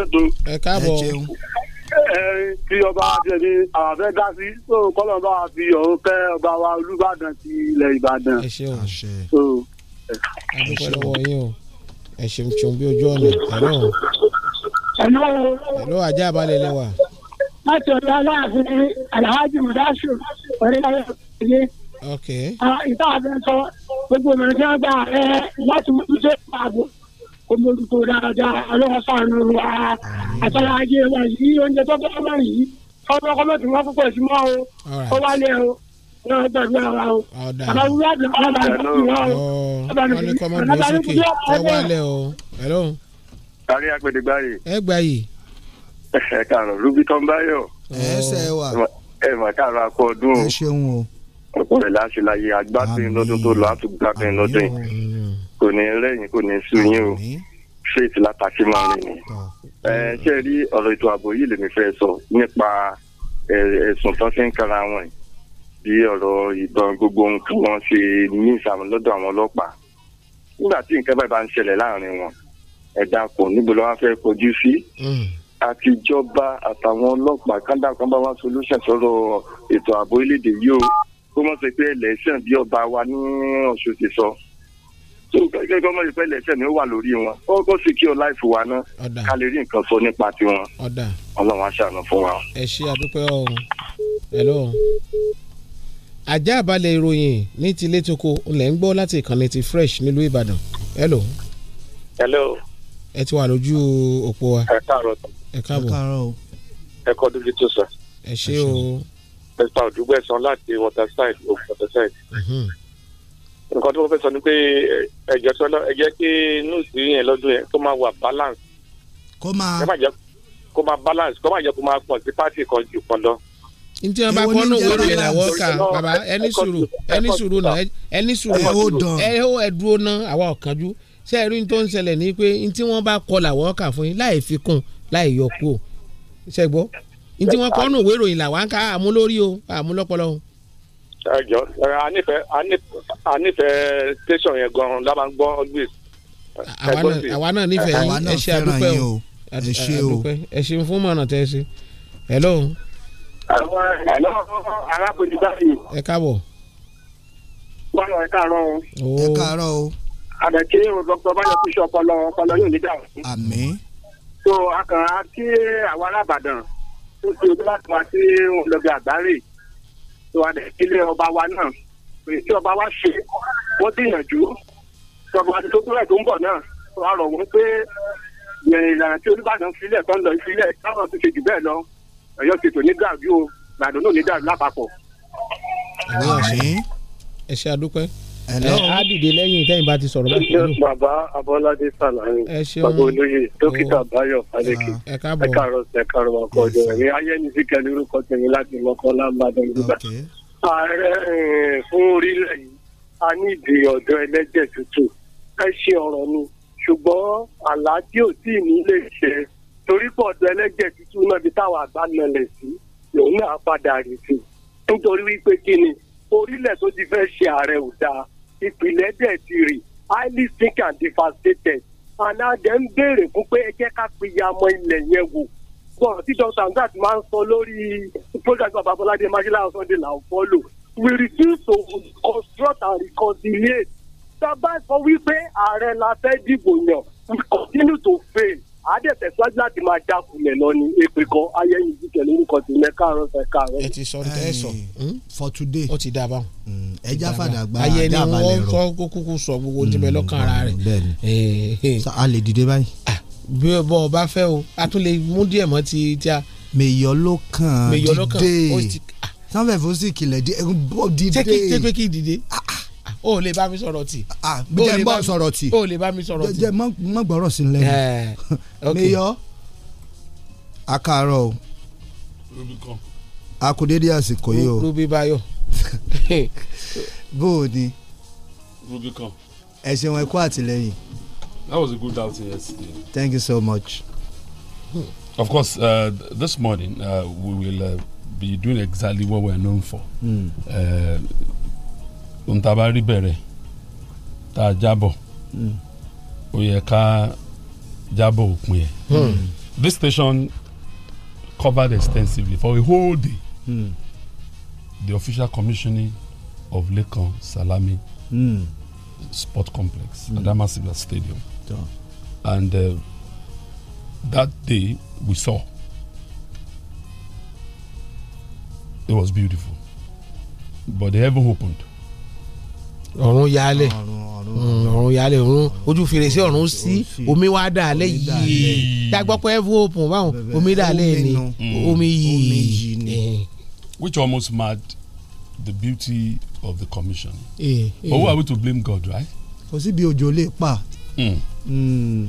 ètò. ẹ káàbọ̀ kí ọba àtẹ̀lé àfẹ́ dá sí so kọ́lọ̀ fi ọ̀hún kẹ́ ọba wa Olúbàdàn ti ilẹ̀ Ìbàdàn. ẹ ṣeun adúpẹ́ lọ́wọ́ yín o ẹ ṣeun ṣeun bí ojú ọ̀nà ẹ̀rọ o. ẹ̀lọ́ o. ẹ̀lọ́ ajá balẹ̀ lẹ wa. láti ọ̀dọ̀ aláàfin alhaji mudasu orílẹ̀ èdè. ok. Ah, ìta àfẹ́ sọ gbogbo mìíràn tí wọ́n gbà rẹ̀ láti mú kó mójútó dáadáa ọlọ́wọ́ sànù wa àtàlà ajé wa yìí oúnjẹ tó bá wà yìí ọdún ọkọ mẹ́tò wọn púpọ̀ sí mọ́ o ó wá lé o náà gbàdúrà wa o bàbá wúlò àdúrà wọn bá lè fi wọn o bàbá lè fi wọn o bàbá lè o wá lé o. kárí apèdè gbáyé. ẹ gbáyé. ẹ kàrọ rubicon bayo. ẹ ṣe wa. ẹ mà kàrọ akọ ọdún. ẹ ṣeun o. ọ̀pọ̀ rẹ̀ láyé agbátẹ̀ lọ́dún tó lọ àtúgbàtẹ̀ lọ́dún yìí kò ní rẹ́yìn kò ní sú yín o straight látàkì máa rìn ni. Ah. ṣé rí ọ̀rọ̀ ètò ààbò yìí lèmi fẹ́ sọ nípa ẹ̀sùn tó fi ń kara wọn yìí bí ọ̀rọ̀ ìbọn gbogbo nǹkan wọn ṣe ní ìsàmù lọ́dọ̀ àwọn ọlọ́pàá nígbà tí nǹkan báyìí bá ń ṣẹlẹ̀ láàrin wọn ẹ̀dá kò níbo ló wá fẹ́ kojú sí hmm. àtijọba àtàwọn ọlọ́pàá kanda kan bá wá solution sọ̀rọ̀ ètò ààbò orílẹ̀-èdè yìí o kó mọ̀ sí pé ẹlẹ́sìn bí ọba wa ní ọ̀ṣun ti sọ. So tó gẹ́gẹ́ bí ọmọ yìí pẹ́lẹ́ ó wà lórí wọn ó sì kí o láìfù wa ná ká lè rí nǹkan sọ nípa tiwọn ọlọ́run á fún wa. ẹ ṣe àdúpẹ́ ọ̀hún hello ajá àbálẹ̀ ìròyìn ní ti létoko ńlẹ̀ ń gbọ́ láti ìkànnì ti fresh nílùú ìbàdàn hello. hello. ẹ ti wà lójú òpó wa. ẹ káàárọ̀ ẹ káàbọ̀ ẹ kọ́ dúdú tó sọ. ẹ ṣé o. mr odugbesan láti waterside ogun waterside. Mhm nǹkan tí mo fẹ́ sọ ni pé ẹ̀jẹ̀ tí ọlọ́ ẹ̀jẹ̀ kí nùsì yẹn lọ́dún yẹn kó máa wà balance. kó máa kó máa balance kó máa jẹ́ kó máa pọ̀ sí pàtì kan jù kan lọ. n tí wọn bá kọ́ náà wọ́n rìn àwọn ọkà bàbá ẹni sùúrù ẹni sùúrù náà ẹni sùúrù ẹ ó ẹdúró náà àwa ọ̀kanjú ṣé ẹ̀rí tó ń ṣẹlẹ̀ ni pé n tí wọ́n bá kọ́ làwọn ọkà fún yín láì fi kún láì yọ kú ṣẹ́gbọ́ n tí wọ́n kọ́ náà wọ́n ẹ jọ ẹ a nífẹ̀ẹ́ tẹ̀sán yẹn gan la máa ń gbọ́ always. àwa náà nífẹ̀ẹ́ yín ẹ ṣe àdúpẹ́ o ẹ ṣe o ẹ ṣe fún mọ̀nà tẹ́ ẹ ṣe. hello. àwọn ẹ̀lọ́ arákùnrin báyìí. ẹ káàbọ̀. bọ́lá ẹ káàárọ̀ o. ẹ káàárọ̀ o. àbẹ̀kí o dr báyọ̀ fi ṣe ọpọlọ ọpọlọ yóò ní dàrú. àmín. so a kàn á kí àwọn alábàdàn tó ti ojú láti wá sí olóògbé tó wà nílé ọba wa náà tí ọba wa ṣe wọ́n gbìyànjú tọba àti tó kúrẹ̀ tó ń bọ̀ náà wàá rọ̀ wọ́n pé ìlànà tí Olúbàdàn filẹ̀ tó ń lọ ìfilẹ̀ táwọn ti ṣe jù bẹ́ẹ̀ lọ Ọ̀yọ́ ti tò ní dàbí o Ìbàdàn náà ní dàbí lápapọ̀. ẹ ṣe àdúpẹ́ á dìde lẹ́yìn tẹ́yìn bá ti sọ̀rọ̀ báyìí. ẹ bàbá abọ́ládé sàlàyé bàbá olóyè dókítà báyọ̀ fálékì ah, ẹ káàárọ̀ ẹ káàárọ̀ ọkọ̀ ọjọ́ ẹ̀mí ayẹ́ni sí kẹ́ni orúkọ tèmi láti mọ́kọ́ lámbàdàn nígbà. ààrẹ eh, fún orílẹ̀ yìí a ní ìdí ọ̀dọ́ ẹlẹ́jẹ̀ tútù ẹ ṣe ọ̀rọ̀ ni ṣùgbọ́n àlàájì ò tí ì ní lè ṣe torí pọ̀ ọ̀dọ́ ẹlẹ́jẹ̀ tútù náà bí táwọn àgbà orílẹ̀ tó ti fẹ́ ṣe ààrẹ ò dáa ìpìlẹ̀ dẹ̀ ti rì highly sick and devastated and adẹ ń béèrè fún pé ẹ jẹ́ ká pe ìyàmọ ilẹ̀ yẹn wò bọ́n tí dr hamzat máa ń sọ lórí program bàbá bọ́ládé májílá sunday là ń we refuse to construct and reconciliate tá a bá sọ wípé ààrẹ la fẹ́ dìbò yàn we continue to fail àádẹ́tẹ̀ síwájú láti máa já kulẹ̀ lọ ní èpè kan ayẹyẹ ìdíkẹ̀ lórúkọ tí mẹ́ka àrùn fẹ́ káàárọ̀. ẹ ti sọ ní tẹ́sán hmm, for today ó ti dá a báwọn. Hmm, ẹ já fàdà gba ayé ni wọn kọ kúkú sọ gbogbo tí bẹ lọ́kàn ara rẹ̀. bẹ́ẹ̀ni a lè dìde báyìí. bí o bọ ọba fẹ o a tún lè mú díẹ̀ mọ́ ti tí a. mèyọ ló dìde sanfẹ fosí kìlẹ̀ dìde. tẹ́kí tẹ́kí dìde. Ah, ah o lè bá mi sọ̀rọ̀ tì. Ah, jẹ́ mọ́ sọ̀rọ̀ tì. o lè bá mi sọ̀rọ̀ tì. jẹ́ mọ́ gbọ́rọ̀ sí lẹ́yìn. Eh, mayor akaaro akudede àsìkò yìí o. rubi bayo. bó o ní. rubi kan. ẹ ṣeun ẹ that was a good outing yesterday. thank you so much. Hmm. Of course, uh, this morning uh, we will uh, be doing exactly what we're known for. Mm. ohun tá a bá rí bẹ̀rẹ̀ tá a jábọ̀ hmm. ó yẹ ká jábọ̀ òpin ẹ̀. Hmm. this station covered extensively for a whole day mm. the official commissioning of Lekan Salami mm. Sport Complex mm. Adamasinga Stadium yeah. and uh, that day we saw it was beautiful but the heaven opened ọ̀run yálẹ̀ hmm, ọ̀run yálẹ̀ ọ̀run ojú fèrèsé ọ̀run sí omi wá dà lẹ́ yìí dàgbọ́ ẹ̀fọ́ òpùn báwọn omi dà lẹ́ ni omi yìí. which almost mad the beauty of the commission. Eh, eh. but who are we to blame God right. kò síbi òjò lè pa. Hmm. Hmm.